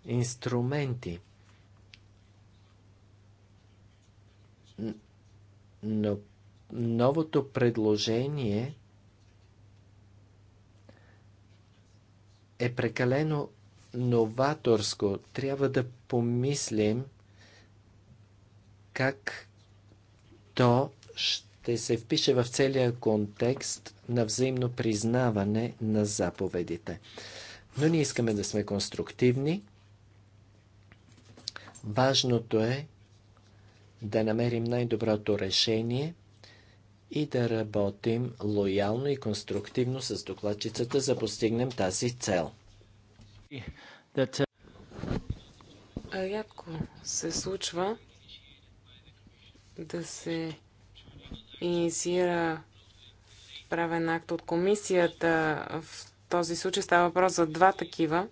инструменти. Но новото предложение е прекалено новаторско. Трябва да помислим как то ще се впише в целия контекст на взаимно признаване на заповедите. Но ние искаме да сме конструктивни. Важното е да намерим най-доброто решение и да работим лоялно и конструктивно с докладчицата, за да постигнем тази цел. Uh, Рядко се случва да се инициира правен акт от комисията. В този случай става въпрос за два такива.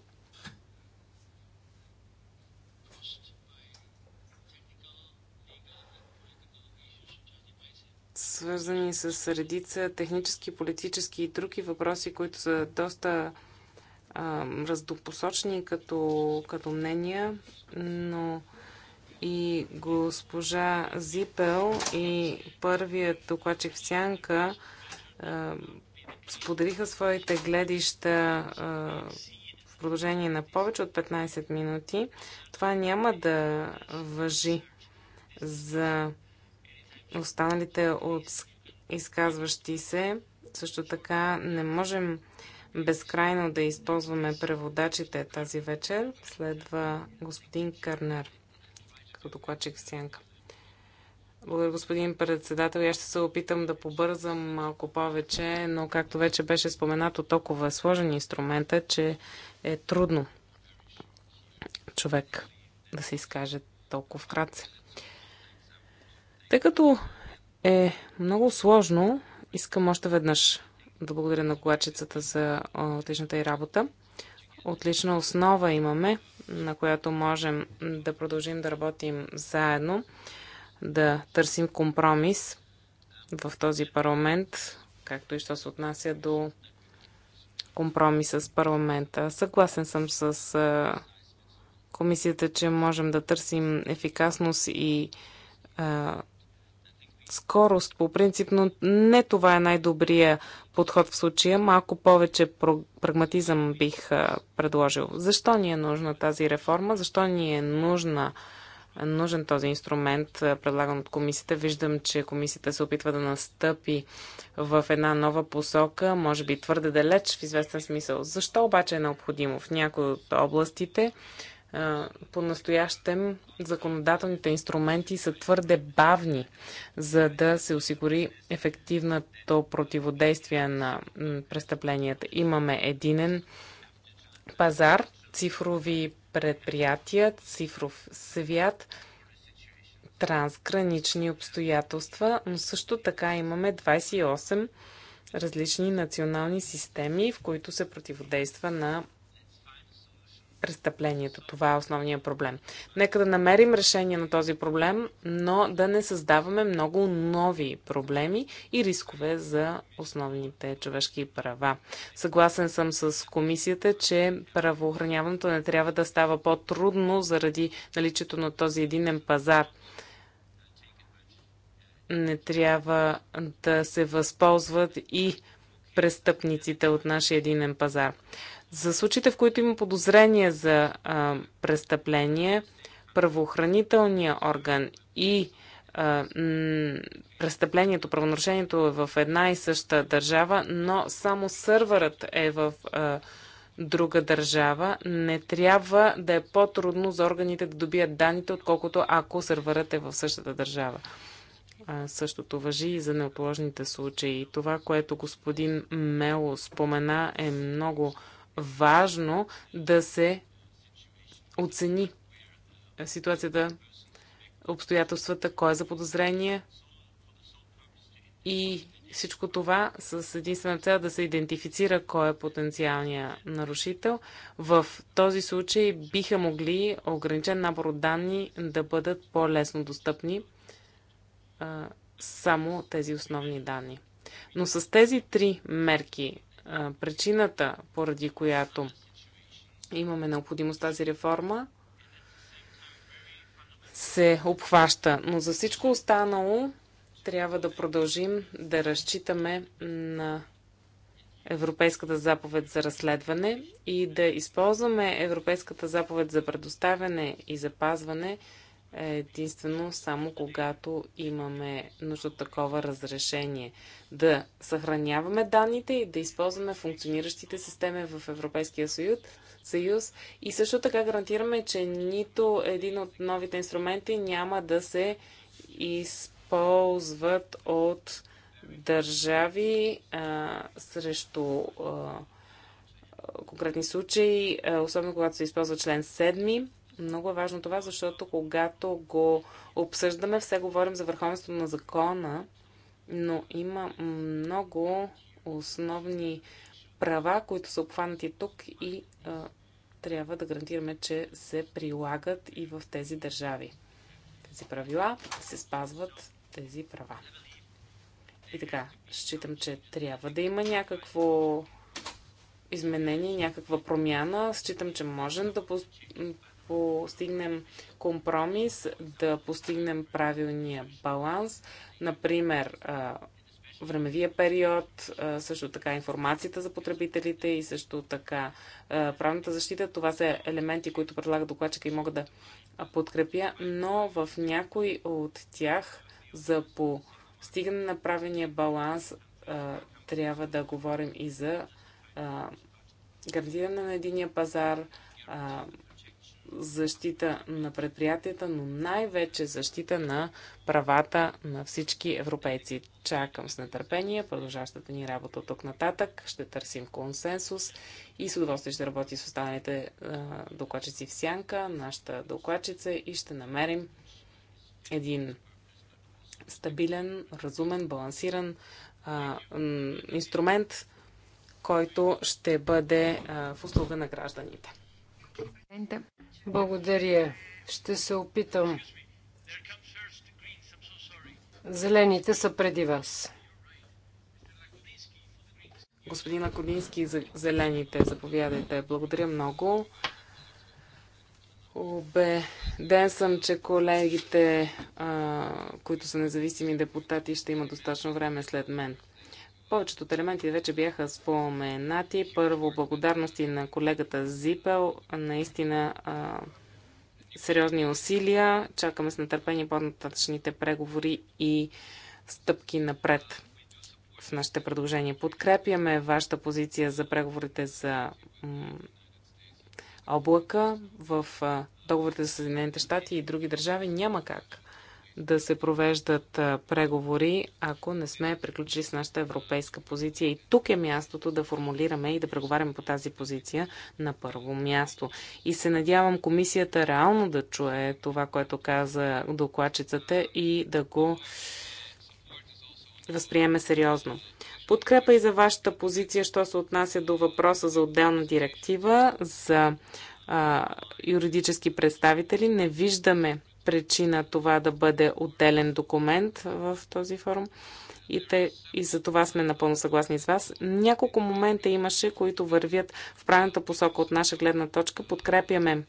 свързани с редица технически, политически и други въпроси, които са доста а, раздопосочни като, като мнения, но и госпожа Зипел и първият докладчик в Сянка споделиха своите гледища а, в продължение на повече от 15 минути. Това няма да въжи за останалите от изказващи се. Също така не можем безкрайно да използваме преводачите тази вечер. Следва господин Кърнер като докладчик Сянка. Благодаря, господин председател. Я ще се опитам да побързам малко повече, но както вече беше споменато, толкова е сложен инструмента, че е трудно човек да се изкаже толкова вкратце. Тъй като е много сложно, искам още веднъж да благодаря на колачицата за отличната й работа. Отлична основа имаме, на която можем да продължим да работим заедно, да търсим компромис в този парламент, както и що се отнася до компромиса с парламента. Съгласен съм с комисията, че можем да търсим ефикасност и а, скорост. По принцип, но не това е най-добрия подход в случая. Малко повече прагматизъм бих предложил. Защо ни е нужна тази реформа? Защо ни е нужна нужен този инструмент, предлаган от комисията. Виждам, че комисията се опитва да настъпи в една нова посока, може би твърде далеч в известен смисъл. Защо обаче е необходимо в някои от областите? По-настоящем законодателните инструменти са твърде бавни, за да се осигури ефективното противодействие на престъпленията. Имаме единен пазар, цифрови предприятия, цифров свят, трансгранични обстоятелства, но също така имаме 28 различни национални системи, в които се противодейства на престъплението. Това е основният проблем. Нека да намерим решение на този проблем, но да не създаваме много нови проблеми и рискове за основните човешки права. Съгласен съм с комисията, че правоохраняването не трябва да става по-трудно заради наличието на този единен пазар. Не трябва да се възползват и престъпниците от нашия единен пазар. За случаите, в които има подозрение за а, престъпление, правоохранителният орган и а, престъплението, правонарушението е в една и съща държава, но само сървърът е в а, друга държава, не трябва да е по-трудно за органите да добият данните, отколкото ако сървърът е в същата държава. А, същото въжи и за неотложните случаи. Това, което господин Мело спомена, е много важно да се оцени ситуацията, обстоятелствата, кой е за подозрение и всичко това с единствена цел да се идентифицира кой е потенциалният нарушител. В този случай биха могли ограничен набор от данни да бъдат по-лесно достъпни само тези основни данни. Но с тези три мерки причината, поради която имаме необходимост тази реформа, се обхваща. Но за всичко останало трябва да продължим да разчитаме на Европейската заповед за разследване и да използваме Европейската заповед за предоставяне и запазване е единствено само когато имаме нужда от такова разрешение. Да съхраняваме данните и да използваме функциониращите системи в Европейския съюз, съюз и също така гарантираме, че нито един от новите инструменти няма да се използват от държави а, срещу а, конкретни случаи, а, особено когато се използва член 7 много е важно това, защото когато го обсъждаме, все говорим за върховенството на закона, но има много основни права, които са обхванати тук и а, трябва да гарантираме, че се прилагат и в тези държави. Тези правила се спазват тези права. И така, считам, че трябва да има някакво изменение, някаква промяна. Считам, че можем да постигнем компромис, да постигнем правилния баланс. Например, времевия период, също така информацията за потребителите и също така правната защита. Това са елементи, които предлага докладчика и мога да подкрепя, но в някой от тях за постигане на правилния баланс трябва да говорим и за гарантиране на единия пазар, защита на предприятията, но най-вече защита на правата на всички европейци. Чакам с нетърпение продължащата ни работа от тук нататък. Ще търсим консенсус и с удоволствие ще работи с останалите докладчици в сянка, нашата докладчица и ще намерим един стабилен, разумен, балансиран а, инструмент, който ще бъде а, в услуга на гражданите. Благодаря. Ще се опитам. Зелените са преди вас. Господин Акодински, зелените, заповядайте. Благодаря много. Обеден съм, че колегите, които са независими депутати, ще имат достатъчно време след мен. Повечето от елементи вече бяха споменати. Първо, благодарности на колегата Зипел. Наистина а, сериозни усилия. Чакаме с нетърпение по-нататъчните преговори и стъпки напред в нашите предложения. Подкрепяме вашата позиция за преговорите за облака в договорите за Съединените щати и други държави. Няма как да се провеждат преговори, ако не сме приключили с нашата европейска позиция. И тук е мястото да формулираме и да преговаряме по тази позиция на първо място. И се надявам комисията реално да чуе това, което каза докладчицата и да го възприеме сериозно. Подкрепа и за вашата позиция, що се отнася до въпроса за отделна директива, за а, юридически представители. Не виждаме причина това да бъде отделен документ в този форум. И, те, и за това сме напълно съгласни с вас. Няколко момента имаше, които вървят в правилната посока от наша гледна точка. Подкрепяме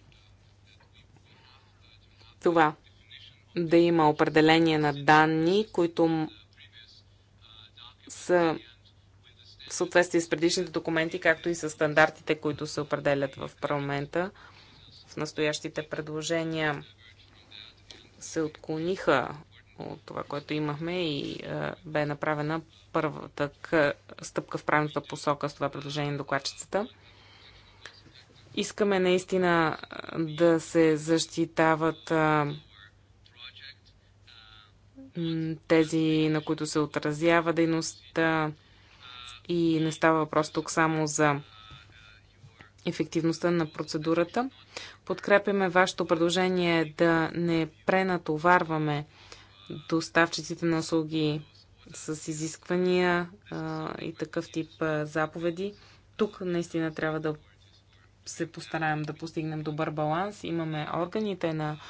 това да има определение на данни, които са в съответствие с предишните документи, както и с стандартите, които се определят в парламента в настоящите предложения се отклониха от това, което имахме и е, бе направена първата стъпка в правилната посока с това предложение на докладчицата. Искаме наистина е, да се защитават е, тези, на които се отразява дейността и не става въпрос тук само за ефективността на процедурата. Подкрепяме вашето предложение да не пренатоварваме доставчиците на услуги с изисквания а, и такъв тип а, заповеди. Тук наистина трябва да се постараем да постигнем добър баланс. Имаме органите на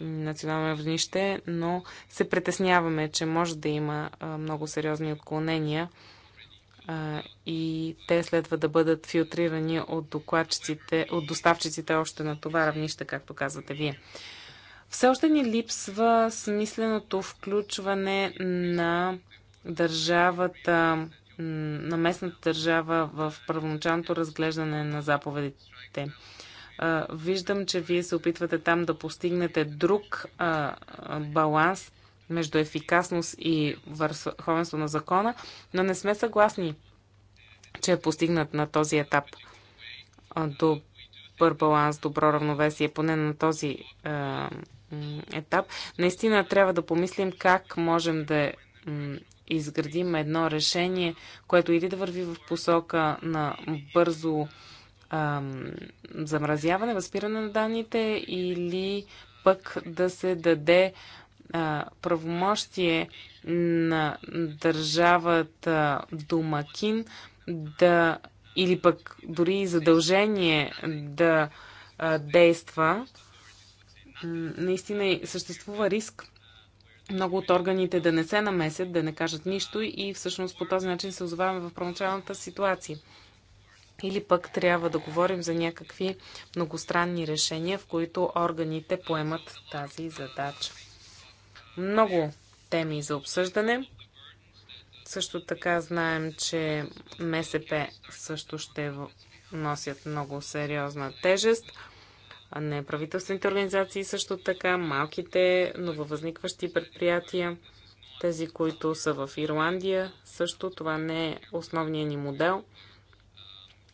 национално равнище, но се притесняваме, че може да има а, много сериозни отклонения и те следва да бъдат филтрирани от докладчиците, от доставчиците още на това равнище, както казвате вие. Все още ни липсва смисленото включване на държавата, на местната държава в първоначалното разглеждане на заповедите. Виждам, че вие се опитвате там да постигнете друг баланс, между ефикасност и върховенство на закона, но не сме съгласни, че е постигнат на този етап добър баланс, добро равновесие, поне на този е, етап. Наистина трябва да помислим как можем да изградим едно решение, което или да върви в посока на бързо е, замразяване, възпиране на данните, или пък да се даде правомощие на държавата домакин да или пък дори задължение да а, действа, наистина съществува риск много от органите да не се намесят, да не кажат нищо и всъщност по този начин се озоваваме в проначалната ситуация. Или пък трябва да говорим за някакви многостранни решения, в които органите поемат тази задача много теми за обсъждане. Също така знаем, че МСП също ще носят много сериозна тежест. Неправителствените организации също така, малките нововъзникващи предприятия, тези, които са в Ирландия, също това не е основният ни модел.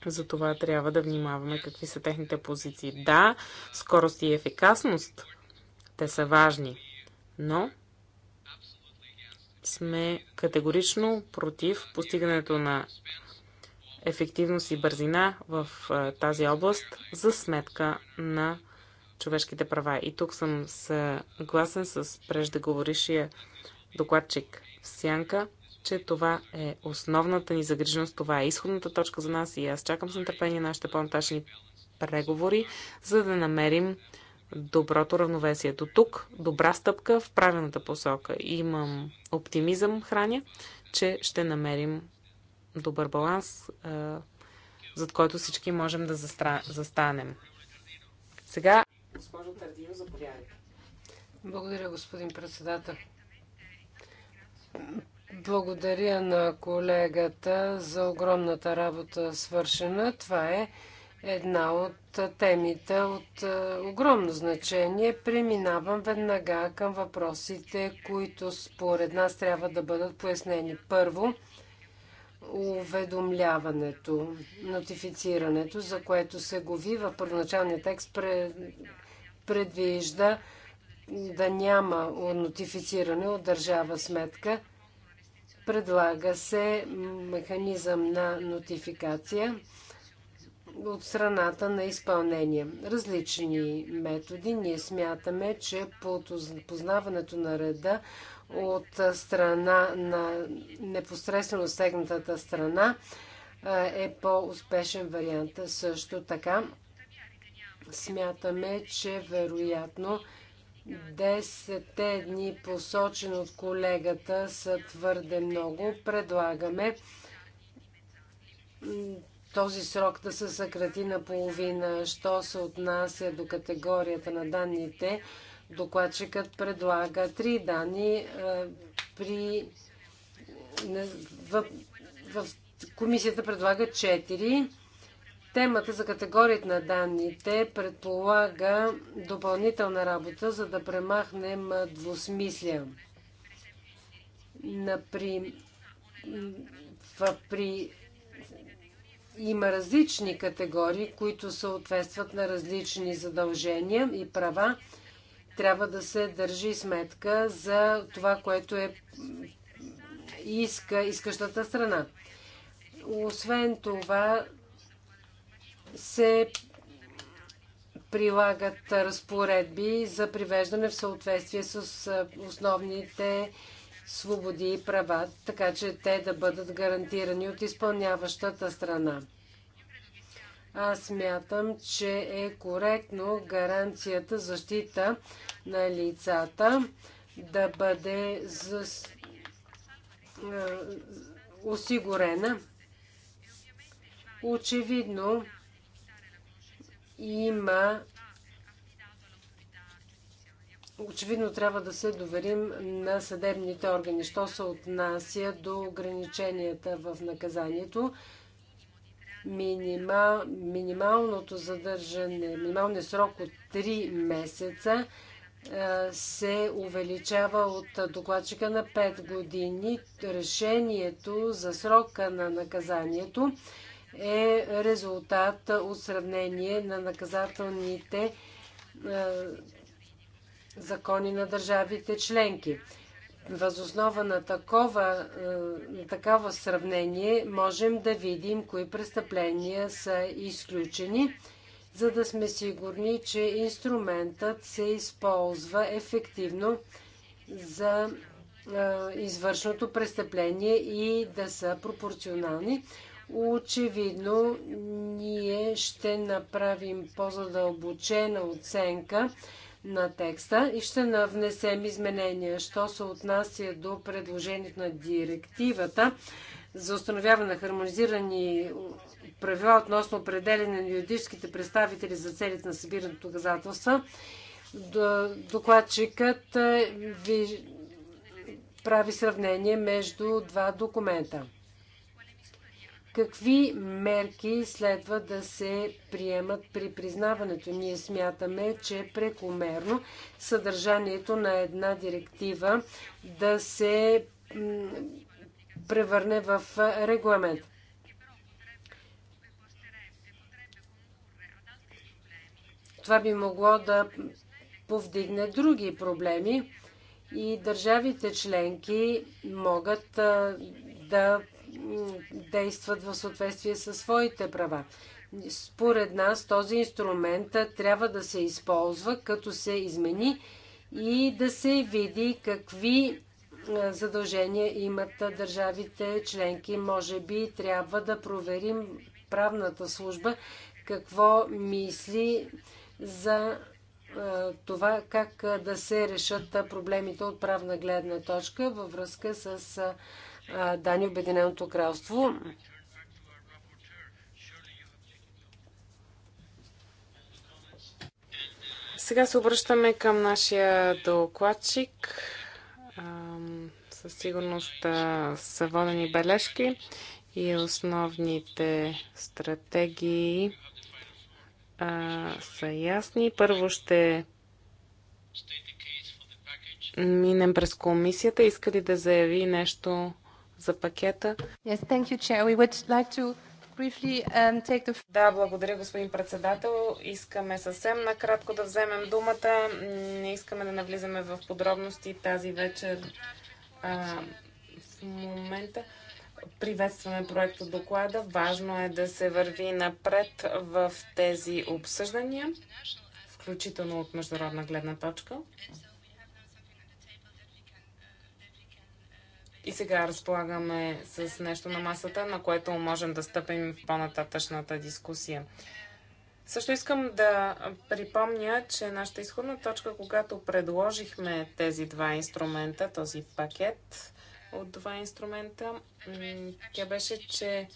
Затова трябва да внимаваме какви са техните позиции. Да, скорост и ефикасност, те са важни но сме категорично против постигането на ефективност и бързина в тази област за сметка на човешките права. И тук съм съгласен с преждеговорившия докладчик в Сянка, че това е основната ни загриженост, това е изходната точка за нас и аз чакам с нетърпение нашите по-нататъчни преговори, за да намерим доброто равновесие. До тук добра стъпка в правилната посока. Имам оптимизъм, храня, че ще намерим добър баланс, зад който всички можем да застра... застанем. Сега, госпожо Тардино, заповядайте. Благодаря, господин председател. Благодаря на колегата за огромната работа свършена. Това е една от темите от е, огромно значение. Преминавам веднага към въпросите, които според нас трябва да бъдат пояснени. Първо, уведомляването, нотифицирането, за което се гови в първоначалния текст предвижда да няма нотифициране от държава сметка. Предлага се механизъм на нотификация от страната на изпълнение. Различни методи. Ние смятаме, че по познаването на реда от страна на непосредствено сегнатата страна е по-успешен вариант. Също така смятаме, че вероятно 10 дни посочен от колегата са твърде много. Предлагаме този срок да се съкрати на половина. Що се отнася до категорията на данните, докладчикът предлага три данни е, при в, в комисията предлага 4. Темата за категорията на данните предполага допълнителна работа, за да премахнем двусмисля. Например, при има различни категории, които съответстват на различни задължения и права. Трябва да се държи сметка за това, което е иска, искащата страна. Освен това, се прилагат разпоредби за привеждане в съответствие с основните свободи и права, така че те да бъдат гарантирани от изпълняващата страна. Аз смятам, че е коректно гаранцията защита на лицата да бъде осигурена. Очевидно има очевидно трябва да се доверим на съдебните органи. Що се отнася до ограниченията в наказанието, минимал, минималното задържане, минималният срок от 3 месеца се увеличава от докладчика на 5 години. Решението за срока на наказанието е резултат от сравнение на наказателните закони на държавите членки. Възоснова на, такова, на е, такава сравнение можем да видим кои престъпления са изключени, за да сме сигурни, че инструментът се използва ефективно за е, извършното престъпление и да са пропорционални. Очевидно, ние ще направим по-задълбочена оценка на текста и ще навнесем изменения, що се отнася до предложението на директивата за установяване на хармонизирани правила относно определене на юридическите представители за целите на събирането доказателства. Докладчикът е, ви прави сравнение между два документа. Какви мерки следва да се приемат при признаването? Ние смятаме, че е прекомерно съдържанието на една директива да се превърне в регламент. Това би могло да повдигне други проблеми и държавите членки могат да действат в съответствие със своите права. Според нас този инструмент трябва да се използва, като се измени и да се види какви задължения имат държавите членки. Може би трябва да проверим правната служба какво мисли за това как да се решат проблемите от правна гледна точка във връзка с Дани Обединеното кралство. Сега се обръщаме към нашия докладчик. Със сигурност са водени бележки и основните стратегии са ясни. Първо ще минем през комисията. Иска ли да заяви нещо за пакета. Yes, thank you, Chair. We would like to um, да, благодаря, господин председател. Искаме съвсем накратко да вземем думата. Не искаме да навлизаме в подробности тази вечер. А, в момента приветстваме проекта доклада. Важно е да се върви напред в тези обсъждания, включително от международна гледна точка. И сега разполагаме с нещо на масата, на което можем да стъпим в по-нататъчната дискусия. Също искам да припомня, че нашата изходна точка, когато предложихме тези два инструмента, този пакет от два инструмента, тя беше, че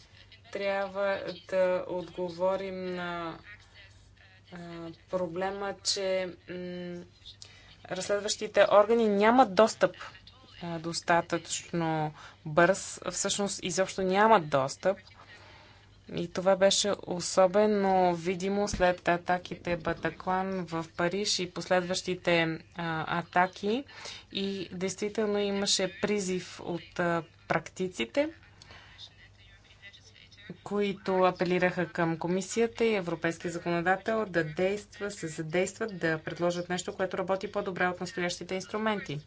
трябва да отговорим на проблема, че разследващите органи нямат достъп достатъчно бърз, всъщност изобщо нямат достъп. И това беше особено видимо след атаките Батаклан в Париж и последващите а, атаки. И действително имаше призив от а, практиците, които апелираха към комисията и европейския законодател да действа, се задействат, да предложат нещо, което работи по-добре от настоящите инструменти.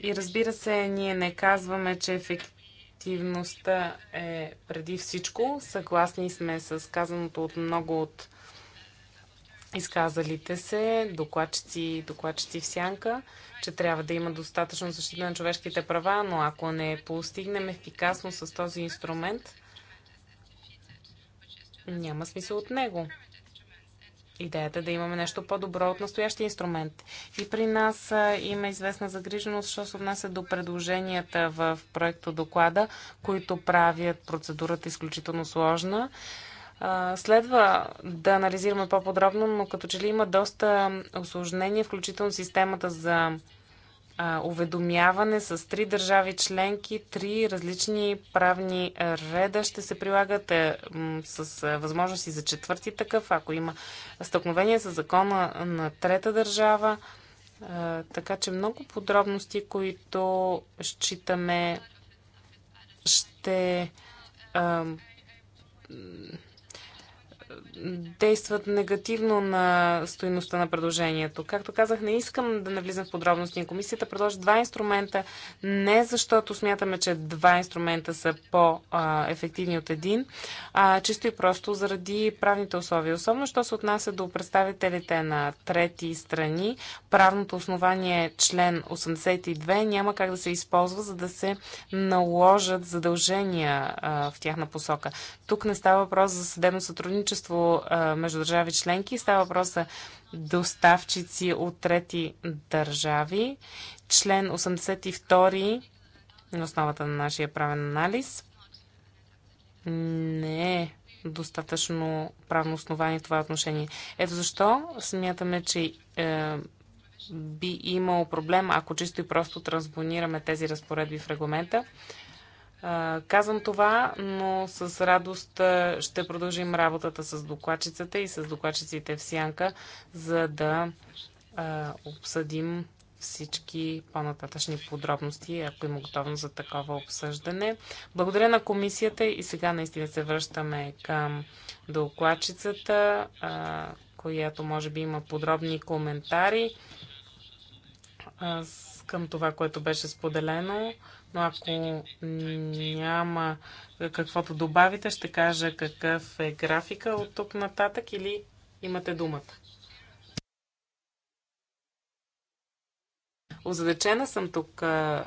И разбира се, ние не казваме, че ефективността е преди всичко. Съгласни сме с казаното от много от изказалите се, докладчици, докладчици в сянка, че трябва да има достатъчно защита на човешките права, но ако не постигнем ефикасно с този инструмент, няма смисъл от него идеята да имаме нещо по-добро от настоящия инструмент. И при нас а, има известна загриженост, що се отнася до предложенията в проекто доклада, които правят процедурата изключително сложна. А, следва да анализираме по-подробно, но като че ли има доста осложнения, включително системата за а, уведомяване с три държави членки, три различни правни реда ще се прилагат е, с е, възможности за четвърти такъв, ако има стъкновение с закона на трета държава. Е, така че много подробности, които считаме ще е, действат негативно на стоиността на предложението. Както казах, не искам да навлизам в подробности. Комисията предложи два инструмента, не защото смятаме, че два инструмента са по-ефективни от един, а чисто и просто заради правните условия. Особено, що се отнася до представителите на трети страни, правното основание член 82 няма как да се използва, за да се наложат задължения в тяхна посока. Тук не става въпрос за съдебно сътрудничество, сътрудничество между държави членки. Става въпрос за доставчици от трети държави. Член 82 на основата на нашия правен анализ не е достатъчно правно основание в това отношение. Ето защо смятаме, че е, би имало проблем, ако чисто и просто транспонираме тези разпоредби в регламента. Казвам това, но с радост ще продължим работата с докладчицата и с докладчиците в Сянка, за да обсъдим всички по-нататъчни подробности, ако има готовност за такова обсъждане. Благодаря на комисията и сега наистина се връщаме към докладчицата, която може би има подробни коментари към това, което беше споделено, но ако няма каквото добавите, ще кажа какъв е графика от тук нататък или имате думата. Озадачена съм тук а,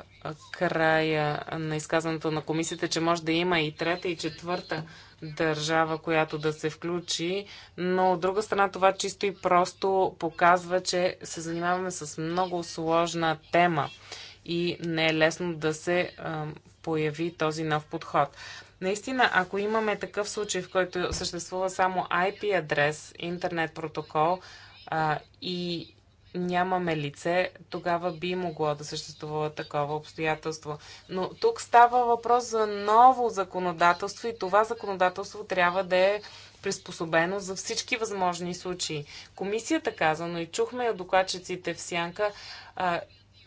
края на изказването на комисията, че може да има и трета и четвърта държава, която да се включи, но от друга страна това чисто и просто показва, че се занимаваме с много сложна тема и не е лесно да се а, появи този нов подход. Наистина, ако имаме такъв случай, в който съществува само IP адрес, интернет протокол а, и нямаме лице, тогава би могло да съществува такова обстоятелство. Но тук става въпрос за ново законодателство и това законодателство трябва да е приспособено за всички възможни случаи. Комисията каза, но и чухме от докладчиците в Сянка,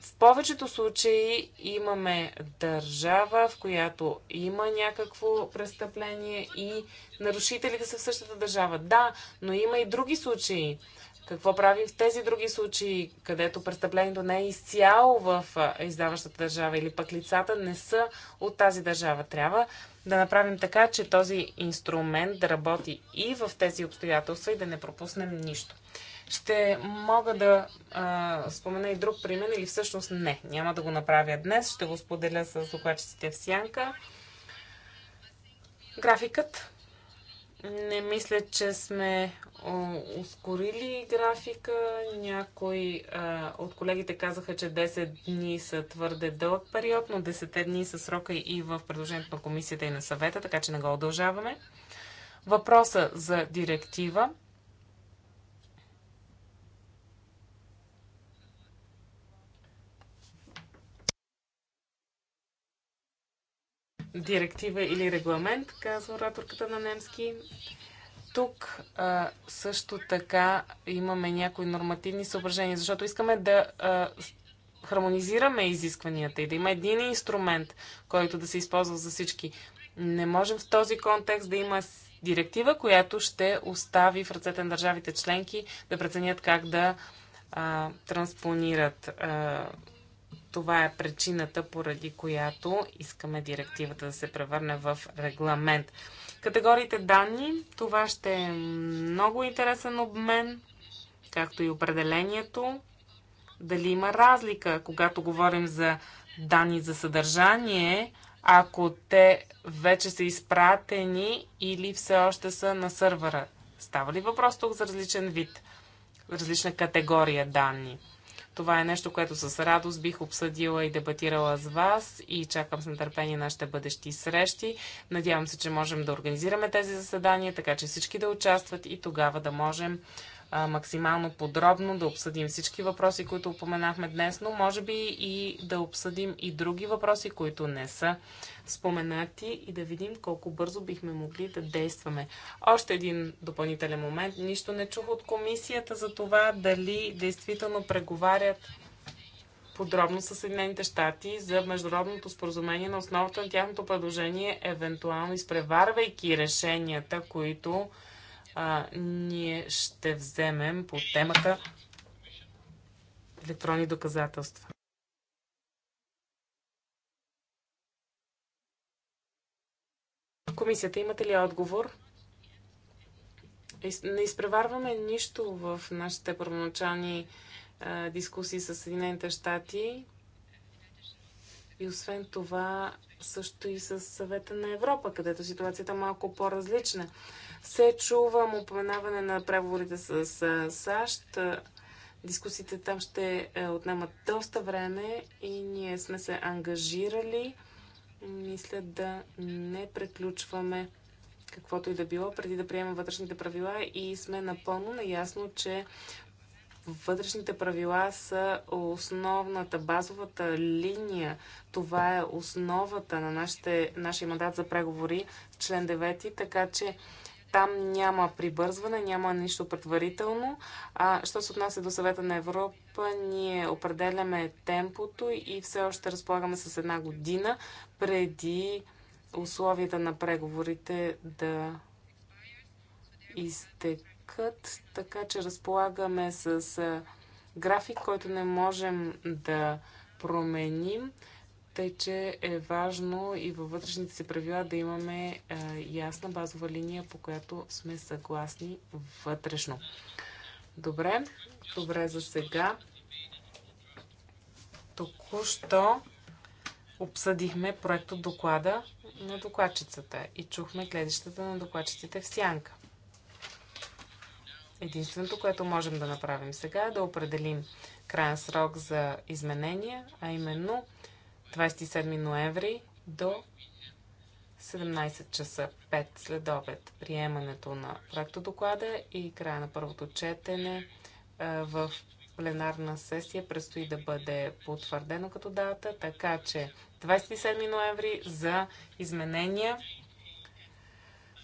в повечето случаи имаме държава, в която има някакво престъпление и нарушителите са в същата държава. Да, но има и други случаи. Какво прави в тези други случаи, където престъплението не е изцяло в издаващата държава или пък лицата не са от тази държава? Трябва да направим така, че този инструмент да работи и в тези обстоятелства и да не пропуснем нищо. Ще мога да а, спомена и друг пример, или всъщност не. Няма да го направя днес. Ще го споделя с докладчиците в Сянка. Графикът не мисля, че сме ускорили графика. Някои а, от колегите казаха, че 10 дни са твърде дълъг период, но 10 дни са срока и в предложението на комисията и на съвета, така че не го удължаваме. Въпроса за директива директива или регламент, казва ораторката на немски. Тук а, също така имаме някои нормативни съображения, защото искаме да а, хармонизираме изискванията и да има един инструмент, който да се използва за всички. Не можем в този контекст да има директива, която ще остави в ръцете на държавите членки да преценят как да а, транспонират а, това е причината, поради която искаме директивата да се превърне в регламент. Категориите данни, това ще е много интересен обмен, както и определението. Дали има разлика, когато говорим за данни за съдържание, ако те вече са изпратени или все още са на сървъра. Става ли въпрос тук за различен вид, различна категория данни? Това е нещо, което с радост бих обсъдила и дебатирала с вас и чакам с нетърпение нашите бъдещи срещи. Надявам се, че можем да организираме тези заседания, така че всички да участват и тогава да можем максимално подробно, да обсъдим всички въпроси, които упоменахме днес, но може би и да обсъдим и други въпроси, които не са споменати и да видим колко бързо бихме могли да действаме. Още един допълнителен момент. Нищо не чух от комисията за това дали действително преговарят подробно с Съединените щати за международното споразумение на основата на тяхното предложение, евентуално изпреварвайки решенията, които а, ние ще вземем по темата електронни доказателства. Комисията, имате ли отговор? Не изпреварваме нищо в нашите първоначални дискусии с Съединените щати. И освен това, също и с съвета на Европа, където ситуацията е малко по-различна се чувам упоменаване на преговорите с, САЩ. Дискусиите там ще е, отнемат доста време и ние сме се ангажирали. Мисля да не преключваме каквото и да било, преди да приемем вътрешните правила и сме напълно наясно, че вътрешните правила са основната, базовата линия. Това е основата на нашите, нашия мандат за преговори, член 9, така че там няма прибързване, няма нищо предварително. А, що се отнася до съвета на Европа, ние определяме темпото и все още разполагаме с една година преди условията на преговорите да изтекат, така че разполагаме с график, който не можем да променим. Тъй, е, че е важно и във вътрешните си правила да имаме а, е, ясна базова линия, по която сме съгласни вътрешно. Добре, добре за сега. Току-що обсъдихме проекто доклада на докладчицата и чухме гледащата на докладчиците в сянка. Единственото, което можем да направим сега е да определим крайен срок за изменения, а именно 27 ноември до 17 часа 5 след обед приемането на доклада и края на първото четене в пленарна сесия предстои да бъде потвърдено като дата, така че 27 ноември за изменения.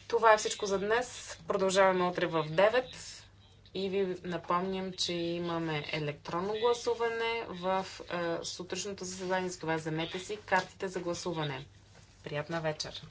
Това е всичко за днес. Продължаваме утре в 9. И ви напомням, че имаме електронно гласуване в е, сутрешното заседание. С това замете си картите за гласуване. Приятна вечер!